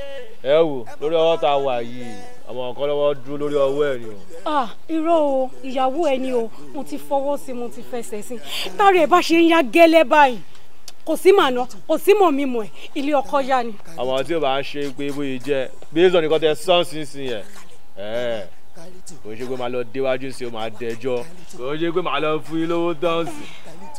Speaker 3: ẹ wò lórí ọwọ́ tá a wà yìí ọmọ kan lọ́wọ́ dúró lórí ọwọ́ ẹ̀ ni o.
Speaker 2: ah irọ́ o ìyàwó ẹ ni o mo ti fọwọ́ sí mo ti fẹsẹ̀ sí tárí ẹ bá ṣe ń yá gẹ́lẹ́ báyìí kò sí màná kò sí mọ̀ mímọ̀ ẹ̀ ilé ọkọ yá ni.
Speaker 3: ọmọ tí o bá ń ṣe pé bóyá jẹ bí èso nìkan tẹ sọ́ọ̀sì ń yẹn kò ṣe pé màá lọ déwájú sí o màá dẹjọ́ kò ṣe pé màá lọ fún yín lówó dánsì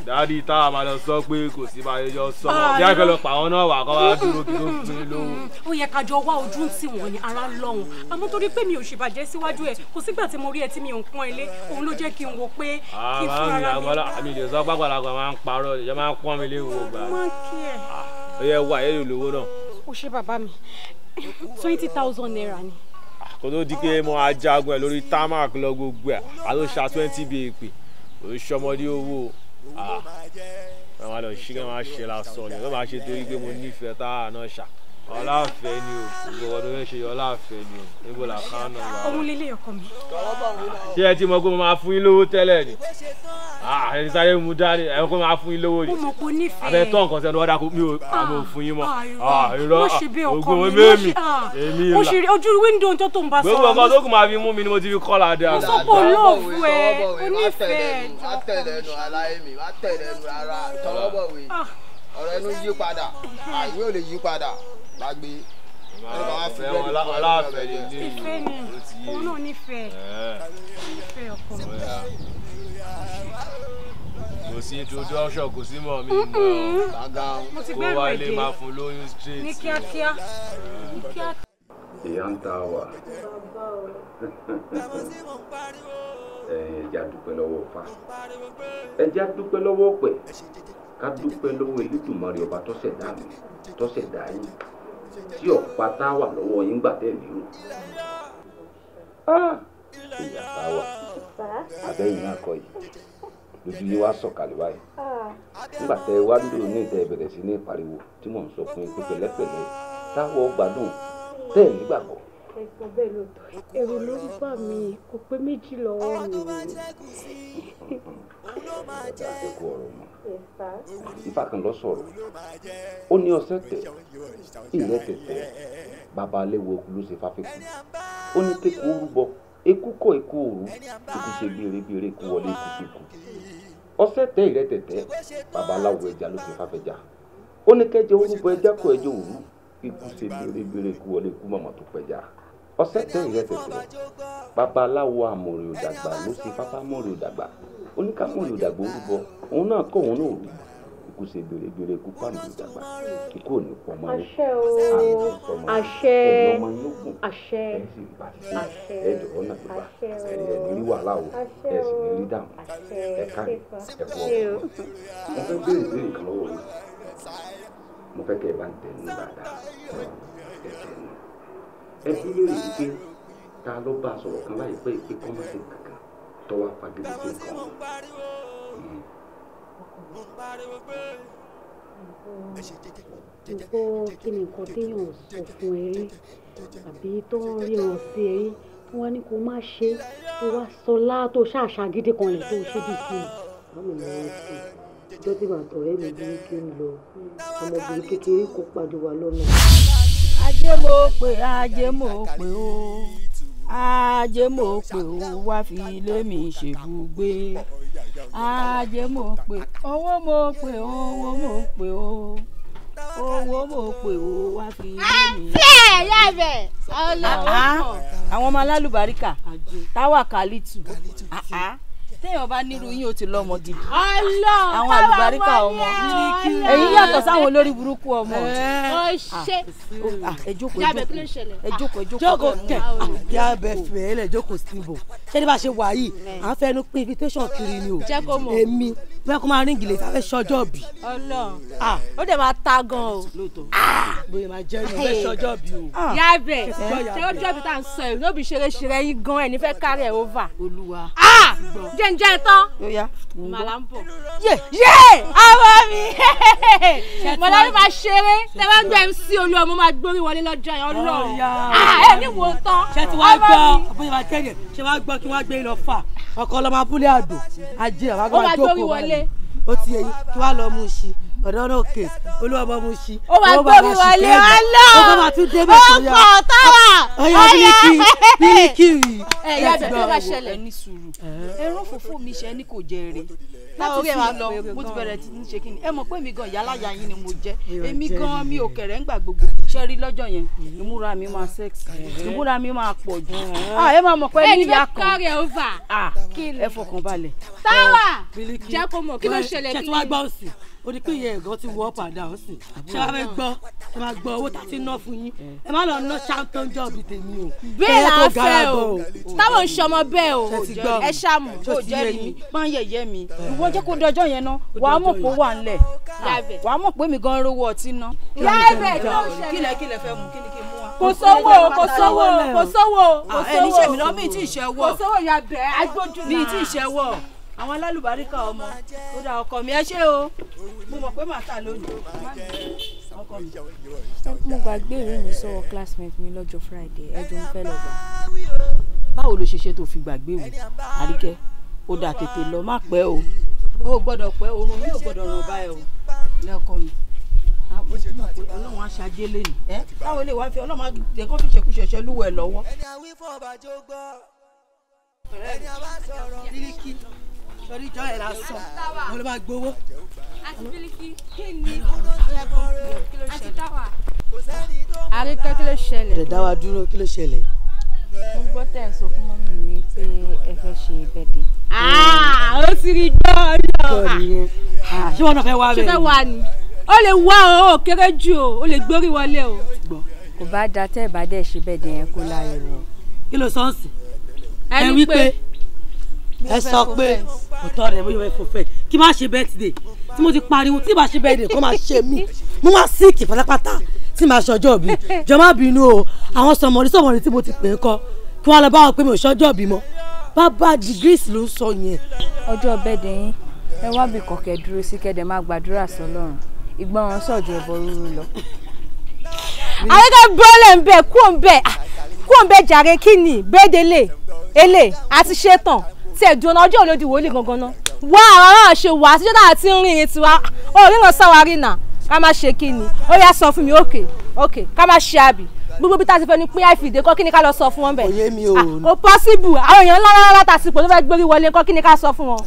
Speaker 3: dáàdi tá a máa lọ sọ pé kò sí máa yọ sọ ah, bí àgbẹ̀ lọ náà wà kọ́ wá dúró
Speaker 2: kí ló fún yín lówó. ó yẹ kájọ wá ojú tí wọn ni ara ń lọ wọn torí pé mi ò ṣèbàjẹ́ síwájú ẹ̀ kò sígbà tí mo rí ẹ tí mi ò ń ilé òun ló jẹ́ kí n wo pé kí ah, fún mi.
Speaker 3: àmì ìdèzọ́ pàgbàlagbà máa ń parọ́ ìjọba máa ń pọ́n mi lé
Speaker 2: ah,
Speaker 3: wo
Speaker 2: twenty thousand naira ni
Speaker 3: kó tó di pé mo ajagun ẹ̀ lórí tamak lọ gbogbo ẹ̀ àló ṣá twenty bíi èpè òṣọmọdé owó àwọn ah, àlọ́ ṣí kí wọ́n máa ṣe lásán ni wọ́n máa ṣe torí pé mo nífẹ̀ẹ́ táà náà ṣá ọláfẹ́ ni o gbogbo ọdún fẹ́ ṣe ọláfẹ́ ni o níbo là ká nà wà. ọmú lílé ọkọ mi. ṣé ẹ ti mọ pé mo máa fún yín lówó tẹ́lẹ̀ ni ah, ẹ ti sáré mu dání ẹ kó máa fún yín lówó ni. mo
Speaker 4: mọ̀ kó nífẹ̀ẹ́. abẹ tán nǹkan
Speaker 3: sẹ́nu ọ̀dà kó mi ò àmì òfin yín mọ́. Ah, irọ́ ah, ogun omi mi èmi ìlà. òṣèré
Speaker 4: ojú wíńdò tó tó ń bá sọ̀rọ̀. gbogbo ọkọ tó kù máa
Speaker 3: fi mú mi ni mo ti fi kọ́ la dé. mo sọ pé olóòfù
Speaker 2: ẹ
Speaker 4: onífẹ̀ẹ́. má tẹ̀lé ẹnu aláyé
Speaker 3: mi má tẹ̀lé ẹnu ara tọwọ́ bọ̀wé ọ̀rọ̀ ẹnu yí padà àìwé ò lè yí padà bá gbé
Speaker 4: ọ̀fẹ́ wọn aláàfẹ́ ni ní ìfẹ́ ni òun náà
Speaker 3: nífẹ̀ẹ́ nífẹ̀ẹ́ ọkọ kò sí introduction kò sí mọ̀ mi mọ̀
Speaker 4: kó
Speaker 3: wá lè máa fún lóyún straight.
Speaker 4: ní kíákíá ní kíákíá.
Speaker 3: ìyá ń ta wà (laughs) ẹ̀já dúpẹ́ lọ́wọ́ fa ẹ̀já dúpẹ́ lọ́wọ́ pẹ̀ ká dúpẹ́ lọ́wọ́ Elédùmarè ọba tó ṣẹ̀dá mi tó ṣẹ̀dá yín tí ọ̀pá tá wà lọ́wọ́ yín gbà tẹ̀ nínú. ìyá tá wà abẹ́yìn náà kọ yìí lójú yìí wá sọ̀kalẹ̀ báyìí
Speaker 2: nígbà tẹ wá dúró
Speaker 3: ní ìtẹ́ bẹ̀rẹ̀ sí ní ìpariwo tí mò ń sọ fún yín pé pẹ̀lẹ́pẹ̀lẹ́ táwọ̀ gbádùn tẹ̀ nígbàgbọ́
Speaker 2: ẹ̀sán bẹ́ẹ̀ ló tọ́ ẹ̀rù ló ń bà mí kò pé méjì lọ́wọ́
Speaker 3: mi ìfàkàn lọ sọ̀rọ̀ ó ní ọ̀sẹ̀ tẹ̀ ìrẹ́ tẹ̀tẹ̀ bàbá aléwo ló ṣe fáfikún ó ní kéku ó rúbọ ekú kọ ekú òru ekú ṣe bèrèbèrè ekú wọlé ekú ṣe kù ọ̀sẹ̀ tẹ̀ ìrẹ́ tẹ̀tẹ̀ bàbá aláwo ẹja ló ṣe fáfẹjà ó ní kẹjẹ ó rúbọ ẹja kọ ẹjọ òru ikú ṣe bèrèbèrè ikú wọlé ikú màmá tó pẹja ọ̀sẹ̀ tẹ̀ ìrẹ́ tẹ̀tẹ̀ bàbá aláwo àmọ̀rè òdàgbà ló ṣe fáfá mọ̀rè òdàgbà oníkàkùnrin òdàgbò rúbọ òun náà kọ òun náà rí kò ṣe gbèrègbèrè kó pàmò ìdàgbà kíkó ní pọmọ ní
Speaker 2: àṣẹ àṣẹ àṣẹ
Speaker 3: ẹjọ ọ̀nà gbígbà
Speaker 4: ẹni ẹni rí wàhálà o ẹ ní rí
Speaker 3: dààmú ẹ káàní mo fẹ́ béèrè
Speaker 4: béèrè
Speaker 3: kan lọ́wọ́ yìí mo fẹ́ kẹ́ ẹ bá ń tẹnu dáadáa ẹ tẹnu ẹ bí lórí yìí pé ta ló bá sọ̀rọ̀ kan báyìí pé ìpínkọ́ máa ń kà tó wá fagídí sí
Speaker 2: nǹkan. nǹkó hmm. kí ni nǹkan téèyàn sọ fún ẹ rí àbí tó ń ríran sí ẹ rí tí wọ́n ní má ṣe tó wá sọ láàtò ṣàṣà gidi kan lẹ̀ tó ṣe bí kí ni. báwo ni wọ́n
Speaker 1: ti ọjọ́ tí màá tọ̀rẹ́ mi bí kí n lọ ọmọbìnrin kékeré kó pàdé wa lọ́nà. ajé mo pè ajé mo pè ó ajé mo pè ó wá fi ilé mi ṣèbùgbé ajé mo pè owó mo pè ó owó mo pè ó owó mo pè ó wá fi ilé mi. àfẹ́ lẹ́bẹ̀ ọlọ́wọ́. àwọn ọmọ alálùbáríkà táwa kàlítù. kàlítù ah, kí. Ah téèyàn bá nírú yín ó ti lọ́mọ gidi àwọn àlùbáríkà ọmọ èyí yàtọ̀ sáwọn olórí burúkú ọmọ ẹ ah, ah, jókòó ẹ jókòó ẹ jókòó tẹ yà bẹ fẹ ẹ lẹ ah, jókòó síbò ṣé ní bá ṣe wà yìí à ń fẹnu pín invitation kiri ni o èmi bẹ́ẹ̀ kó máa ríngì lè sáfẹ́ ṣọjọ́ bí. Ọlọ́run ó dẹ̀ máa ta gan o. lóòótọ́ bóyá máa jẹ́ ẹni fẹ́ ṣọjọ́ bí o. yábẹ̀ ṣé ó jọ́bi tá à ń sọ ẹ̀ lóbi ṣeré ṣeré yín gan ẹ̀ nífẹ̀ẹ́ kárí ẹ̀ over. olúwa jẹ́ ń jẹ́ ẹ tán. yóyá màlá ń bọ̀. yé yé ọmọ mi mọ̀lá mi máa ṣeré tẹ́ bá ń gbé mc olúwa mo máa gbórí wọlé lọ́jọ́ yẹn Ọlọ́run ẹ̀ ní wo tán. ṣé ti wá gbọ́ àbúyọ̀ máa tẹ̀lé ṣé wá gbọ́ kí wọ́n gbé lọ fà ọkọ̀ ọlọ́mọ abúlé àdó ajé àwọn agbára jókòó wọlé wọlé ó ti èyí kí wàá lọ mú un sí ọ̀dọ́ náà kè olúwa bá mu sí. ó máa gbé mi wọlé ọlọ́ ọkọ̀ táwa ọyá bíríkì
Speaker 4: bíríkì rì. ẹ ìyá mi ló bá ṣẹlẹ̀
Speaker 1: ní sùúrù ẹrún fòfò mi ṣe ni kò jèrè láti fi lọ bó ti bẹ̀rẹ̀ ní ṣe kíni ẹ mọ̀ pé mi gan ìyálàyà yín ni mo jẹ́ èmi gan mi ò kẹ̀rẹ̀ ń gbà gbogbo ṣe lọ́jọ́ yẹn ìmúra mi máa sẹ́ẹ̀sì ìmúra mi máa pọ̀ jù ẹ ah, máa mọ̀ pé ní ìyá kan ẹ fọkàn balẹ̀. táwa jẹ́ kó mọ̀ kí ló ṣẹlẹ̀ kí ni o di pé iye ẹ̀gọ́ ti wọ́ padà ó sì ṣé wàá fẹ́ gbọ́ ẹ máa gbọ́ owó tá a ti ná fún yín eh. ẹ má lọ ná ṣáńtọ́ jọ́ọ̀bì tèmi o bẹ́ẹ̀ la fẹ́ o táwọn ń ṣọmọ bẹ́ẹ̀ o ẹ ṣàmù ó jẹ́rìí mi máa ń yẹ̀yẹ́ mi eh. ìwọ jẹ́ kó dọjọ́ yẹn ná wàá mọ̀ pé ó wà ńlẹ̀ wàá mọ̀ pé mi gan rówó ọtí ná. láìpẹ́ tó ṣẹlẹ̀ kílẹ̀ kílẹ̀ fẹ́ mu kí ni kí n mú wa. kò sówó kò sówó kò ah, sówó kò sówó ẹni ṣèmi lọ mi ì tí ì ṣẹ́wọ́ kò sówó yà bẹ́ẹ̀ agbójú náà mi ì tí ì ṣẹ́wọ́ àwọn alálùbáríkà ọmọ ó dá ọkọ mi ẹ ṣé o mo mọ̀ pé màá tà lónìí mo gbàgbé ìwé mi sọ́wọ́ classmate mi lọ́jọ́ friday ẹjọ́ ń fẹ́ lọ báwo ló ṣe ṣe tó fi gbàgbé ìwé àríkẹ́ ó dà tètè lọ má pẹ́ o ó gbọ́dọ̀ pẹ́ oorun mi ò gbọ́dọ̀ ràn báyìí o lẹ́ọ̀kọ́ mi ọlọ́run aṣáájé lẹ́nu ẹ káwọn ilé fi ọlọ́run àjẹ kó fi ṣẹkúṣẹṣẹ lúwẹ̀ lọ́wọ́. ẹni àwífọ́ bàjọ́ gbọ́ ẹni àwa sọ̀rọ̀ torí ìjọ ẹ̀ lásán wọn ló bá gbowó. àti bílíkì kí ni àti táwa. àrí kan kí ló ṣẹlẹ̀. ẹ̀dá wa dúró kí ló ṣẹlẹ̀. mo gbọ́ tẹ̀ sọ fún mọ́mí
Speaker 4: mi pé ẹ fẹ́ ṣe bẹ́ẹ̀dẹ̀. Ah,
Speaker 1: ó ti rí jọ́ọ̀yọ̀
Speaker 4: ah, ṣé wọn náà fẹ́ wá bẹ́ẹ̀ ni. ṣé fẹ́ wá
Speaker 1: ni ó lè wá o ó kéré jù o ó lè gbórí wọlé o. kò bá da tẹ́ ẹ̀ bá dẹ̀ ṣe bẹ́ẹ̀dẹ̀ yẹn kó láyé o. kí ló sọ́ọ̀sì. ẹ wí pé ẹ sọ pé òtọ́ rẹ̀ bóyá ẹ fò fẹ́ kí má ṣe birthday tí mo ti pariwo tí bá ṣe birthday kó má ṣe mí mo má síìkì pátápátá tí màá ṣọjọ́ bí jọ má bínú o àwọn sọmọdé sọmọdé tí mo ti pè é kọ kí wọ́n lọ bá wọn pé mi ò ṣọjọ́ bí mọ́ bàbá degrees ló ń sọ yẹn. ọjọ́ bẹ́ẹ̀dẹ̀ yín ẹ wá bí kọ̀kẹ́ dúró sí kẹ́dẹ̀ máa gbàdúrà sọlọ́run ìgbọràn sọ̀jọ̀ ẹ̀bọ rúru lọ. àyíká bọ́ọ̀lẹ̀ ń bẹ̀ kú ń bẹ̀ ah, kú ń bẹ̀ jàre kí ni gbẹ́dẹ̀lẹ̀ èlé àti ṣetán tiẹ̀ dùn ọ̀nà ọjọ́ òlòdì wòlíì gangan náà wá àrà ṣe wà àtijọ́ náà ti ń rìn irin tiwa orí náà sáwárì náà ká má ṣe kí ni ó yá sọ fún mi òkè òkè ká má ṣe àbí gbogbo bí táti fẹ́ ni pín àìfìdè kọ́ kí ni ká lọ sọ fún wọn bẹ̀. òye mi ò. kò pọ́síbù àwọn èèyàn ńlá ńlá tàṣìpò tó fẹ́ gbórí wọlé kọ́ kí ni ká sọ fún wọn.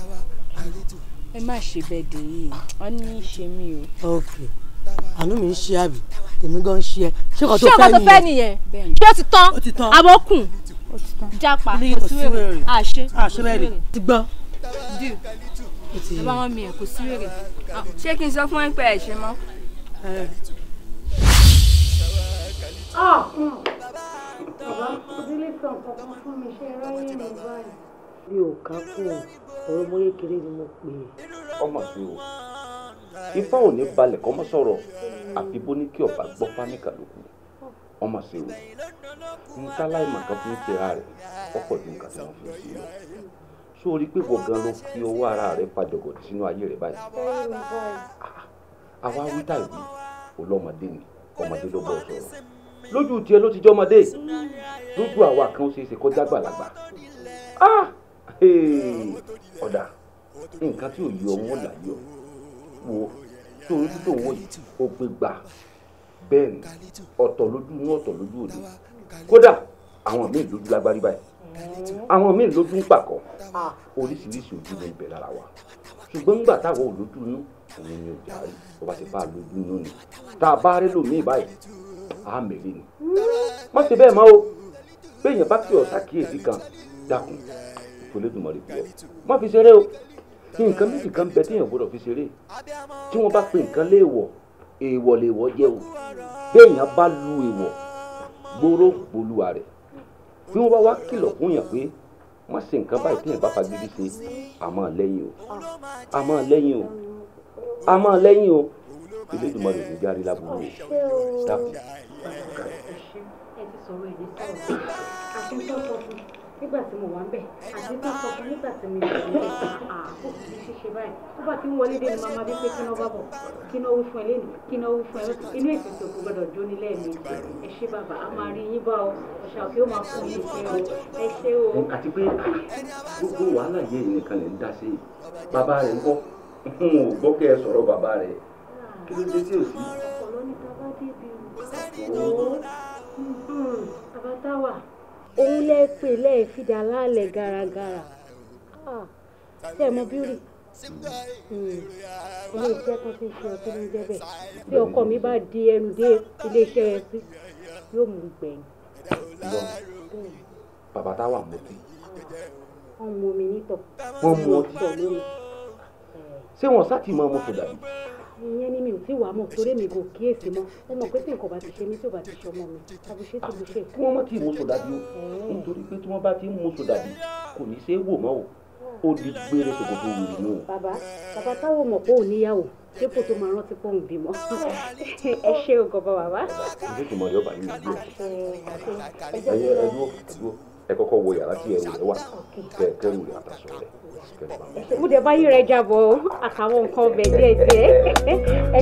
Speaker 1: ẹ má ṣe bẹ́ẹ̀ dè yìí wọ́n ní í ṣe mí o. okay àánú mi ń ṣe àbí tèmi gan ṣe ẹ ṣé kò tó fẹ́ nìyẹn ṣé kò tó fẹ́ nìyẹn ó ti tán àbókùn japa kò sí wèrè àṣe àṣe ah, wèrè ti gbọ́. di ẹ bá wọn mi ẹ kò sí wèrè ah, ṣé kí n sọ fún ẹ ẹ ṣe mọ.
Speaker 2: Ah, hmm.
Speaker 4: mi
Speaker 1: ò ká fún ọ ọ̀rọ̀ mọ́yé kéré ni mo pè é.
Speaker 3: ọmọ sí o ifá ò ní balẹ̀ kọ́mọ́sọ̀rọ̀ àfi bó ní gbọ́ fámíkà lókun ọmọ ṣe o nǹkan láìmọ̀kan fún ìṣera rẹ̀ ọ̀pọ̀ ju nǹkan tí wọ́n fi ṣe lọ ṣó o rí pé gbọ̀ngàn ló fi owó ara rẹ̀ padọ̀gọ̀ sínú ayé rẹ̀ báyìí. Ah, àwa wí tàbí olọ́mọdé ni ọmọdé ló bọ̀ sọ̀rọ̀ lójú tiẹ̀ ló ti jẹ́ ọmọdé lójú àwa kan ó ṣe é ṣe kọjá gbàlagbà ah, ọ̀dà nǹkan tí ò yí ọmọ là yọ wo tó ń yìí ó gbé gbà bẹ́ẹ̀ ni ọ̀tọ̀ lójú inú ọ̀tọ̀ lójú òde kódà àwọn míì lójú lágbárí báyìí àwọn míì lójú ń pàkọ́ ah. oríṣiríṣi ojú ló ń bẹ lára wa ṣùgbọ́n nígbà táwọn olójú inú òun ni ọjà rí ọba ti bá a lójú inú ni tá a bá rí lòmíì báyìí á mèrè ni má ṣe bẹ́ẹ̀ mọ́ o béèyàn bá kí ọ̀sá kíyèsí kan dákun ìfọlẹ́dùnmọ́ rẹ̀ bí ọ má fi ṣeré o nǹkan méjì kan bẹ téèyàn gbọdọ̀ fi ṣeré tí wọ́n bá pe nǹkan èèwọ̀ lèèwọ̀ jẹ́ o béèyàn bá lu èèwọ̀ gbóró bolúwa rẹ̀ bí wọ́n bá wá kìlọ̀ fún yàn pé wọ́n ṣe nǹkan báyìí tí yàn bá fagídí ṣe àmọ́ lẹ́yìn o àmọ́ lẹ́yìn o àmọ́ lẹ́yìn o ilé ìgbìmọ̀ rẹ̀ ló járe lábúrò o dákun. ẹ ti sọ̀rọ̀ ẹ̀ ní sọ̀rọ̀ àti sọ́kọ̀ọ́ nígbà
Speaker 2: tí mo wà ń bẹ̀ àti tó sọ fún nígbà tí mi ò sí bẹ̀ àpò kì í ṣiṣẹ́ báyìí nígbà tí ń wọlé dé ni màmá bí pé kí náà bá bọ̀ kí náà wú fún ẹ lẹ́nu kí náà wú fún ẹ lẹ́nu inú ètò ìsìnkú gbọ́dọ̀ jó lẹ́ẹ̀mejì ẹ ṣé bàbá a máa rí yín bá o ọ̀ṣà òkè ó máa fún mi ìfẹ́ o ẹ ṣé o.
Speaker 3: àti pé gbogbo wàhálà yẹn nìkan lè dá sí bàbá rẹ̀ ń
Speaker 2: àbátáwà òun lẹ pè lẹ fìdá lálẹ́ gàràgàrà
Speaker 4: ah, hmm, ṣe mọ bíúrì ilé iṣẹ́ kan ti ṣe ọtí ní jẹ́bẹ̀ tí ọkọ
Speaker 2: mi bá di ẹnu dé ilé iṣẹ́ yẹn sí yóò mú gbẹ̀yìn.
Speaker 3: bàbá táwa mọ̀ tí.
Speaker 2: wọ́n mú omi nítọ̀. wọ́n mú ọtí. ṣé wọ́n
Speaker 3: sá ti máa mú sódà yìí
Speaker 2: ìyẹn ni mi ò tí wàá mọ̀ torí mi kò kíyèsí mọ́ ó mọ̀ pé tí nǹkan bá ti ṣe mí tí ò bá ti ṣe ọmọ mi tàbí ṣé tí mo ṣe. kí wọ́n má ti mú sòdàbí
Speaker 3: o nítorí pé tí wọ́n bá ti mú sòdàbí kò ní ṣeé wò mọ́ o ó di gbére ṣòkòtò òmìnir nù.
Speaker 2: bàbá bàbá táwọn mọ̀ pé òun níyàwó dépò tó máa rántí pọ̀ ń bímọ ẹ ṣe o gọba bàbá.
Speaker 3: ìdí ìtumọ̀ o yìí ló dé ẹ̀yẹ ẹ̀dúró ẹ̀kọ́kọ́ wọ yàrá tí ẹ̀rù
Speaker 4: rẹ̀ wà kẹ̀kẹ́rù rẹ̀ àtàṣọ rẹ̀
Speaker 2: mo dẹ̀ bá yí rẹ̀ jábọ̀ àtàwọn nǹkan ọbẹ̀ díẹ̀ (laughs)